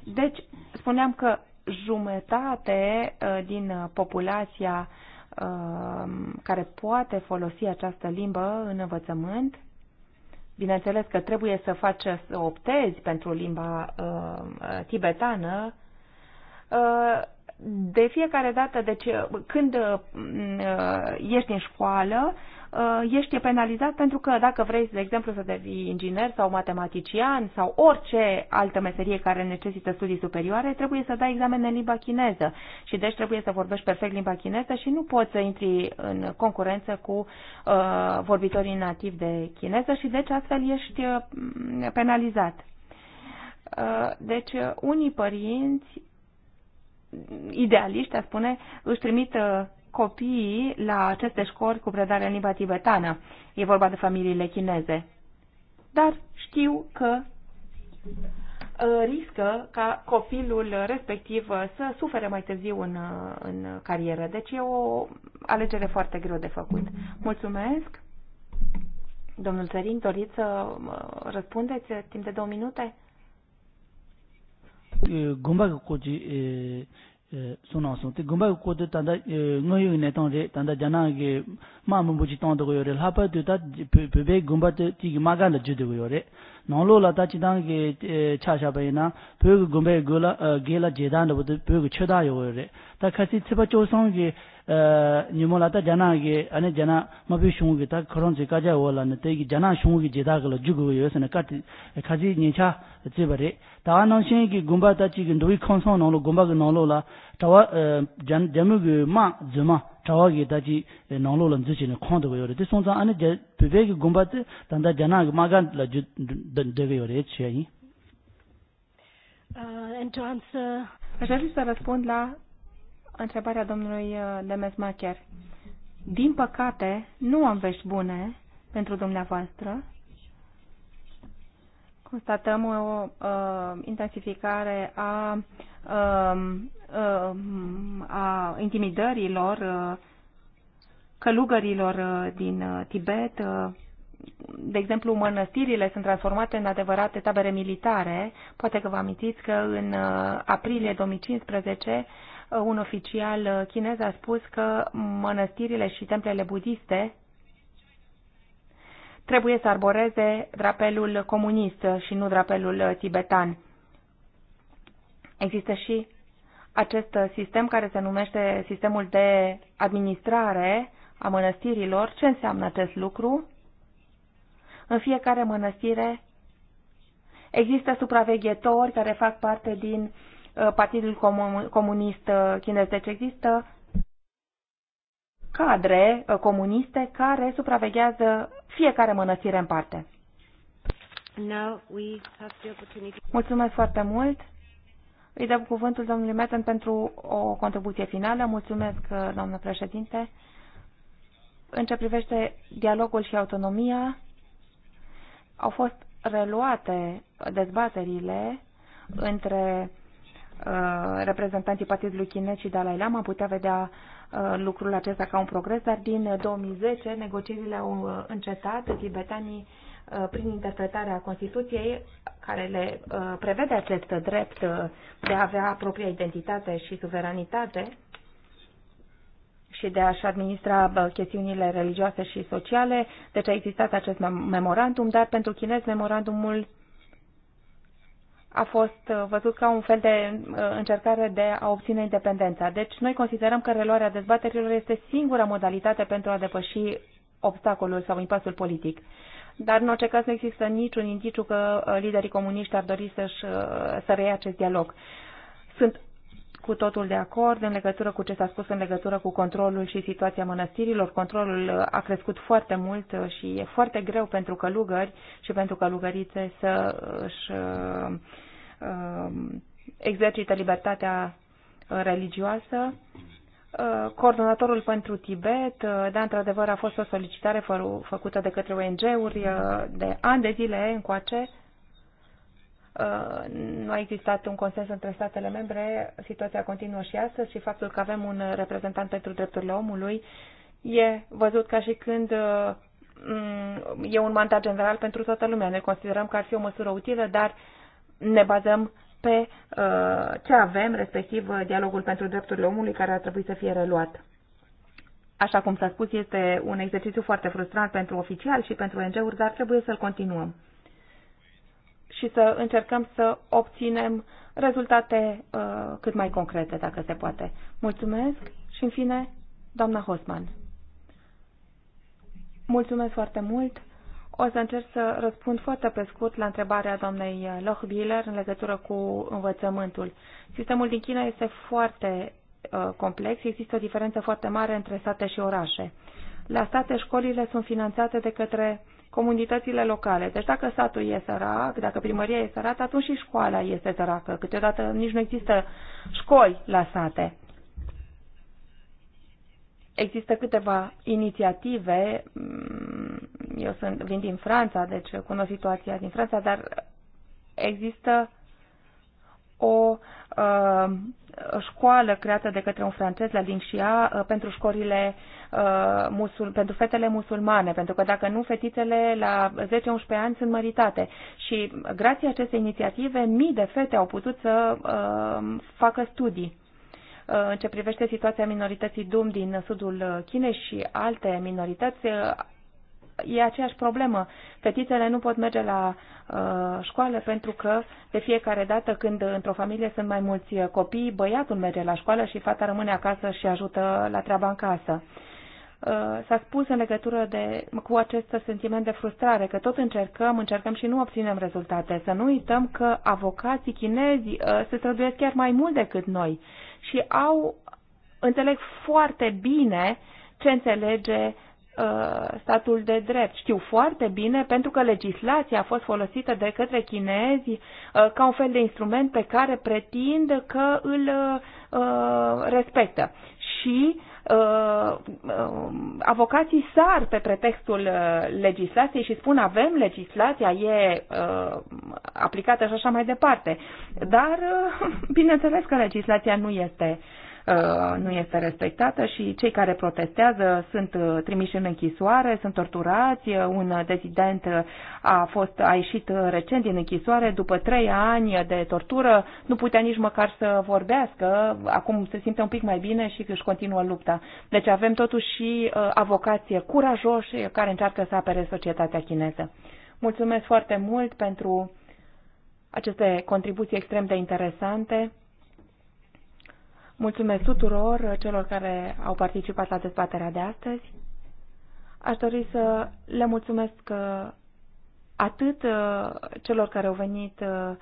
Deci, spuneam că jumătate din populația uh, Um, care poate folosi această limbă în învățământ. Bineînțeles că trebuie să faci să optezi pentru limba uh, tibetană. Uh, de fiecare dată, deci uh, când uh, ești în școală, Uh, ești penalizat pentru că dacă vrei, de exemplu, să devii inginer sau matematician sau orice altă meserie care necesită studii superioare, trebuie să dai examene în limba chineză și deci trebuie să vorbești perfect limba chineză și nu poți să intri în concurență cu uh, vorbitorii nativi de chineză și deci astfel ești uh, penalizat. Uh, deci, unii părinți idealiști, a spune, își trimit copiii la aceste școli cu predare în limba tibetană. E vorba de familiile chineze. Dar știu că uh, riscă ca copilul respectiv uh, să sufere mai târziu în, uh, în carieră. Deci e o alegere foarte greu de făcut. Mulțumesc. Domnul Țărin, doriți să răspundeți timp de două minute? Gumba cu sōnā sōng, tē gōmbā kō tē tāndā ngō yō nē tāng rē, tāndā janā kē mā mōmbō chī tāng tō kō yō rē, lhā pā tō tā pēpē gōmbā tē tī kī mā kā lā jū tō kō yō na, pē kō gōmbā kē lā jē tāng rā pō tē pē kō chē tā yō rē, nimolata jana ge ane jana mabi shungu ge ta koron che ka ja wala ne te gi jana shungu ge jeda ge lo jugu yo se ne ka ti ka ji ni cha che bare ta wa na shen gi gumba ta chi ge ndoi khon song no lo gumba ge no lo la ta wa jan jamu ge ma juma ta wa ge ta chi no lo lo ji chi ne khon de yo re te song za ane je pe ge gumba te ta da jana ge ma ga la ju de ge yo re che yi Uh, and to answer... Aș vrea să răspund la întrebarea domnului uh, Demesmacher. Din păcate, nu am vești bune pentru dumneavoastră. Constatăm o uh, intensificare a, uh, uh, a intimidărilor uh, călugărilor uh, din Tibet. de exemplu, mănăstirile sunt transformate în adevărate tabere militare. Poate că vă amintiți că în aprilie 2015 Uh, un oficial uh, chinez a spus că mănăstirile și templele budiste trebuie să arboreze drapelul comunist și nu drapelul uh, tibetan. Există și acest sistem care se numește sistemul de administrare a mănăstirilor. Ce înseamnă acest lucru? În fiecare mănăstire există supraveghetori care fac parte din uh, Uh, Partidul Comunist uh, Chinez. Deci există cadre uh, comuniste care supraveghează fiecare mănăstire în parte. Mulțumesc foarte mult. Îi dăm cuvântul domnului Metten pentru o contribuție finală. Mulțumesc, doamnă președinte. În ce privește dialogul și autonomia, au fost reluate dezbaterile între Uh, reprezentanții Partidului Chinez și Dalai Lama putea vedea uh, lucrul acesta ca un progres, dar din 2010 uh, negocierile au încetat, tibetanii prin interpretarea Constituției care le prevede acest drept de a avea propria identitate și suveranitate și de a-și administra chestiunile religioase și sociale. Deci a existat acest memorandum, dar pentru chinez memorandumul a fost uh, văzut ca un fel de uh, încercare de a obține independența. Deci noi considerăm că reluarea dezbaterilor este singura modalitate pentru a depăși obstacolul sau impasul politic. Dar în orice caz nu există niciun indiciu că uh, liderii comuniști ar dori să-și, să reia acest dialog. Sunt cu totul de acord în legătură cu ce s-a spus în legătură cu controlul și situația mănăstirilor. Controlul a crescut foarte mult și e foarte greu pentru călugări și pentru călugărițe să își Um, exercită libertatea uh, religioasă. Uh, coordonatorul pentru Tibet, uh, da, într-adevăr, a fost o solicitare făcută de către ONG-uri de ani de zile încoace. Nu a existat un consens între statele membre, situația continuă și astăzi și faptul că avem un reprezentant pentru drepturile omului e văzut ca și când e un mandat general pentru toată lumea. Ne considerăm că ar fi o măsură utilă, dar uh, ne bazăm pe uh, ce avem, respectiv uh, dialogul pentru drepturile omului care ar trebui să fie reluat. Așa cum s-a spus, este un exercițiu foarte frustrant pentru oficial și pentru ONG-uri, dar trebuie să-l continuăm și să încercăm să obținem rezultate uh, cât mai concrete, dacă se poate. Mulțumesc și, în fine, doamna Hosman. Mulțumesc foarte mult. O să încerc să răspund foarte pe scurt la întrebarea doamnei Lochbiller în legătură cu învățământul. Sistemul din China este foarte uh, complex, există o diferență foarte mare între sate și orașe. La state școlile sunt finanțate de către comunitățile locale. Deci dacă satul e sărac, dacă primăria e sărată, atunci și școala este săracă. Câteodată nici nu există școli la sate. Există câteva inițiative mm, eu sunt, vin din Franța, deci cunosc situația din Franța, dar există o uh, școală creată de către un francez la Linșia uh, pentru școlile uh, musul, pentru fetele musulmane, pentru că dacă nu, fetițele la 10-11 ani sunt măritate. Și grație acestei inițiative, mii de fete au putut să uh, facă studii. Uh, în ce privește situația minorității Dum din sudul Chinei și alte minorități, uh, e aceeași problemă. Fetițele nu pot merge la uh, școală pentru că de fiecare dată când într-o familie sunt mai mulți uh, copii, băiatul merge la școală și fata rămâne acasă și ajută la treaba în casă. Uh, s-a spus în legătură de, cu acest sentiment de frustrare că tot încercăm, încercăm și nu obținem rezultate. Să nu uităm că avocații chinezi uh, se străduiesc chiar mai mult decât noi și au, înțeleg foarte bine ce înțelege Uh, statul de drept. Știu foarte bine pentru că legislația a fost folosită de către chinezi uh, ca un fel de instrument pe care pretind că îl uh, respectă. Și avocații sar pe pretextul legislației și spun avem legislația, e aplicată și așa mai departe. Dar, *laughs* bineînțeles că legislația nu este Uh, nu este respectată și cei care protestează sunt uh, trimiși în închisoare, sunt torturați. Uh, un dezident a, fost, a ieșit recent din închisoare după trei ani de tortură, nu putea nici măcar să vorbească, acum se simte un pic mai bine și își continuă lupta. Deci avem totuși și avocație curajoși care încearcă să apere societatea chineză. Mulțumesc foarte mult pentru aceste contribuții extrem de interesante. Mulțumesc tuturor celor care au participat la dezbaterea de astăzi. Aș dori să le mulțumesc uh, atât uh, celor care au venit uh,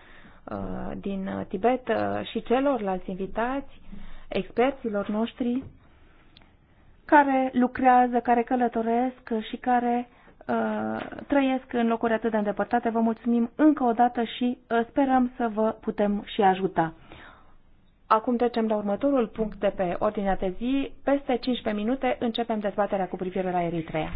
din Tibet și celorlalți invitați, experților noștri, care lucrează, care călătoresc și care trăiesc în locuri atât de îndepărtate. Vă mulțumim încă o dată și sperăm să vă putem și ajuta. Acum trecem la următorul punct de pe ordinea de zi. Peste 15 minute începem dezbaterea cu privire la Eritrea.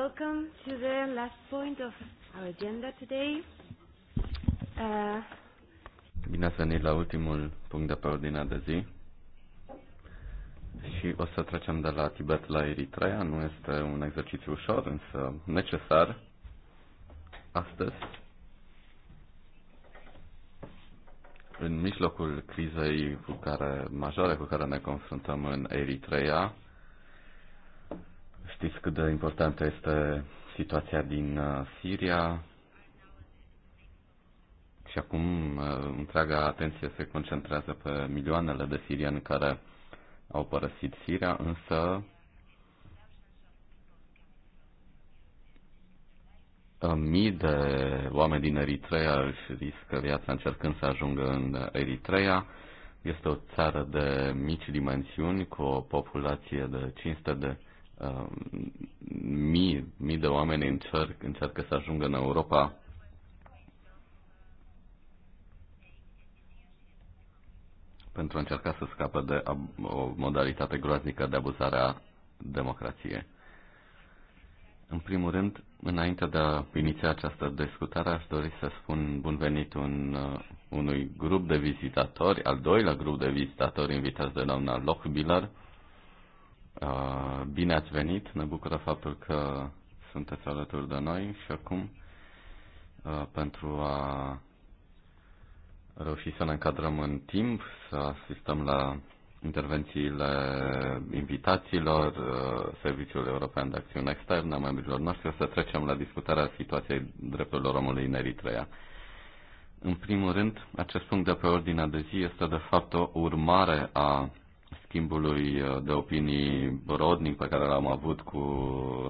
Welcome to the last point of our agenda today. Uh, Bine ați venit la ultimul punct de pe ordinea de zi. Și o să trecem de la Tibet la Eritrea. Nu este un exercițiu ușor, însă necesar astăzi. În mijlocul crizei cu care, majore cu care ne confruntăm în Eritrea, Știți cât de importantă este situația din uh, Siria și acum uh, întreaga atenție se concentrează pe milioanele de sirieni care au părăsit Siria, însă uh, mii de oameni din Eritrea își riscă viața încercând să ajungă în Eritrea. Este o țară de mici dimensiuni, cu o populație de 500 de Um, mii, mii de oameni încerc, încearcă să ajungă în Europa pentru a încerca să scape de o modalitate groaznică de abuzare a democrației. În primul rând, înainte de a iniția această discutare, aș dori să spun bun venit un, uh, unui grup de vizitatori, al doilea grup de vizitatori invitați de doamna Lochbiller, Ah, bine ați venit, ne bucură faptul că sunteți alături de noi și acum ah, pentru a reuși să ne încadrăm în timp, să asistăm la intervențiile invitațiilor, ah, Serviciul European de Acțiune Externă, membrilor noștri, o să trecem la discutarea situației drepturilor omului în Eritrea. În primul rând, acest punct de pe ordinea de zi este de fapt o urmare a schimbului uh, de opinii rodnic pe care l-am avut cu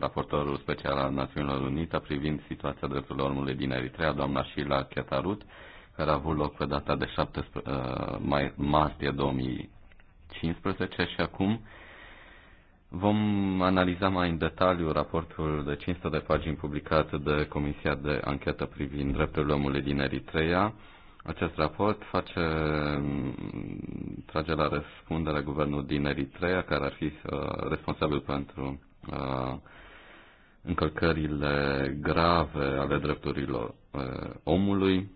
raportorul special al Națiunilor Unite privind situația drepturilor omului din Eritrea, doamna Sheila Chetarut, care a avut loc pe data de 17 uh, mai, martie 2015 și acum vom analiza mai în detaliu raportul de 500 de pagini publicat de Comisia de Anchetă privind drepturile omului din Eritrea, acest raport face, mm, trage la răspundere guvernul din Eritrea, care ar fi uh, responsabil pentru uh, încălcările grave ale drepturilor uh, omului,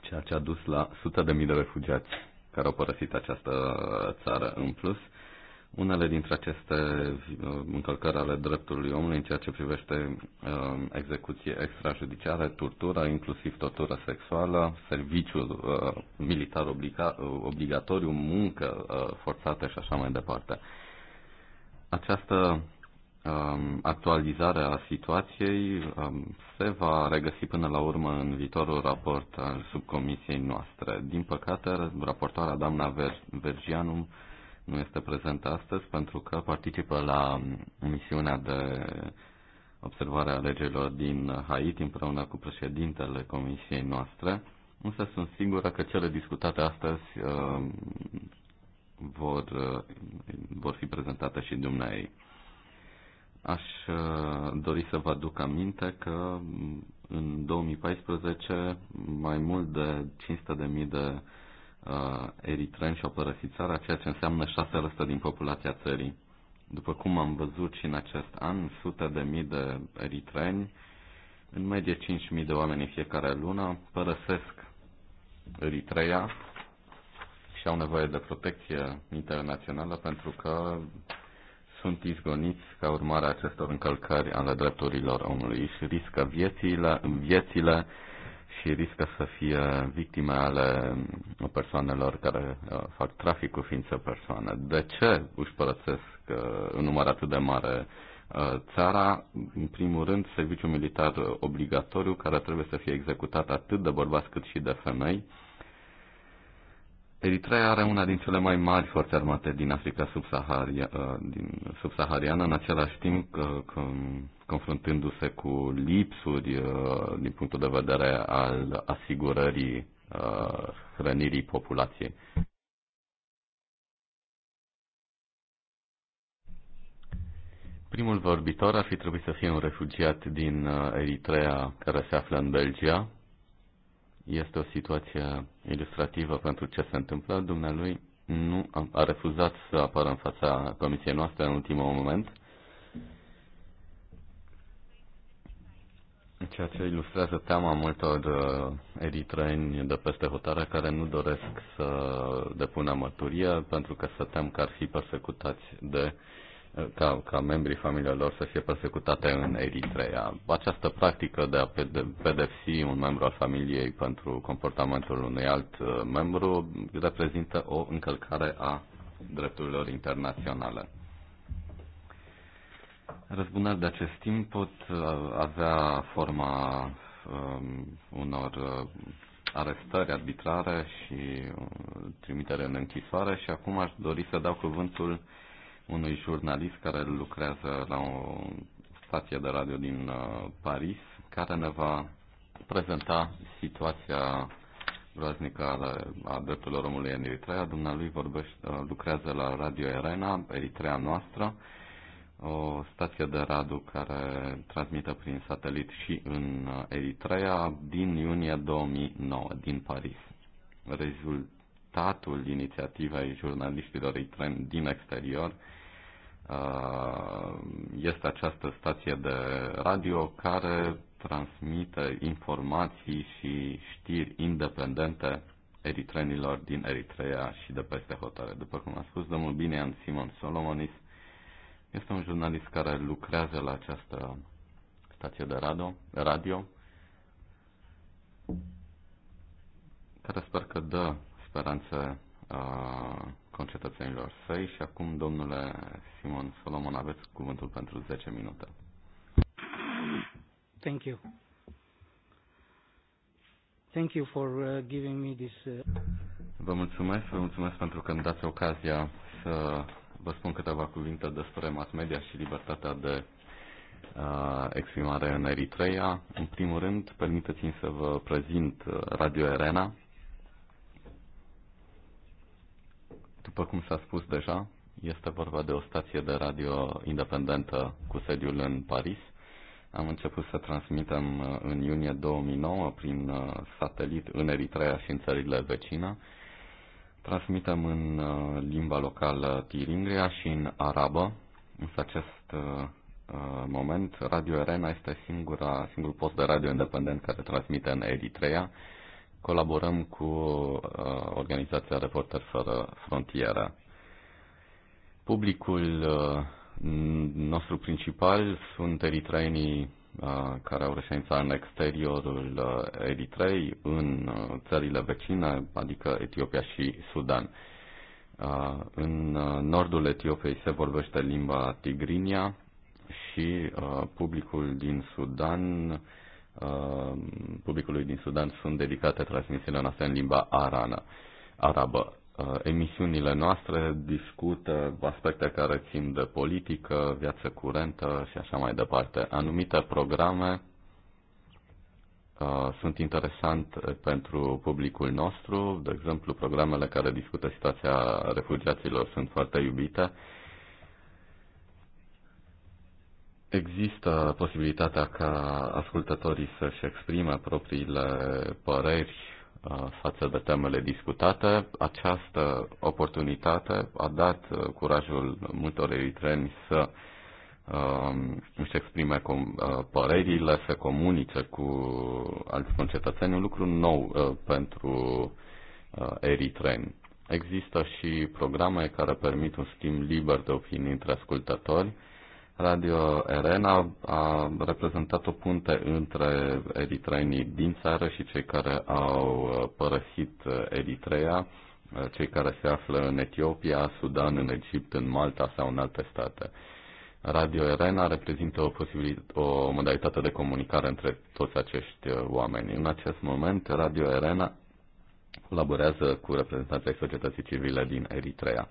ceea ce a dus la sute de mii de refugiați care au părăsit această uh, țară în plus. Uh, unele dintre aceste uh, încălcări ale dreptului omului în ceea ce privește uh, execuție extrajudiciară, tortura, inclusiv tortura sexuală, serviciul uh, militar obliga- obligatoriu, muncă forțată și așa mai departe. Această um, actualizare a situației um, se va regăsi până la urmă în viitorul raport al subcomisiei noastre. Din păcate, raportoarea doamna Ver- Vergianu nu este prezent astăzi pentru că participă la misiunea de observare a legilor din Haiti împreună cu președintele comisiei noastre, însă sunt sigură că cele discutate astăzi uh, vor, uh, vor fi prezentate și dumneai. Aș uh, dori să vă aduc aminte că în 2014 mai mult de 500.000 de uh, eritreni și-au părăsit țara, ceea ce înseamnă 6% din populația țării. După cum am văzut și în acest an, sute de mii de eritreni, în medie 5.000 de oameni în fiecare lună, părăsesc Eritrea și au nevoie de protecție internațională pentru că sunt izgoniți ca urmare a acestor încălcări ale drepturilor omului și riscă viețile, viețile și riscă să fie victime ale persoanelor care uh, fac trafic cu ființe persoane. De ce își părăsesc uh, în număr atât de mare uh, țara? În primul rând, serviciul militar obligatoriu care trebuie să fie executat atât de bărbați cât și de femei. Eritrea are una din cele mai mari forțe armate din Africa subsahariană, în același timp că, că confruntându-se cu lipsuri uh, din punctul de vedere al asigurării uh, hrănirii populației. Primul vorbitor ar fi trebuit să fie un refugiat din uh, Eritrea care se află în Belgia. Este o situație ilustrativă pentru ce se întâmplă. Dumnealui nu a, a refuzat să apară în fața comisiei noastre în ultimul moment Ceea ce ilustrează teama multor uh, eritreni de peste hotare care nu doresc să depună mărturie pentru că se tem că ar fi persecutați de uh, ca, ca membrii familiilor să fie persecutate în Eritrea. Această practică de a pedepsi un membru al familiei pentru comportamentul unui alt uh, membru reprezintă o încălcare a drepturilor internaționale. Răzbunări de acest timp pot uh, avea forma um, unor uh, arestări arbitrare și uh, trimitere în închisoare și acum aș dori să dau cuvântul unui jurnalist care lucrează la o stație de radio din Paris, care ne va prezenta situația groaznică a drepturilor omului în Eritrea. Dumnealui vorbește, lucrează la Radio Arena, Eritrea noastră, o stație de radio care transmită prin satelit și în Eritrea din iunie 2009, din Paris. Rezultatul inițiativei jurnaliștilor eritreni din exterior uh, este această stație de radio care transmite informații și știri independente eritrenilor din Eritrea și de peste hotare. După cum a spus domnul Binean Simon Solomonis, este un jurnalist care lucrează la această stație de radio, radio care sper că dă speranțe uh, concetățenilor săi și acum, domnule Simon Solomon, aveți cuvântul pentru 10 minute. Thank you. Thank you for uh, giving me this. Uh... Vă mulțumesc, vă mulțumesc pentru că îmi dați ocazia să vă spun câteva cuvinte despre mass media și libertatea de uh, exprimare în Eritrea. În primul rând, permiteți-mi să vă prezint uh, Radio Arena. După cum s-a spus deja, este vorba de o stație de radio independentă cu sediul în Paris. Am început să transmitem uh, în iunie 2009 prin uh, satelit în Eritrea și în țările vecine Transmitem în uh, limba locală Tiringria și în arabă. În acest uh, uh, moment, Radio Arena este singura, singurul post de radio independent care transmite în Eritrea. Colaborăm cu organizația Reporter Fără Frontieră. Publicul nostru principal sunt eritreenii Uh, care au reședința în exteriorul uh, Eritrei, în uh, țările vecine, adică Etiopia și Sudan. În nordul Etiopiei se vorbește limba tigrinia și publicul din Sudan publicului din Sudan sunt dedicate transmisiile noastre în limba arană, arabă. Uh, emisiunile noastre discută aspecte care țin de politică, viață curentă și așa mai departe. Anumite programe uh, sunt interesante uh, pentru publicul nostru, de exemplu, programele care discută situația refugiaților sunt foarte iubite. Există posibilitatea ca ascultătorii să-și exprime propriile păreri Uh, față de temele discutate. Această oportunitate a dat uh, curajul multor eritreni să um, își exprime uh, părerile, să comunice cu alți concetățeni, un lucru nou pentru eritreni. Există și programe care permit un schimb liber de opinii între ascultători Radio Arena a reprezentat o punte între eritreinii din țară și cei care au părăsit Eritrea, cei care se află în Etiopia, Sudan, în Egipt, în Malta sau în alte state. Radio Arena reprezintă o, o modalitate de comunicare între toți acești oameni. În acest moment, Radio Arena colaborează cu reprezentanții societății civile din Eritrea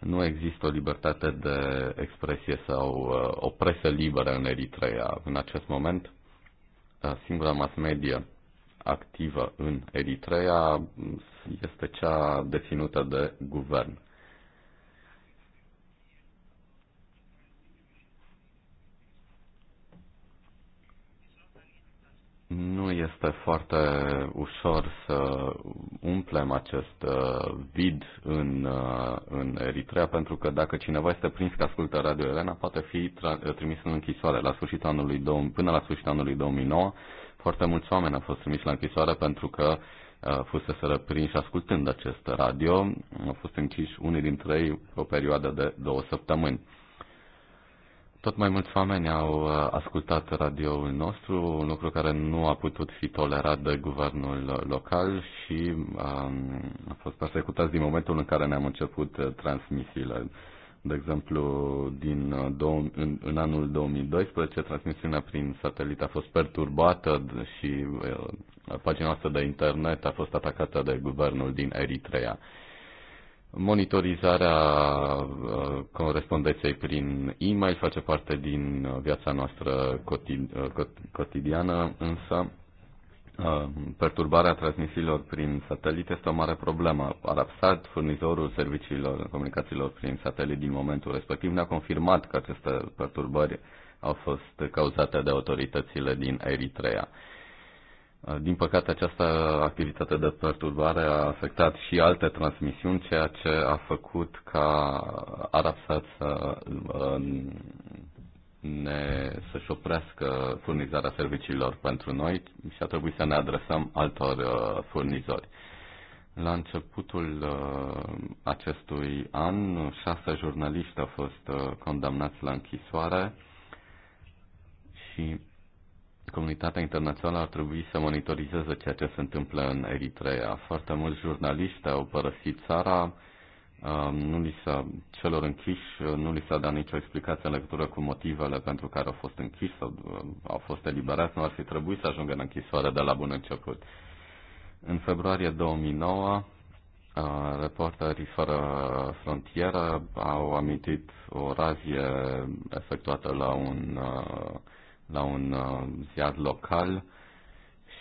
nu există o libertate de expresie sau uh, o presă liberă în Eritrea. În acest moment, uh, singura mass media activă în Eritrea este cea deținută de guvern. Nu este foarte ușor să umplem acest uh, vid în, uh, în Eritrea, pentru că dacă cineva este prins că ascultă Radio Elena, poate fi trimis în închisoare. La sfârșitul anului, până la sfârșitul anului 2009, foarte mulți oameni au fost trimiși la închisoare pentru că uh, fuseseră răprinși ascultând acest radio. Au fost închiși unii dintre ei o perioadă de două săptămâni. Tot mai mulți oameni au uh, ascultat radioul nostru, un lucru care nu a putut fi tolerat de guvernul local și um, a fost persecutat din momentul în care ne-am început uh, transmisiile. De exemplu, din, uh, în, în anul 2012, transmisiunea prin satelit a fost perturbată și uh, pagina noastră de internet a fost atacată de guvernul din Eritrea. Monitorizarea uh, corespondenței prin e-mail face parte din uh, viața noastră uh, cotidiană, însă perturbarea transmisiilor prin satelit este o mare problemă. Arapsat, furnizorul serviciilor comunicațiilor prin satelit din momentul respectiv, ne-a confirmat că aceste perturbări au fost cauzate de autoritățile din Eritrea. Uh, din păcate, această activitate de perturbare a afectat și alte transmisiuni, ceea ce a făcut ca Arapsat să uh, ne, să-și oprească furnizarea serviciilor pentru noi și a trebuit să ne adresăm altor uh, furnizori. La începutul acestui an, șase jurnaliști au fost condamnați la închisoare și comunitatea internațională ar trebui să monitorizeze ceea ce se întâmplă în Eritrea. Foarte mulți jurnaliști au părăsit țara, um, nu li s-a, celor închiși uh, nu li s-a dat nicio explicație în legătură cu motivele pentru care au fost închiși sau uh, au fost eliberați, nu ar fi trebuit să ajungă în închisoare de la bun început. În februarie 2009, uh, Reporterii fără frontieră au amintit o razie efectuată la un uh, la un uh, ziar local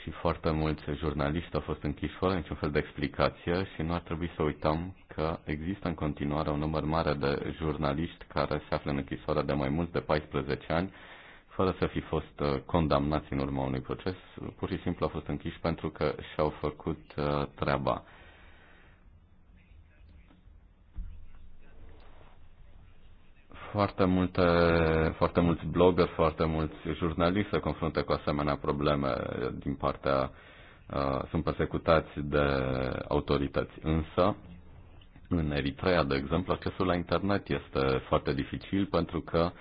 și foarte mulți jurnaliști au fost închiși fără niciun fel de explicație și nu ar trebui să uităm că există în continuare un număr mare de jurnaliști care se află în închisoare de mai mult de 14 ani fără să fi fost uh, condamnați în urma unui proces, pur și simplu au fost închiși pentru că și-au făcut uh, treaba. Foarte, multe, foarte mulți blogger, foarte mulți jurnaliști se confruntă cu asemenea probleme din partea, uh, sunt persecutați de autorități. Însă, în Eritrea, de exemplu, accesul la internet este foarte dificil pentru că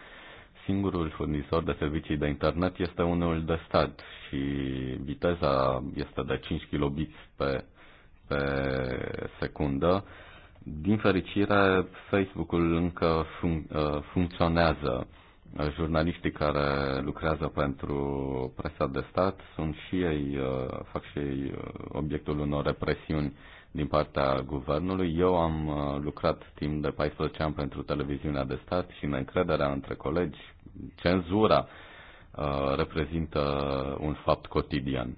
singurul furnizor de servicii de internet este unul de stat și viteza este de 5 kilobits pe, pe secundă din fericire, Facebook-ul încă fun- uh, funcționează. Jurnaliștii care lucrează pentru presa de stat sunt și ei, uh, fac și ei uh, obiectul unor represiuni din partea guvernului. Eu am lucrat timp de 14 ani pentru televiziunea de stat și neîncrederea între colegi, cenzura, reprezintă un fapt cotidian.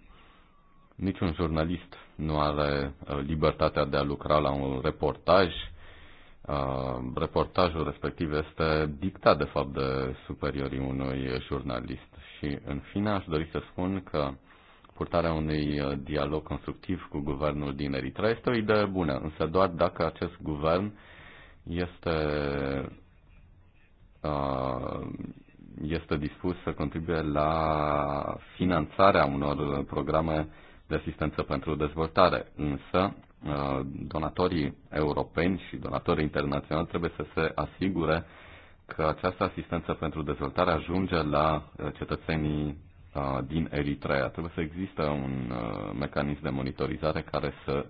Niciun jurnalist nu are uh, libertatea de a lucra la un reportaj. Uh, reportajul respectiv este dictat, de fapt, de superiorii unui jurnalist. Și, în fine, aș dori să spun că purtarea unui uh, dialog constructiv cu guvernul din Eritrea este o idee bună, însă doar dacă acest guvern este este dispus să contribuie la finanțarea unor programe de asistență pentru dezvoltare, însă uh, donatorii europeni și donatorii internaționali trebuie să se asigure că această asistență pentru dezvoltare ajunge la uh, cetățenii uh, din Eritrea. Trebuie să există un mecanism de monitorizare care să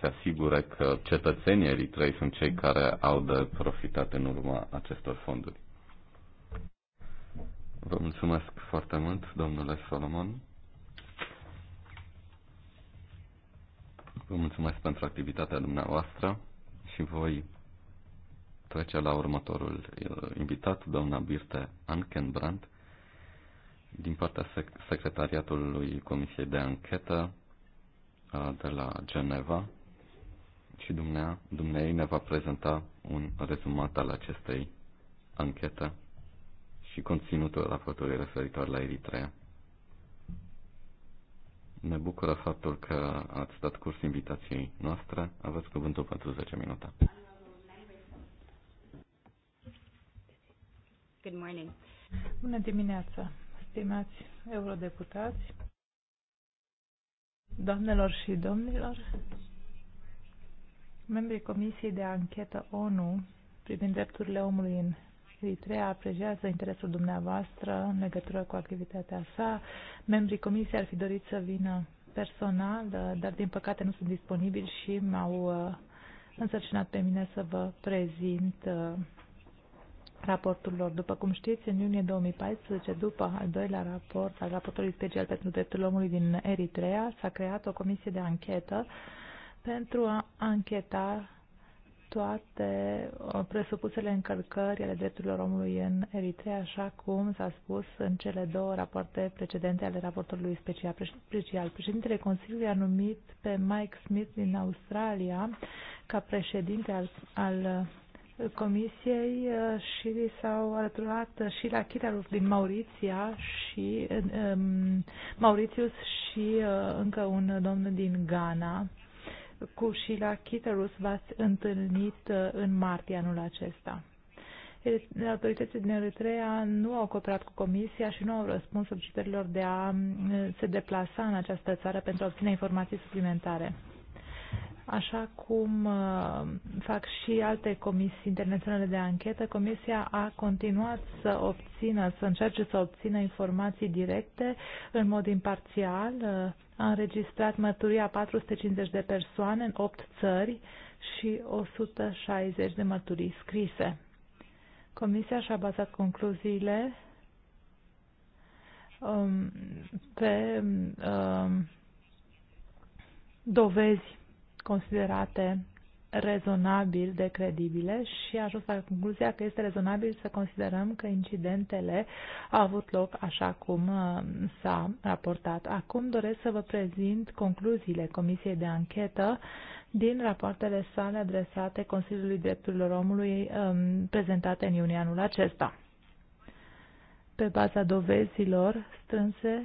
se asigure că cetățenii Eritrei sunt cei care au de profitat în urma acestor fonduri. Vă mulțumesc foarte mult, domnule Solomon. Vă mulțumesc pentru activitatea dumneavoastră și voi trece la următorul uh, invitat, doamna Birte Ankenbrand, din partea sec- secretariatului Comisiei de Anchetă uh, de la Geneva și dumnea, dumneai ne va prezenta un rezumat al acestei anchete și conținutul raportului referitor la Eritrea. Ne bucură faptul că ați dat curs invitației noastre. Aveți cuvântul pentru 10 minute. Good morning. Bună dimineața, stimați eurodeputați, doamnelor și domnilor, membrii Comisiei de Anchetă ONU privind drepturile omului în Eritrea apreciază interesul dumneavoastră în legătură cu activitatea sa. Membrii comisiei ar fi dorit să vină personal, uh, dar din păcate nu sunt disponibili și m-au uh, însărcinat pe mine să vă prezint uh, raportul lor. După cum știți, în iunie 2014, după al doilea raport al raportului special pentru dreptul omului din Eritrea, s-a creat o comisie de anchetă pentru a ancheta toate uh, presupusele încălcări ale drepturilor omului în Eritrea, așa cum s-a spus în cele două rapoarte precedente ale raportorului special. special. Președintele Consiliului a numit pe Mike Smith din Australia ca președinte al, al uh, Comisiei uh, și s-au alăturat și la Chitarul din Mauriția și um, Mauritius și uh, încă un domn din Ghana cu Sheila Kitterus v-ați întâlnit uh, în martie anul acesta. Autoritățile din Eritrea nu au cooperat cu Comisia și nu au răspuns solicitărilor de a uh, se deplasa în această țară pentru a obține informații suplimentare. Așa cum uh, fac și alte comisii internaționale de anchetă, Comisia a continuat să obțină, să încerce să obțină informații directe în mod imparțial. Uh, a înregistrat mărturia 450 de persoane în 8 țări și 160 de mărturii scrise. Comisia și-a bazat concluziile um, pe um, dovezi considerate rezonabil de credibile și a ajuns la concluzia că este rezonabil să considerăm că incidentele au avut loc așa cum uh, s-a raportat. Acum doresc să vă prezint concluziile Comisiei de Anchetă din rapoartele sale adresate Consiliului Drepturilor Omului um, prezentate în iunie anul acesta. Pe baza dovezilor strânse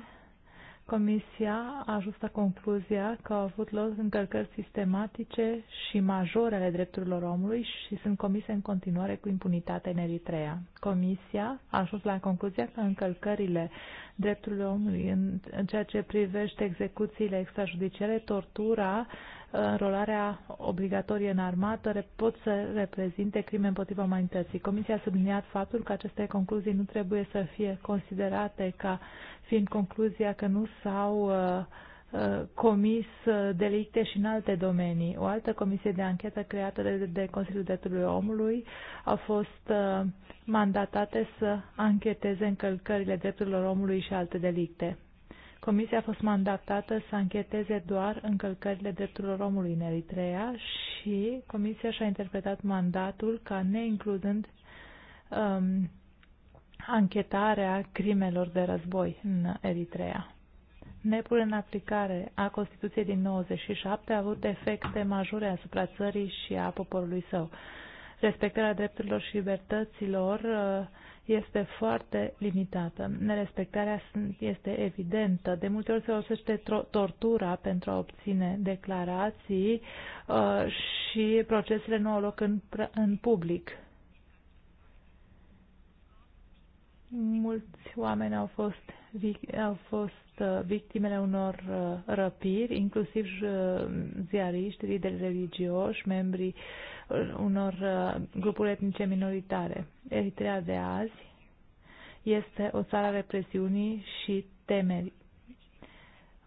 Comisia a ajuns la concluzia că au avut loc încălcări sistematice și majore ale drepturilor omului și sunt comise în continuare cu impunitate în Eritrea. Comisia a ajuns la concluzia că încălcările drepturilor omului în, ceea ce privește execuțiile extrajudiciare, tortura, înrolarea obligatorie în armată pot să reprezinte crime împotriva umanității. Comisia a subliniat faptul că aceste concluzii nu trebuie să fie considerate ca fiind concluzia că nu s-au uh, uh, comis uh, delicte și în alte domenii. O altă comisie de anchetă creată de, de Consiliul Drepturilor Omului a fost mandatate să ancheteze încălcările drepturilor omului și alte delicte. Comisia a fost mandatată să ancheteze doar încălcările drepturilor omului în Eritrea și Comisia și-a interpretat mandatul ca neincludând um, anchetarea crimelor de război în Eritrea. Nepul în aplicare a Constituției din 97 a avut efecte majore asupra țării și a poporului său. Respectarea drepturilor și libertăților uh, este foarte limitată. Nerespectarea este evidentă. De multe ori se folosește tortura pentru a obține declarații uh, și procesele nu au loc în, public. Mulți oameni au fost, au fost uh, victimele unor uh, răpiri, inclusiv ziariști, lideri religioși, membrii unor uh, grupuri etnice minoritare. Eritrea de azi este o țară a represiunii și temerii.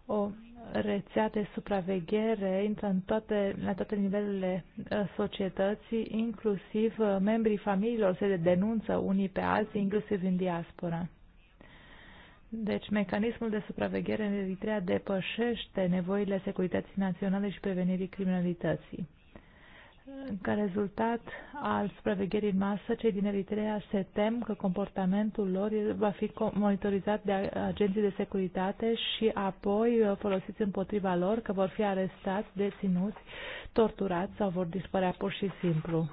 O rețea de supraveghere intră în toate, la toate nivelurile uh, societății, inclusiv uh, membrii familiilor se denunță unii pe alții, inclusiv în diaspora. Deci, mecanismul de supraveghere în Eritrea depășește nevoile securității naționale și prevenirii criminalității. Ca rezultat al supravegherii în masă, cei din Eritrea se tem că comportamentul lor va fi monitorizat de agenții de securitate și apoi uh, folosiți împotriva lor, că vor fi arestați, deținuți, torturați sau vor dispărea pur și simplu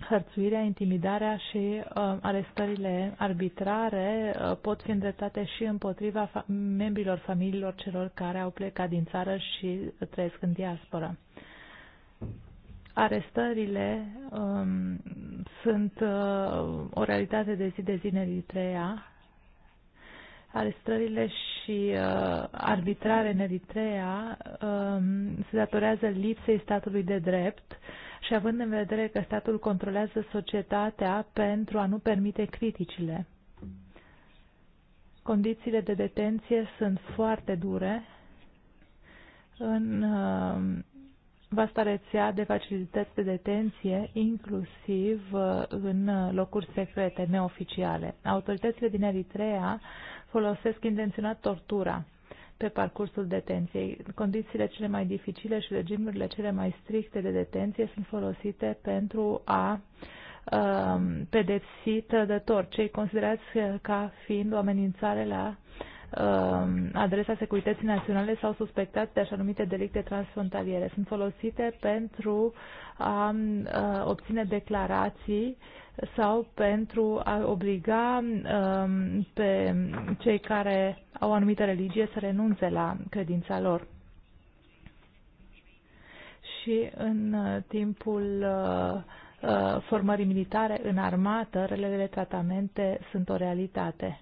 hărțuirea, intimidarea și uh, arestările arbitrare uh, pot fi îndreptate și împotriva fa- membrilor familiilor celor care au plecat din țară și trăiesc în diasporă. Arestările um, sunt uh, o realitate de zi de zi în Eritrea. Arestările și uh, arbitrare în Eritrea um, se datorează lipsei statului de drept uh, și având în vedere că statul controlează societatea pentru a nu permite criticile. Condițiile de detenție sunt foarte dure în uh, vasta rețea de facilități de detenție, inclusiv uh, în locuri secrete, neoficiale. Autoritățile din Eritrea folosesc intenționat tortura pe parcursul detenției. Condițiile cele mai dificile și regimurile cele mai stricte de detenție sunt folosite pentru a um, pedepsi trădători, cei considerați ca fiind o amenințare la um, adresa securității naționale sau suspectați de așa numite delicte transfrontaliere. Sunt folosite pentru a uh, obține declarații sau pentru a obliga um, pe cei care au anumită religie să renunțe la credința lor. Și în uh, timpul uh, uh, formării militare în armată, relele tratamente sunt o realitate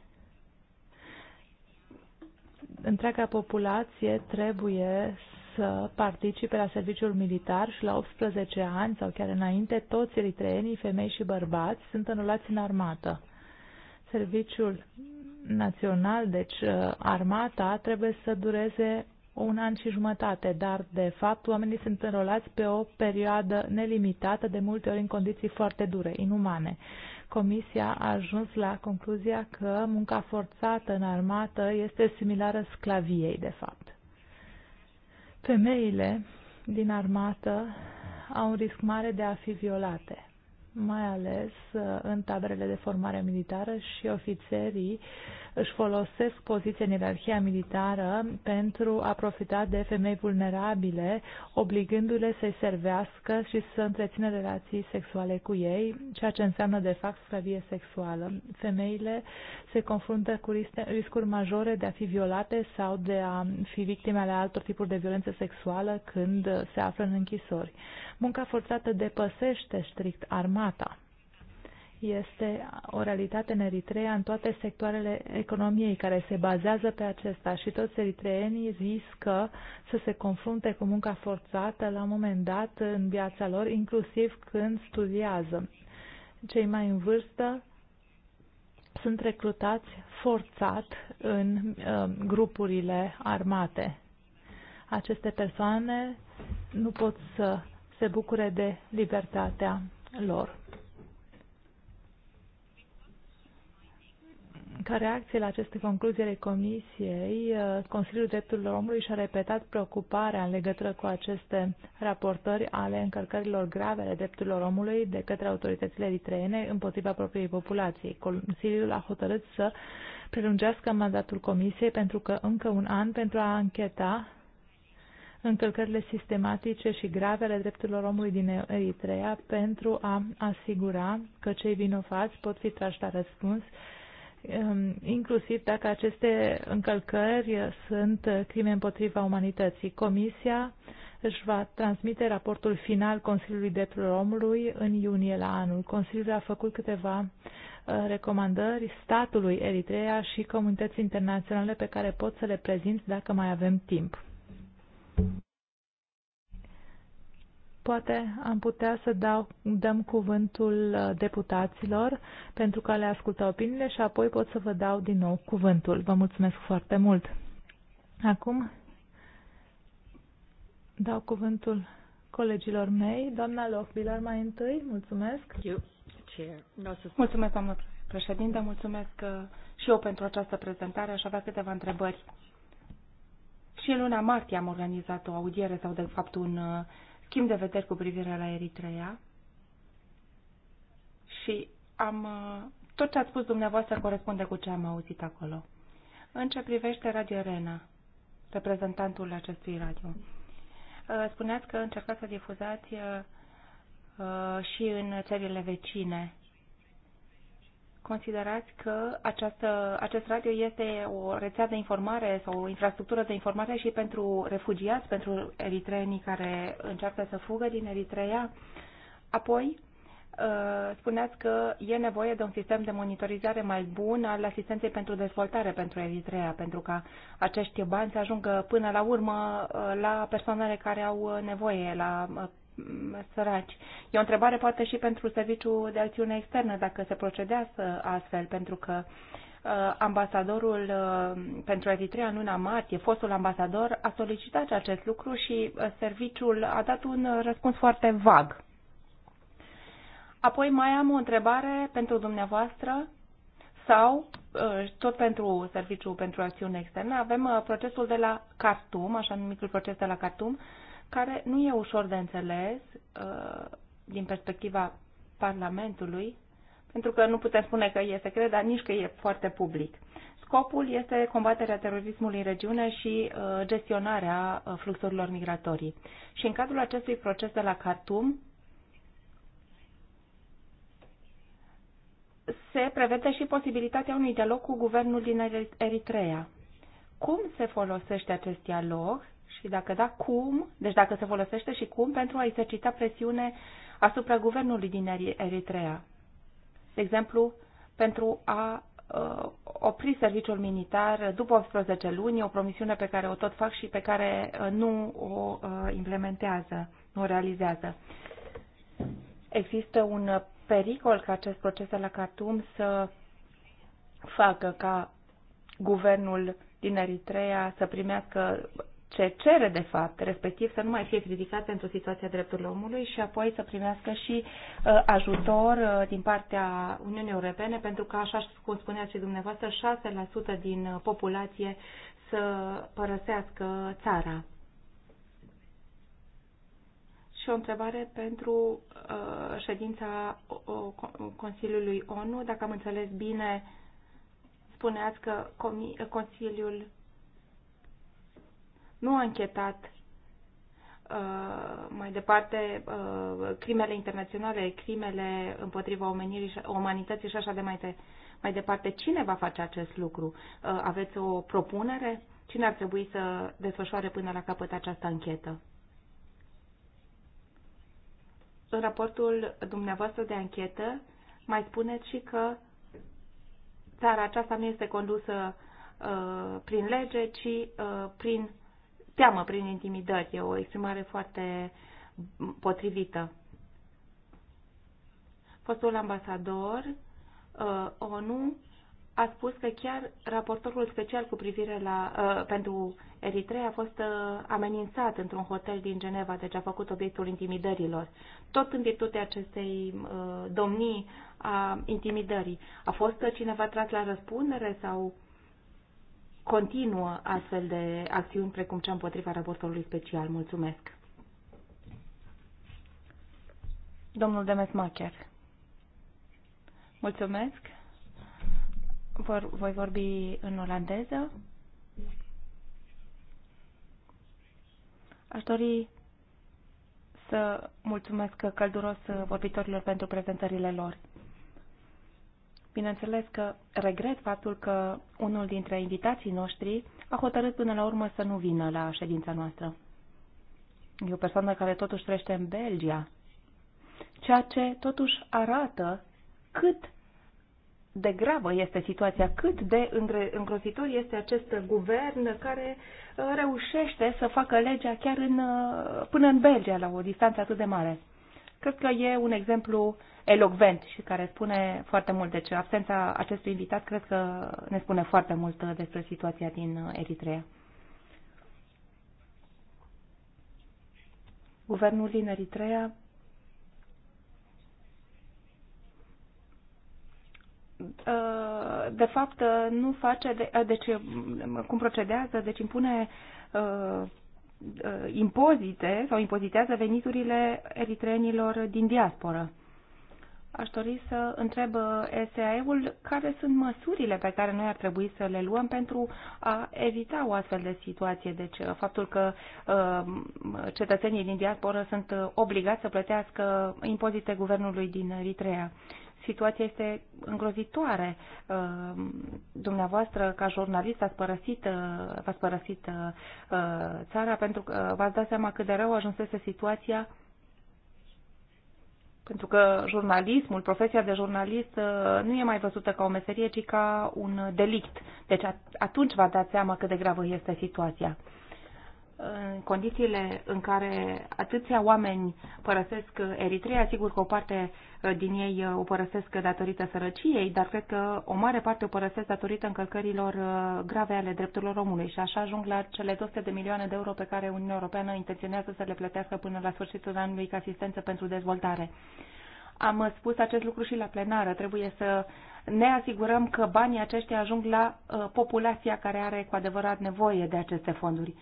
întreaga populație trebuie să participe la serviciul militar și la 18 ani sau chiar înainte, toți eritreenii, femei și bărbați, sunt înrolați în armată. Serviciul național, deci uh, armata, trebuie să dureze un an și jumătate, dar de fapt oamenii sunt înrolați pe o perioadă nelimitată, de multe ori în condiții foarte dure, inumane. Comisia a ajuns la concluzia că munca forțată în armată este similară sclaviei, de fapt. Femeile din armată au un risc mare de a fi violate, mai ales uh, în taberele de formare militară și ofițerii uh, își folosesc poziția în ierarhia militară pentru a profita de femei vulnerabile, obligându-le să-i servească și să întrețină relații sexuale cu ei, ceea ce înseamnă de fapt sclavie sexuală. Femeile se confruntă cu riscuri majore de a fi violate sau de a fi victime ale altor tipuri de violență sexuală când se află în închisori. Munca forțată depăsește strict armata este o realitate în Eritrea în toate sectoarele economiei care se bazează pe acesta și toți eritreenii riscă să se confrunte cu munca forțată la un moment dat în viața lor, inclusiv când studiază. Cei mai în vârstă sunt recrutați forțat în uh, grupurile armate. Aceste persoane nu pot să se bucure de libertatea lor. Ca reacție la aceste concluzii ale Comisiei, uh, Consiliul Drepturilor Omului și-a repetat preocuparea în legătură cu aceste raportări ale încărcărilor grave ale drepturilor omului de către autoritățile eritreene împotriva propriei populației. Consiliul a hotărât să prelungească mandatul Comisiei pentru că încă un an pentru a încheta încălcările sistematice și grave ale drepturilor omului din Eritrea pentru a asigura că cei vinovați pot fi trași la răspuns Um, inclusiv dacă aceste încălcări sunt crime împotriva umanității. Comisia își va transmite raportul final Consiliului Drepturilor Omului în iunie la anul. Consiliul a făcut câteva uh, recomandări statului Eritrea și comunității internaționale pe care pot să le prezint dacă mai avem timp. Poate am putea să dau, dăm cuvântul uh, deputaților pentru că le ascultă opiniile și apoi pot să vă dau din nou cuvântul. Vă mulțumesc foarte mult. Acum dau cuvântul colegilor mei. Doamna Lofbilar mai întâi, mulțumesc. Eu, Mulțumesc, doamnă președinte, mulțumesc uh, și eu pentru această prezentare. Aș avea câteva întrebări. Și în luna martie am organizat o audiere sau, de fapt, un uh, schimb de vederi cu privire la Eritrea și am, uh, tot ce ați spus dumneavoastră corespunde cu ce am auzit acolo. În ce privește Radio Arena, reprezentantul acestui radio, uh, spuneați că încercați să difuzați uh, și în țările vecine considerați că această, acest radio este o rețea de informare sau o infrastructură de informare și pentru refugiați, pentru eritreenii care încearcă să fugă din Eritreea. Apoi, uh, spuneați că e nevoie de un sistem de monitorizare mai bun al asistenței pentru dezvoltare pentru Eritreea, pentru ca acești bani să ajungă până la urmă uh, la persoanele care au uh, nevoie, la Mm, săraci. E o întrebare poate și pentru Serviciul de Acțiune Externă, dacă se procedează astfel, pentru că uh, ambasadorul uh, pentru Eritrea în luna martie, fostul ambasador, a solicitat acest lucru și uh, serviciul a dat un răspuns foarte vag. Apoi mai am o întrebare pentru dumneavoastră sau tot pentru Serviciul pentru Acțiune Externă. Avem procesul de la Cartum, așa numitul proces de la Cartum, care nu e ușor de înțeles uh, din perspectiva Parlamentului, pentru că nu putem spune că e secret, dar nici că e foarte public. Scopul este combaterea terorismului în regiune și uh, gestionarea uh, fluxurilor migratorii. Și în cadrul acestui proces de la Khartoum, se prevede și posibilitatea unui dialog cu guvernul din Eritrea. Cum se folosește acest dialog și dacă da, cum, deci dacă se folosește și cum, pentru a exercita presiune asupra guvernului din Eritrea. De exemplu, pentru a uh, opri serviciul militar după 18 luni, o promisiune pe care o tot fac și pe care uh, nu o uh, implementează, nu o realizează. Există un pericol ca acest proces la Khartoum să facă ca guvernul din Eritrea să primească ce cere de fapt, respectiv să nu mai fie criticat pentru situația drepturilor omului și apoi să primească și uh, ajutor uh, din partea Uniunii Europene pentru că, așa cum spunea și dumneavoastră, 6% din uh, populație să părăsească țara. Și o întrebare pentru uh, ședința uh, Consiliului ONU. Dacă am înțeles bine, spuneați că Consiliul nu a închetat uh, mai departe uh, crimele internaționale, crimele împotriva omenirii, umanității și așa de mai, de, mai departe. Cine va face acest lucru? Uh, aveți o propunere? Cine ar trebui să desfășoare până la capăt această anchetă? În raportul dumneavoastră de anchetă mai spuneți și că țara aceasta nu este condusă uh, prin lege, ci uh, prin teamă prin intimidări. E o exprimare foarte potrivită. Fostul ambasador uh, ONU a spus că chiar raportorul special cu privire la, uh, pentru Eritrea a fost uh, amenințat într-un hotel din Geneva, deci a făcut obiectul intimidărilor. Tot în virtutea acestei uh, domnii a intimidării. A fost uh, cineva tras la răspundere sau continuă astfel de acțiuni precum cea împotriva raportorului special. Mulțumesc. Domnul Macher. Mulțumesc. Vor, voi vorbi în olandeză. Aș dori să mulțumesc călduros vorbitorilor pentru prezentările lor. Bineînțeles că regret faptul că unul dintre invitații noștri a hotărât până la urmă să nu vină la ședința noastră. E o persoană care totuși trăiește în Belgia, ceea ce totuși arată cât de gravă este situația, cât de îngrozitor este acest guvern care uh, reușește să facă legea chiar în, uh, până în Belgia, la o distanță atât de mare. Cred că e un exemplu elogvent și care spune foarte mult. Deci absența acestui invitat cred că ne spune foarte mult despre situația din Eritrea. Guvernul din Eritrea uh, de fapt uh, nu face, de, uh, deci cum procedează, deci impune Uh, impozite sau impozitează veniturile eritrenilor din diasporă. Aș dori să întreb uh, SAE-ul care sunt măsurile pe care noi ar trebui să le luăm pentru a evita o astfel de situație. Deci uh, faptul că cetățenii din diasporă sunt obligați să plătească impozite guvernului din Eritrea situația este îngrozitoare. Uh, dumneavoastră, ca jurnalist, ați părăsit, uh, ați părăsit uh, țara pentru că v-ați dat seama cât de rău ajunsese situația pentru că jurnalismul, profesia de jurnalist nu e mai văzută ca o meserie, ci ca un delict. Deci atunci v-ați dat seama cât de gravă este situația în condițiile în care atâția oameni părăsesc Eritrea, sigur că o parte uh, din ei uh, o părăsesc datorită sărăciei, dar cred că o mare parte o părăsesc datorită încălcărilor uh, grave ale drepturilor omului și așa ajung la cele 200 de milioane de euro pe care Uniunea Europeană intenționează să le plătească până la sfârșitul anului ca asistență pentru dezvoltare. Am spus acest lucru și la plenară. Trebuie să ne asigurăm că banii aceștia ajung la uh, populația care are cu adevărat nevoie de aceste fonduri.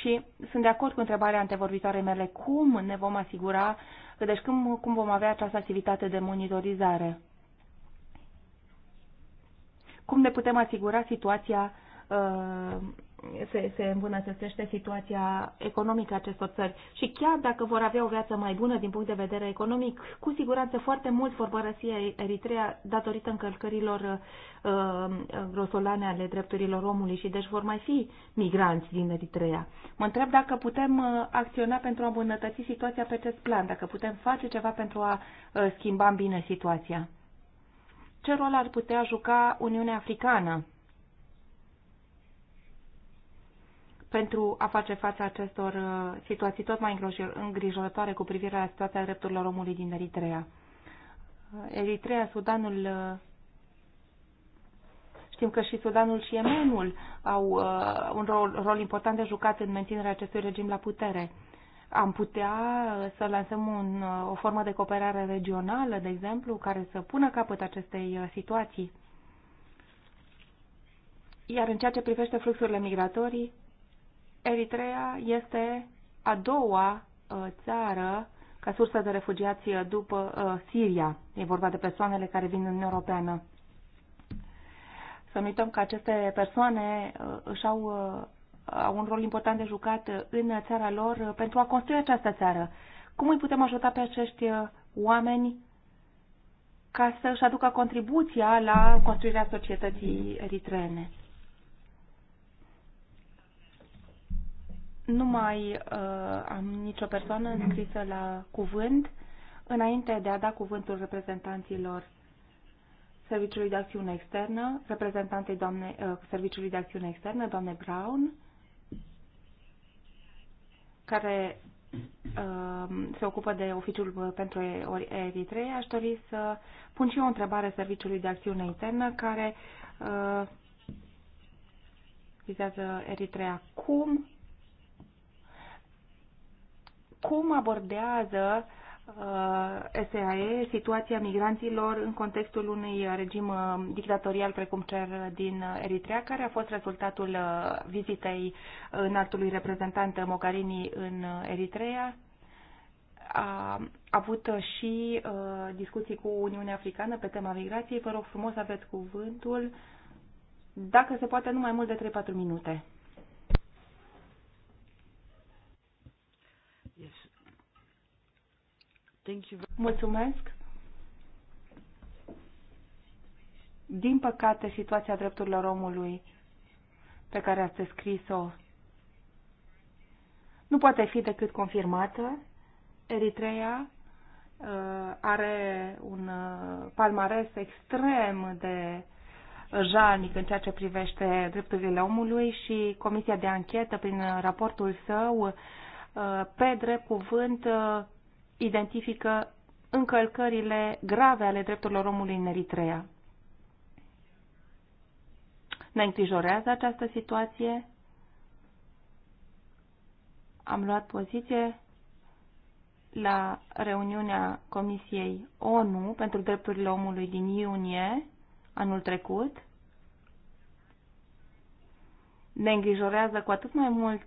Și sunt de acord cu întrebarea antevorbitoarei mele, cum ne vom asigura, deci cum, cum vom avea această activitate de monitorizare? Cum ne putem asigura situația uh, se, se îmbunătățește situația economică a acestor țări. Și chiar dacă vor avea o viață mai bună din punct de vedere economic, cu siguranță foarte mult vor părăsi Eritrea datorită încălcărilor uh, uh, grosolane ale drepturilor omului și deci vor mai fi migranți din Eritrea. Mă întreb dacă putem uh, acționa pentru a îmbunătăți situația pe acest plan, dacă putem face ceva pentru a uh, schimba în bine situația. Ce rol ar putea juca Uniunea Africană pentru a face față acestor uh, situații tot mai îngrijorătoare cu privire la situația drepturilor omului din Eritrea. Uh, Eritrea, Sudanul, uh, știm că și Sudanul și Yemenul au un rol, rol important de jucat în menținerea acestui regim la putere. Am putea să lansăm un, o formă de cooperare regională, de exemplu, care să pună capăt acestei situații. Iar în ceea ce privește fluxurile migratorii, Eritrea este a doua uh, țară ca sursă de refugiați uh, după uh, Siria. E vorba de persoanele care vin în Europeană. Să nu uităm că aceste persoane își au, au un rol important de jucat în țara lor pentru a construi această țară. Cum îi putem ajuta pe acești oameni ca să își aducă contribuția la construirea societății eritreene? Nu mai uh, am nicio persoană înscrisă la cuvânt. Înainte de a da cuvântul reprezentanților Serviciului de Acțiune Externă, reprezentantei doamne, uh, Serviciului de Acțiune Externă, doamne Brown, care uh, se ocupă de oficiul pentru Eritrea, aș dori să pun și o întrebare Serviciului de Acțiune Internă care uh, vizează Eritrea. Cum cum abordează uh, SAE situația migranților în contextul unui regim uh, dictatorial precum cel din Eritrea, care a fost rezultatul uh, vizitei înaltului reprezentant Mogarini în Eritrea, a avut și uh, discuții cu Uniunea Africană pe tema migrației. Vă rog frumos, aveți cuvântul. Dacă se poate, nu mai mult de 3-4 minute. Thank you. Mulțumesc. Din păcate, situația drepturilor omului pe care ați descris-o nu poate fi decât confirmată. Eritrea uh, are un uh, palmares extrem de jalnic în ceea ce privește drepturile omului și Comisia de Anchetă, prin raportul său, uh, pe drept cuvânt, identifică încălcările grave ale drepturilor omului în Eritrea. Ne îngrijorează această situație. Am luat poziție la reuniunea Comisiei ONU pentru drepturile omului din iunie anul trecut. Ne îngrijorează cu atât mai mult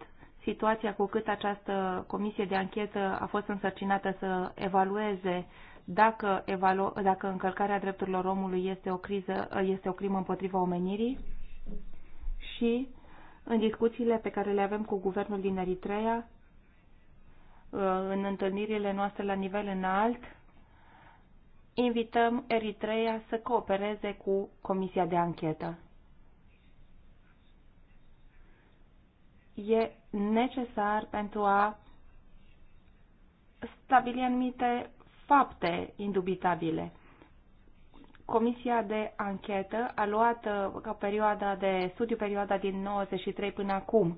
situația cu cât această comisie de anchetă a fost însărcinată să evalueze dacă, evalu- dacă încălcarea drepturilor omului este o, criză, este o crimă împotriva omenirii și în discuțiile pe care le avem cu guvernul din Eritrea, în întâlnirile noastre la nivel înalt, invităm Eritrea să coopereze cu Comisia de Anchetă. e necesar pentru a stabili anumite fapte indubitabile. Comisia de anchetă a luat uh, ca perioada de studiu perioada din 93 până acum.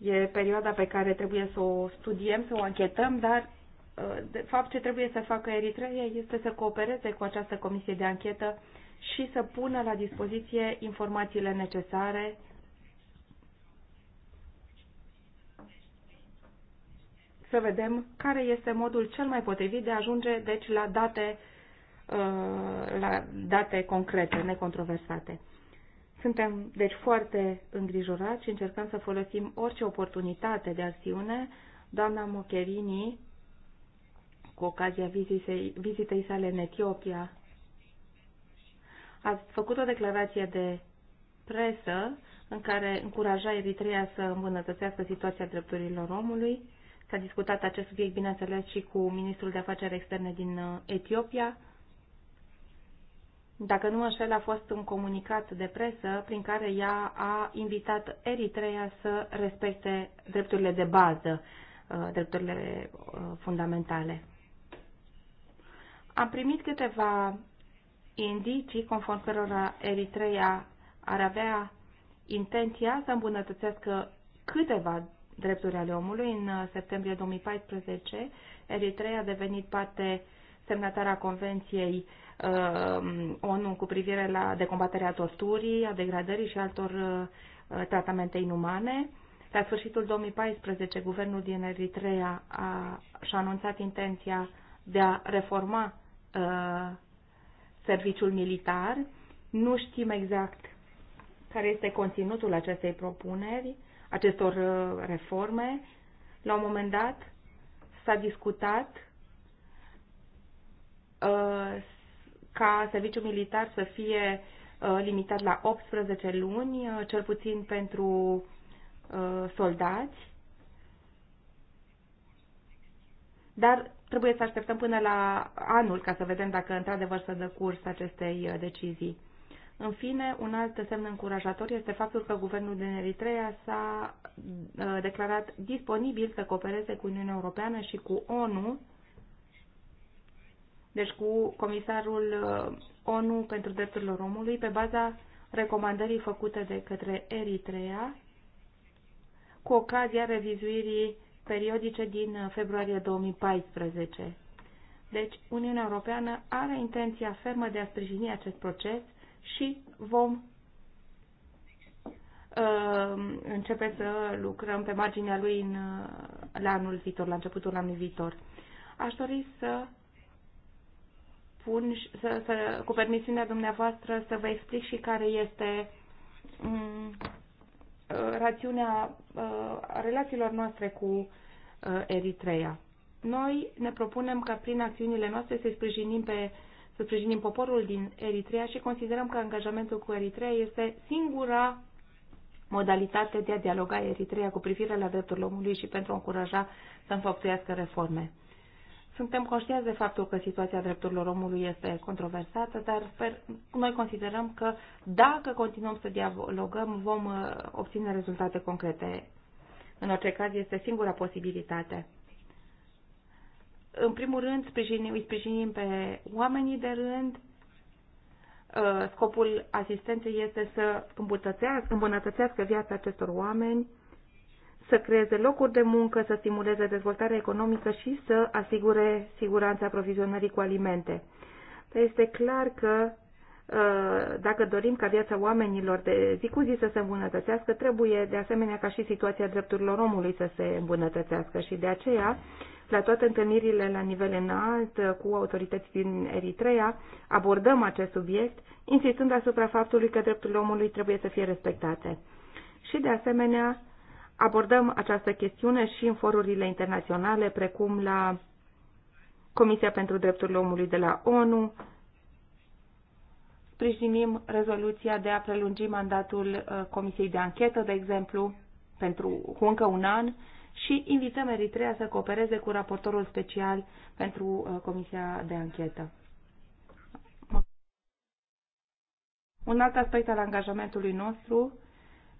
E perioada pe care trebuie să o studiem, să o anchetăm, dar uh, de fapt ce trebuie să facă Eritrea este să coopereze cu această comisie de anchetă și să pună la dispoziție informațiile necesare să vedem care este modul cel mai potrivit de a ajunge deci la date, uh, la date concrete, necontroversate. Suntem deci foarte îngrijorați și încercăm să folosim orice oportunitate de acțiune. Doamna Mocherini, cu ocazia vizitei, vizitei sale în Etiopia, a făcut o declarație de presă în care încuraja Eritrea să îmbunătățească situația drepturilor omului S-a discutat acest subiect, bineînțeles, și cu ministrul de afaceri externe din uh, Etiopia. Dacă nu mă înșel, a fost un comunicat de presă prin care ea a invitat Eritrea să respecte drepturile de bază, uh, drepturile uh, fundamentale. Am primit câteva indicii conform cărora Eritrea ar avea intenția să îmbunătățească câteva drepturi ale omului. În uh, septembrie 2014, Eritrea a devenit parte semnatară a Convenției um, ONU cu privire la decombaterea torturii, a degradării și altor uh, uh, tratamente inumane. La sfârșitul 2014, guvernul din Eritrea a, și-a anunțat intenția de a reforma uh, serviciul militar. Nu știm exact care este conținutul acestei propuneri. Uh, acestor uh, reforme. La un moment dat s-a discutat uh, ca serviciul militar să fie uh, limitat la 18 luni, cel puțin pentru soldați. Dar trebuie să așteptăm până la anul ca să vedem dacă într-adevăr să dă curs acestei decizii. În fine, un alt semn încurajator este faptul că guvernul din Eritrea s-a uh, declarat disponibil să coopereze cu Uniunea Europeană și cu ONU, deci cu comisarul uh, ONU pentru drepturile omului, pe baza recomandării făcute de către Eritrea cu ocazia revizuirii periodice din uh, februarie 2014. Deci, Uniunea Europeană are intenția fermă de a sprijini acest proces și vom uh, începe să lucrăm pe marginea lui în, uh, la anul viitor, la începutul anului viitor. Aș dori să pun, să, să, cu permisiunea dumneavoastră, să vă explic și care este mm, uh, rațiunea relațiilor noastre cu Eritrea. Noi ne propunem ca prin acțiunile noastre să-i sprijinim pe uh, să sprijinim poporul din Eritrea și considerăm că angajamentul cu Eritrea este singura modalitate de a dialoga Eritrea cu privire la drepturile omului și pentru a încuraja să înfăptuiască reforme. Suntem conștienți de faptul că situația drepturilor omului este controversată, dar sper, noi considerăm că dacă continuăm să dialogăm, vom uh, obține rezultate concrete. În orice caz, este singura posibilitate. În primul rând, sprijinim, îi sprijinim pe oamenii de rând. Uh, scopul asistenței este să îmbunătățească, îmbunătățească viața acestor oameni, să creeze locuri de muncă, să stimuleze dezvoltarea economică și să asigure siguranța aprovizionării cu alimente. Este clar că uh, dacă dorim ca viața oamenilor de zi cu zi să se îmbunătățească, trebuie de asemenea ca și situația drepturilor omului să se îmbunătățească și de aceea la toate întâlnirile la nivel înalt uh, cu autorități din Eritrea abordăm acest subiect, insistând asupra faptului că drepturile omului trebuie să fie respectate. Și, de asemenea, abordăm această chestiune și în forurile internaționale, precum la Comisia pentru Drepturile Omului de la ONU, sprijinim rezoluția de a prelungi mandatul uh, Comisiei de Anchetă, de exemplu, pentru încă un an și invităm Eritrea să coopereze cu raportorul special pentru uh, Comisia de Anchetă. Un alt aspect al angajamentului nostru,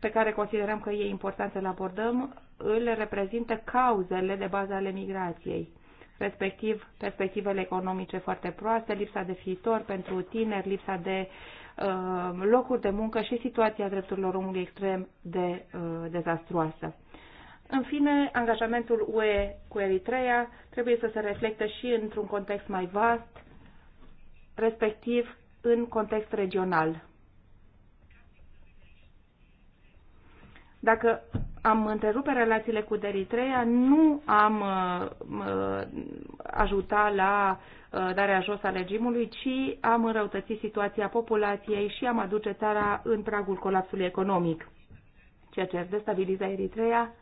pe care considerăm că e important să-l abordăm, îl reprezintă cauzele de bază ale migrației, respectiv perspectivele economice foarte proaste, lipsa de viitor pentru tineri, lipsa de uh, locuri de muncă și situația drepturilor omului extrem de uh, dezastruoasă. În fine, angajamentul UE cu Eritrea trebuie să se reflecte și într-un context mai vast, respectiv în context regional. Dacă am întrerupe relațiile cu Eritrea, nu am uh, uh ajutat la uh, darea jos a regimului, ci am înrăutățit situația populației și am aduce țara în pragul colapsului economic, ceea ce destabiliza Eritrea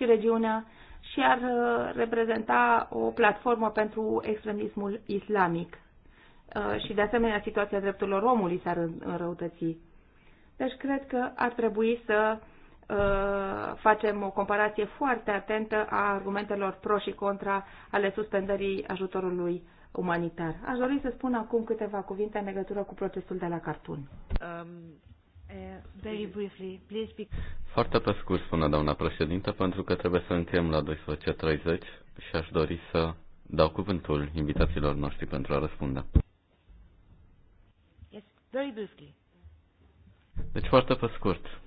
și regiunea și ar uh, reprezenta o platformă pentru extremismul islamic. Uh, și, de asemenea, situația drepturilor omului s-ar înrăutăți. Deci, cred că ar trebui să uh, facem o comparație foarte atentă a argumentelor pro și contra ale suspendării ajutorului umanitar. Aș dori să spun acum câteva cuvinte în legătură cu procesul de la Cartun. Um... Uh, foarte pe scurt, spune doamna președintă, pentru că trebuie să încheiem la 12.30 și aș dori să dau cuvântul invitațiilor noștri pentru a răspunde. Yes, very briefly. Deci foarte pe scurt.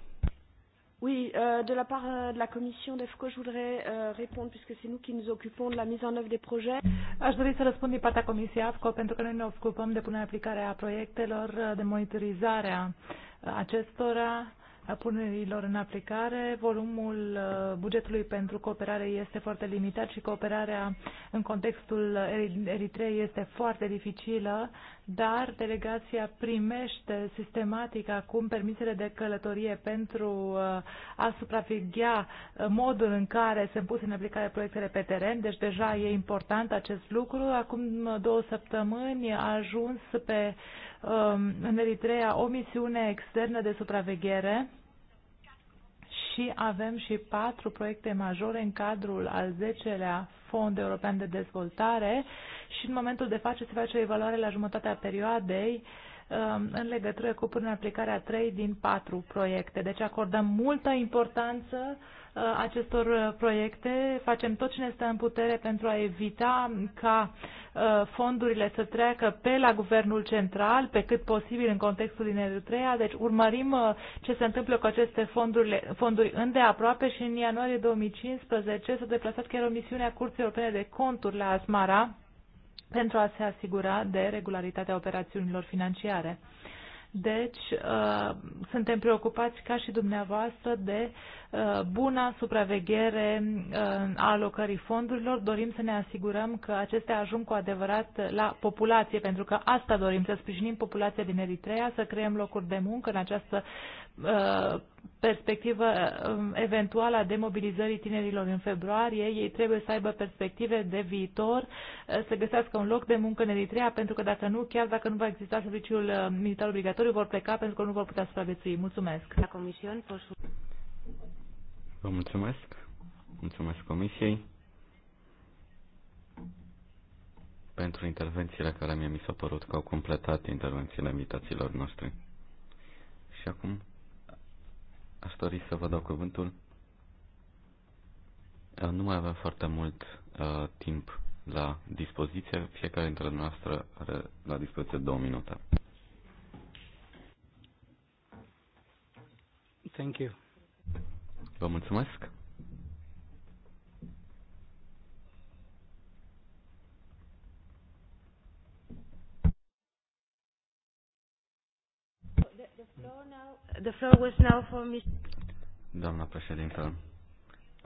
Oui, euh, de la part euh, de la commission DEFCO, je voudrais euh, répondre puisque c'est nous qui nous occupons de la mise en œuvre des projets. Aș dori să răspund din partea comisiei AFCO pentru că noi ne ocupăm de punerea aplicare a proiectelor, uh, de monitorizarea uh, acestora, a punerilor în aplicare. Volumul uh, bugetului pentru cooperare este foarte limitat și cooperarea în contextul Eritrei este foarte dificilă, dar delegația primește sistematic acum permisele de călătorie pentru uh, a supraveghea uh, modul în care sunt puse în aplicare proiectele pe teren, deci deja e important acest lucru. Acum două săptămâni a ajuns pe Um, în Eritrea o misiune externă de supraveghere și avem și patru proiecte majore în cadrul al 10-lea Fond European de Dezvoltare și în momentul de face se face o evaluare la jumătatea perioadei um, în legătură cu până în aplicarea 3 din 4 proiecte. Deci acordăm multă importanță uh, Uh, acestor uh, proiecte. Facem tot ce ne stă în putere pentru a evita ca uh, fondurile să treacă pe la guvernul central, pe cât posibil în contextul din Eritrea. Deci urmărim ce se întâmplă cu aceste fondurile, fonduri îndeaproape și în ianuarie 2015 s-a deplasat chiar o misiune a Curții Europene de Conturi la Asmara pentru a se asigura de regularitatea operațiunilor financiare. Deci, uh, suntem preocupați ca și dumneavoastră de uh, buna supraveghere uh, a alocării fondurilor. Dorim să ne asigurăm că acestea ajung cu adevărat la populație, pentru că asta dorim, să sprijinim populația din Eritrea, să creăm locuri de muncă în această Uh, perspectivă um, eventuală a demobilizării tinerilor în februarie, ei trebuie să aibă perspective de viitor, uh, să găsească un loc de muncă în Eritrea, pentru că dacă nu, chiar dacă nu va exista serviciul uh, militar obligatoriu, vor pleca pentru că nu vor putea supraviețui. Mulțumesc! La comision, Vă mulțumesc! Mulțumesc Comisiei pentru intervențiile care mie mi s-au părut că au completat intervențiile invitațiilor noștri. Și acum Aș dori să vă dau cuvântul. Nu mai avem foarte mult uh, timp la dispoziție. Fiecare dintre noastre are la dispoziție două minute. Thank you. Vă mulțumesc. The, the The floor was now for Doamna președintă,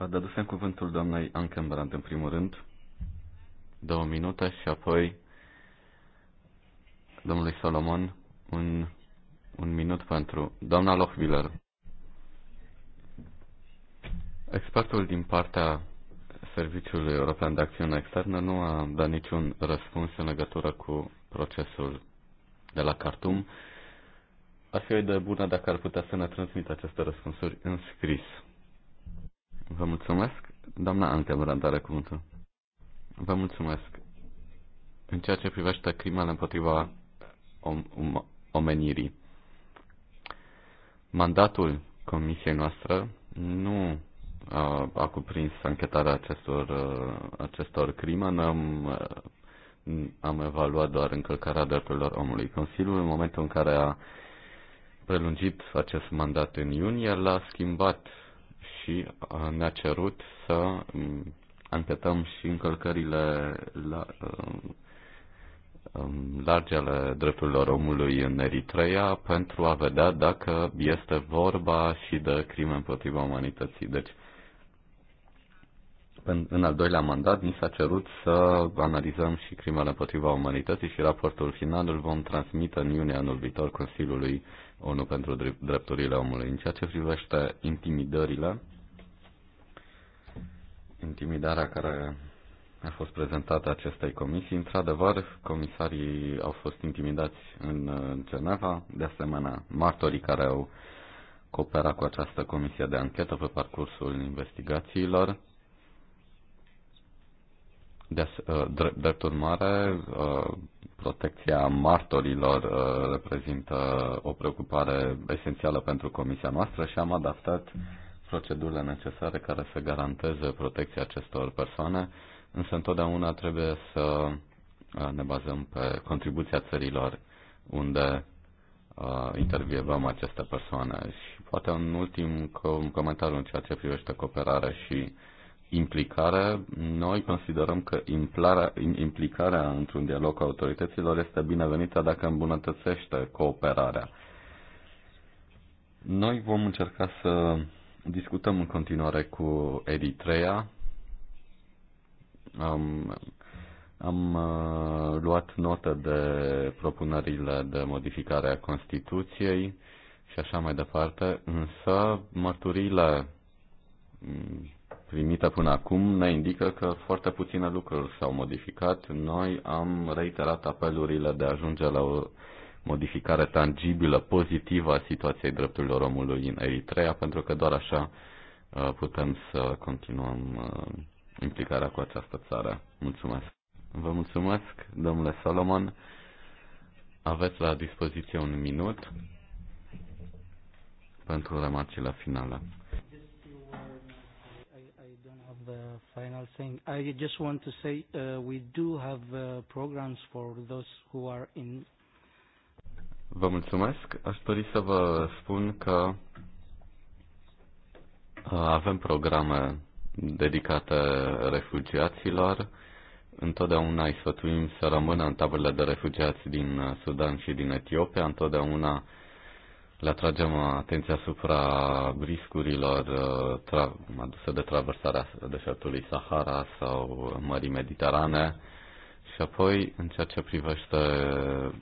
dădusem cuvântul doamnei Ankenbrand în primul rând, două minute și apoi domnului Solomon un, un minut pentru doamna Lochwiller. Expertul din partea Serviciului European de Acțiune Externă nu a dat niciun răspuns în legătură cu procesul de la Khartoum ar fi o idee bună dacă ar putea să ne transmită aceste răspunsuri în scris. Vă mulțumesc. Doamna Ante are cuvântul. Vă mulțumesc. În ceea ce privește crimele împotriva om- um- omenirii, mandatul comisiei noastre nu a, a cuprins anchetarea acestor, acestor crime. n am, am evaluat doar încălcarea drepturilor omului. Consiliul, în momentul în care a prelungit acest mandat în iunie, l-a schimbat și ne-a cerut să mm, anchetăm și încălcările la, mm, mm, large ale drepturilor omului în Eritrea pentru a vedea dacă este vorba și de crime împotriva umanității. Deci în, în al doilea mandat ni s-a cerut să analizăm și crimele împotriva umanității și raportul final îl vom transmite în iunie anul viitor Consiliului ONU pentru drepturile omului. În ceea ce privește intimidările, intimidarea care a fost prezentată acestei comisii, într-adevăr, comisarii au fost intimidați în Geneva, de asemenea, martorii care au cooperat cu această comisie de anchetă pe parcursul investigațiilor de, uh, drept, drept urmare, uh, protecția martorilor uh, reprezintă o preocupare esențială pentru comisia noastră și am adaptat procedurile necesare care să garanteze protecția acestor persoane, însă întotdeauna trebuie să ne bazăm pe contribuția țărilor unde intervievăm aceste persoane. Și poate un ultim comentariu în ceea ce privește cooperarea și uh, implicare, noi considerăm că implicarea într-un dialog cu autorităților este binevenită dacă îmbunătățește cooperarea. Noi vom încerca să discutăm în continuare cu Eritrea. Am, am uh, luat notă de propunerile de modificare a Constituției și așa mai departe, însă mărturile mm, primită până acum ne indică că foarte puține lucruri s-au modificat. Noi am reiterat apelurile de a ajunge la o modificare tangibilă, pozitivă a situației drepturilor omului în Eritrea, pentru că doar așa uh, putem să continuăm uh, implicarea cu această țară. Mulțumesc! Vă mulțumesc, domnule Solomon. Aveți la dispoziție un minut pentru remarcile finale the final thing. I just want to say uh, we do have uh, programs for those who are in. Vă mulțumesc. Aș dori să vă spun că uh, avem programe dedicate refugiaților. Întotdeauna îi sfătuim să rămână în taberele de refugiați din uh, Sudan și din Etiopia. Întotdeauna le atragem atenția asupra riscurilor uh, tra- aduse de traversarea deșertului Sahara sau Mării Mediterane. Și apoi, în ceea ce privește,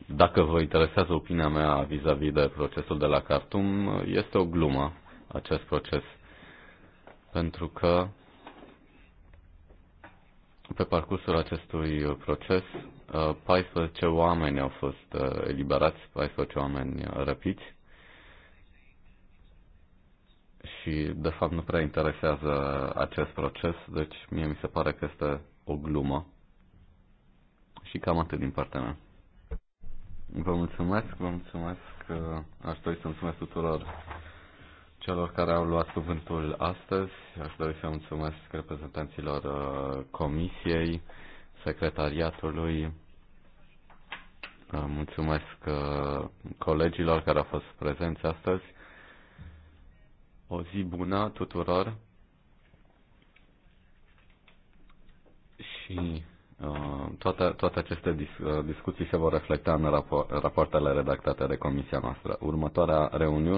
dacă vă interesează opinia mea vis-a-vis -vis de procesul de la Khartoum, este o glumă acest proces. Pentru că pe parcursul acestui proces, 14 uh, oameni au fost uh, eliberați, 14 oameni răpiți și de fapt nu prea interesează acest proces, deci mie mi se pare că este o glumă. Și cam atât din partea mea. Vă mulțumesc, vă mulțumesc. Uh, aș dori să mulțumesc tuturor celor care au luat cuvântul astăzi. Aș dori să mulțumesc reprezentanților uh, comisiei, secretariatului. Uh, mulțumesc colegilor care au fost prezenți astăzi o zi bună tuturor și uh, toate, toate aceste dis- uh, discuții se vor reflecta în rapo- rapoartele redactate de comisia noastră. Următoarea reuniune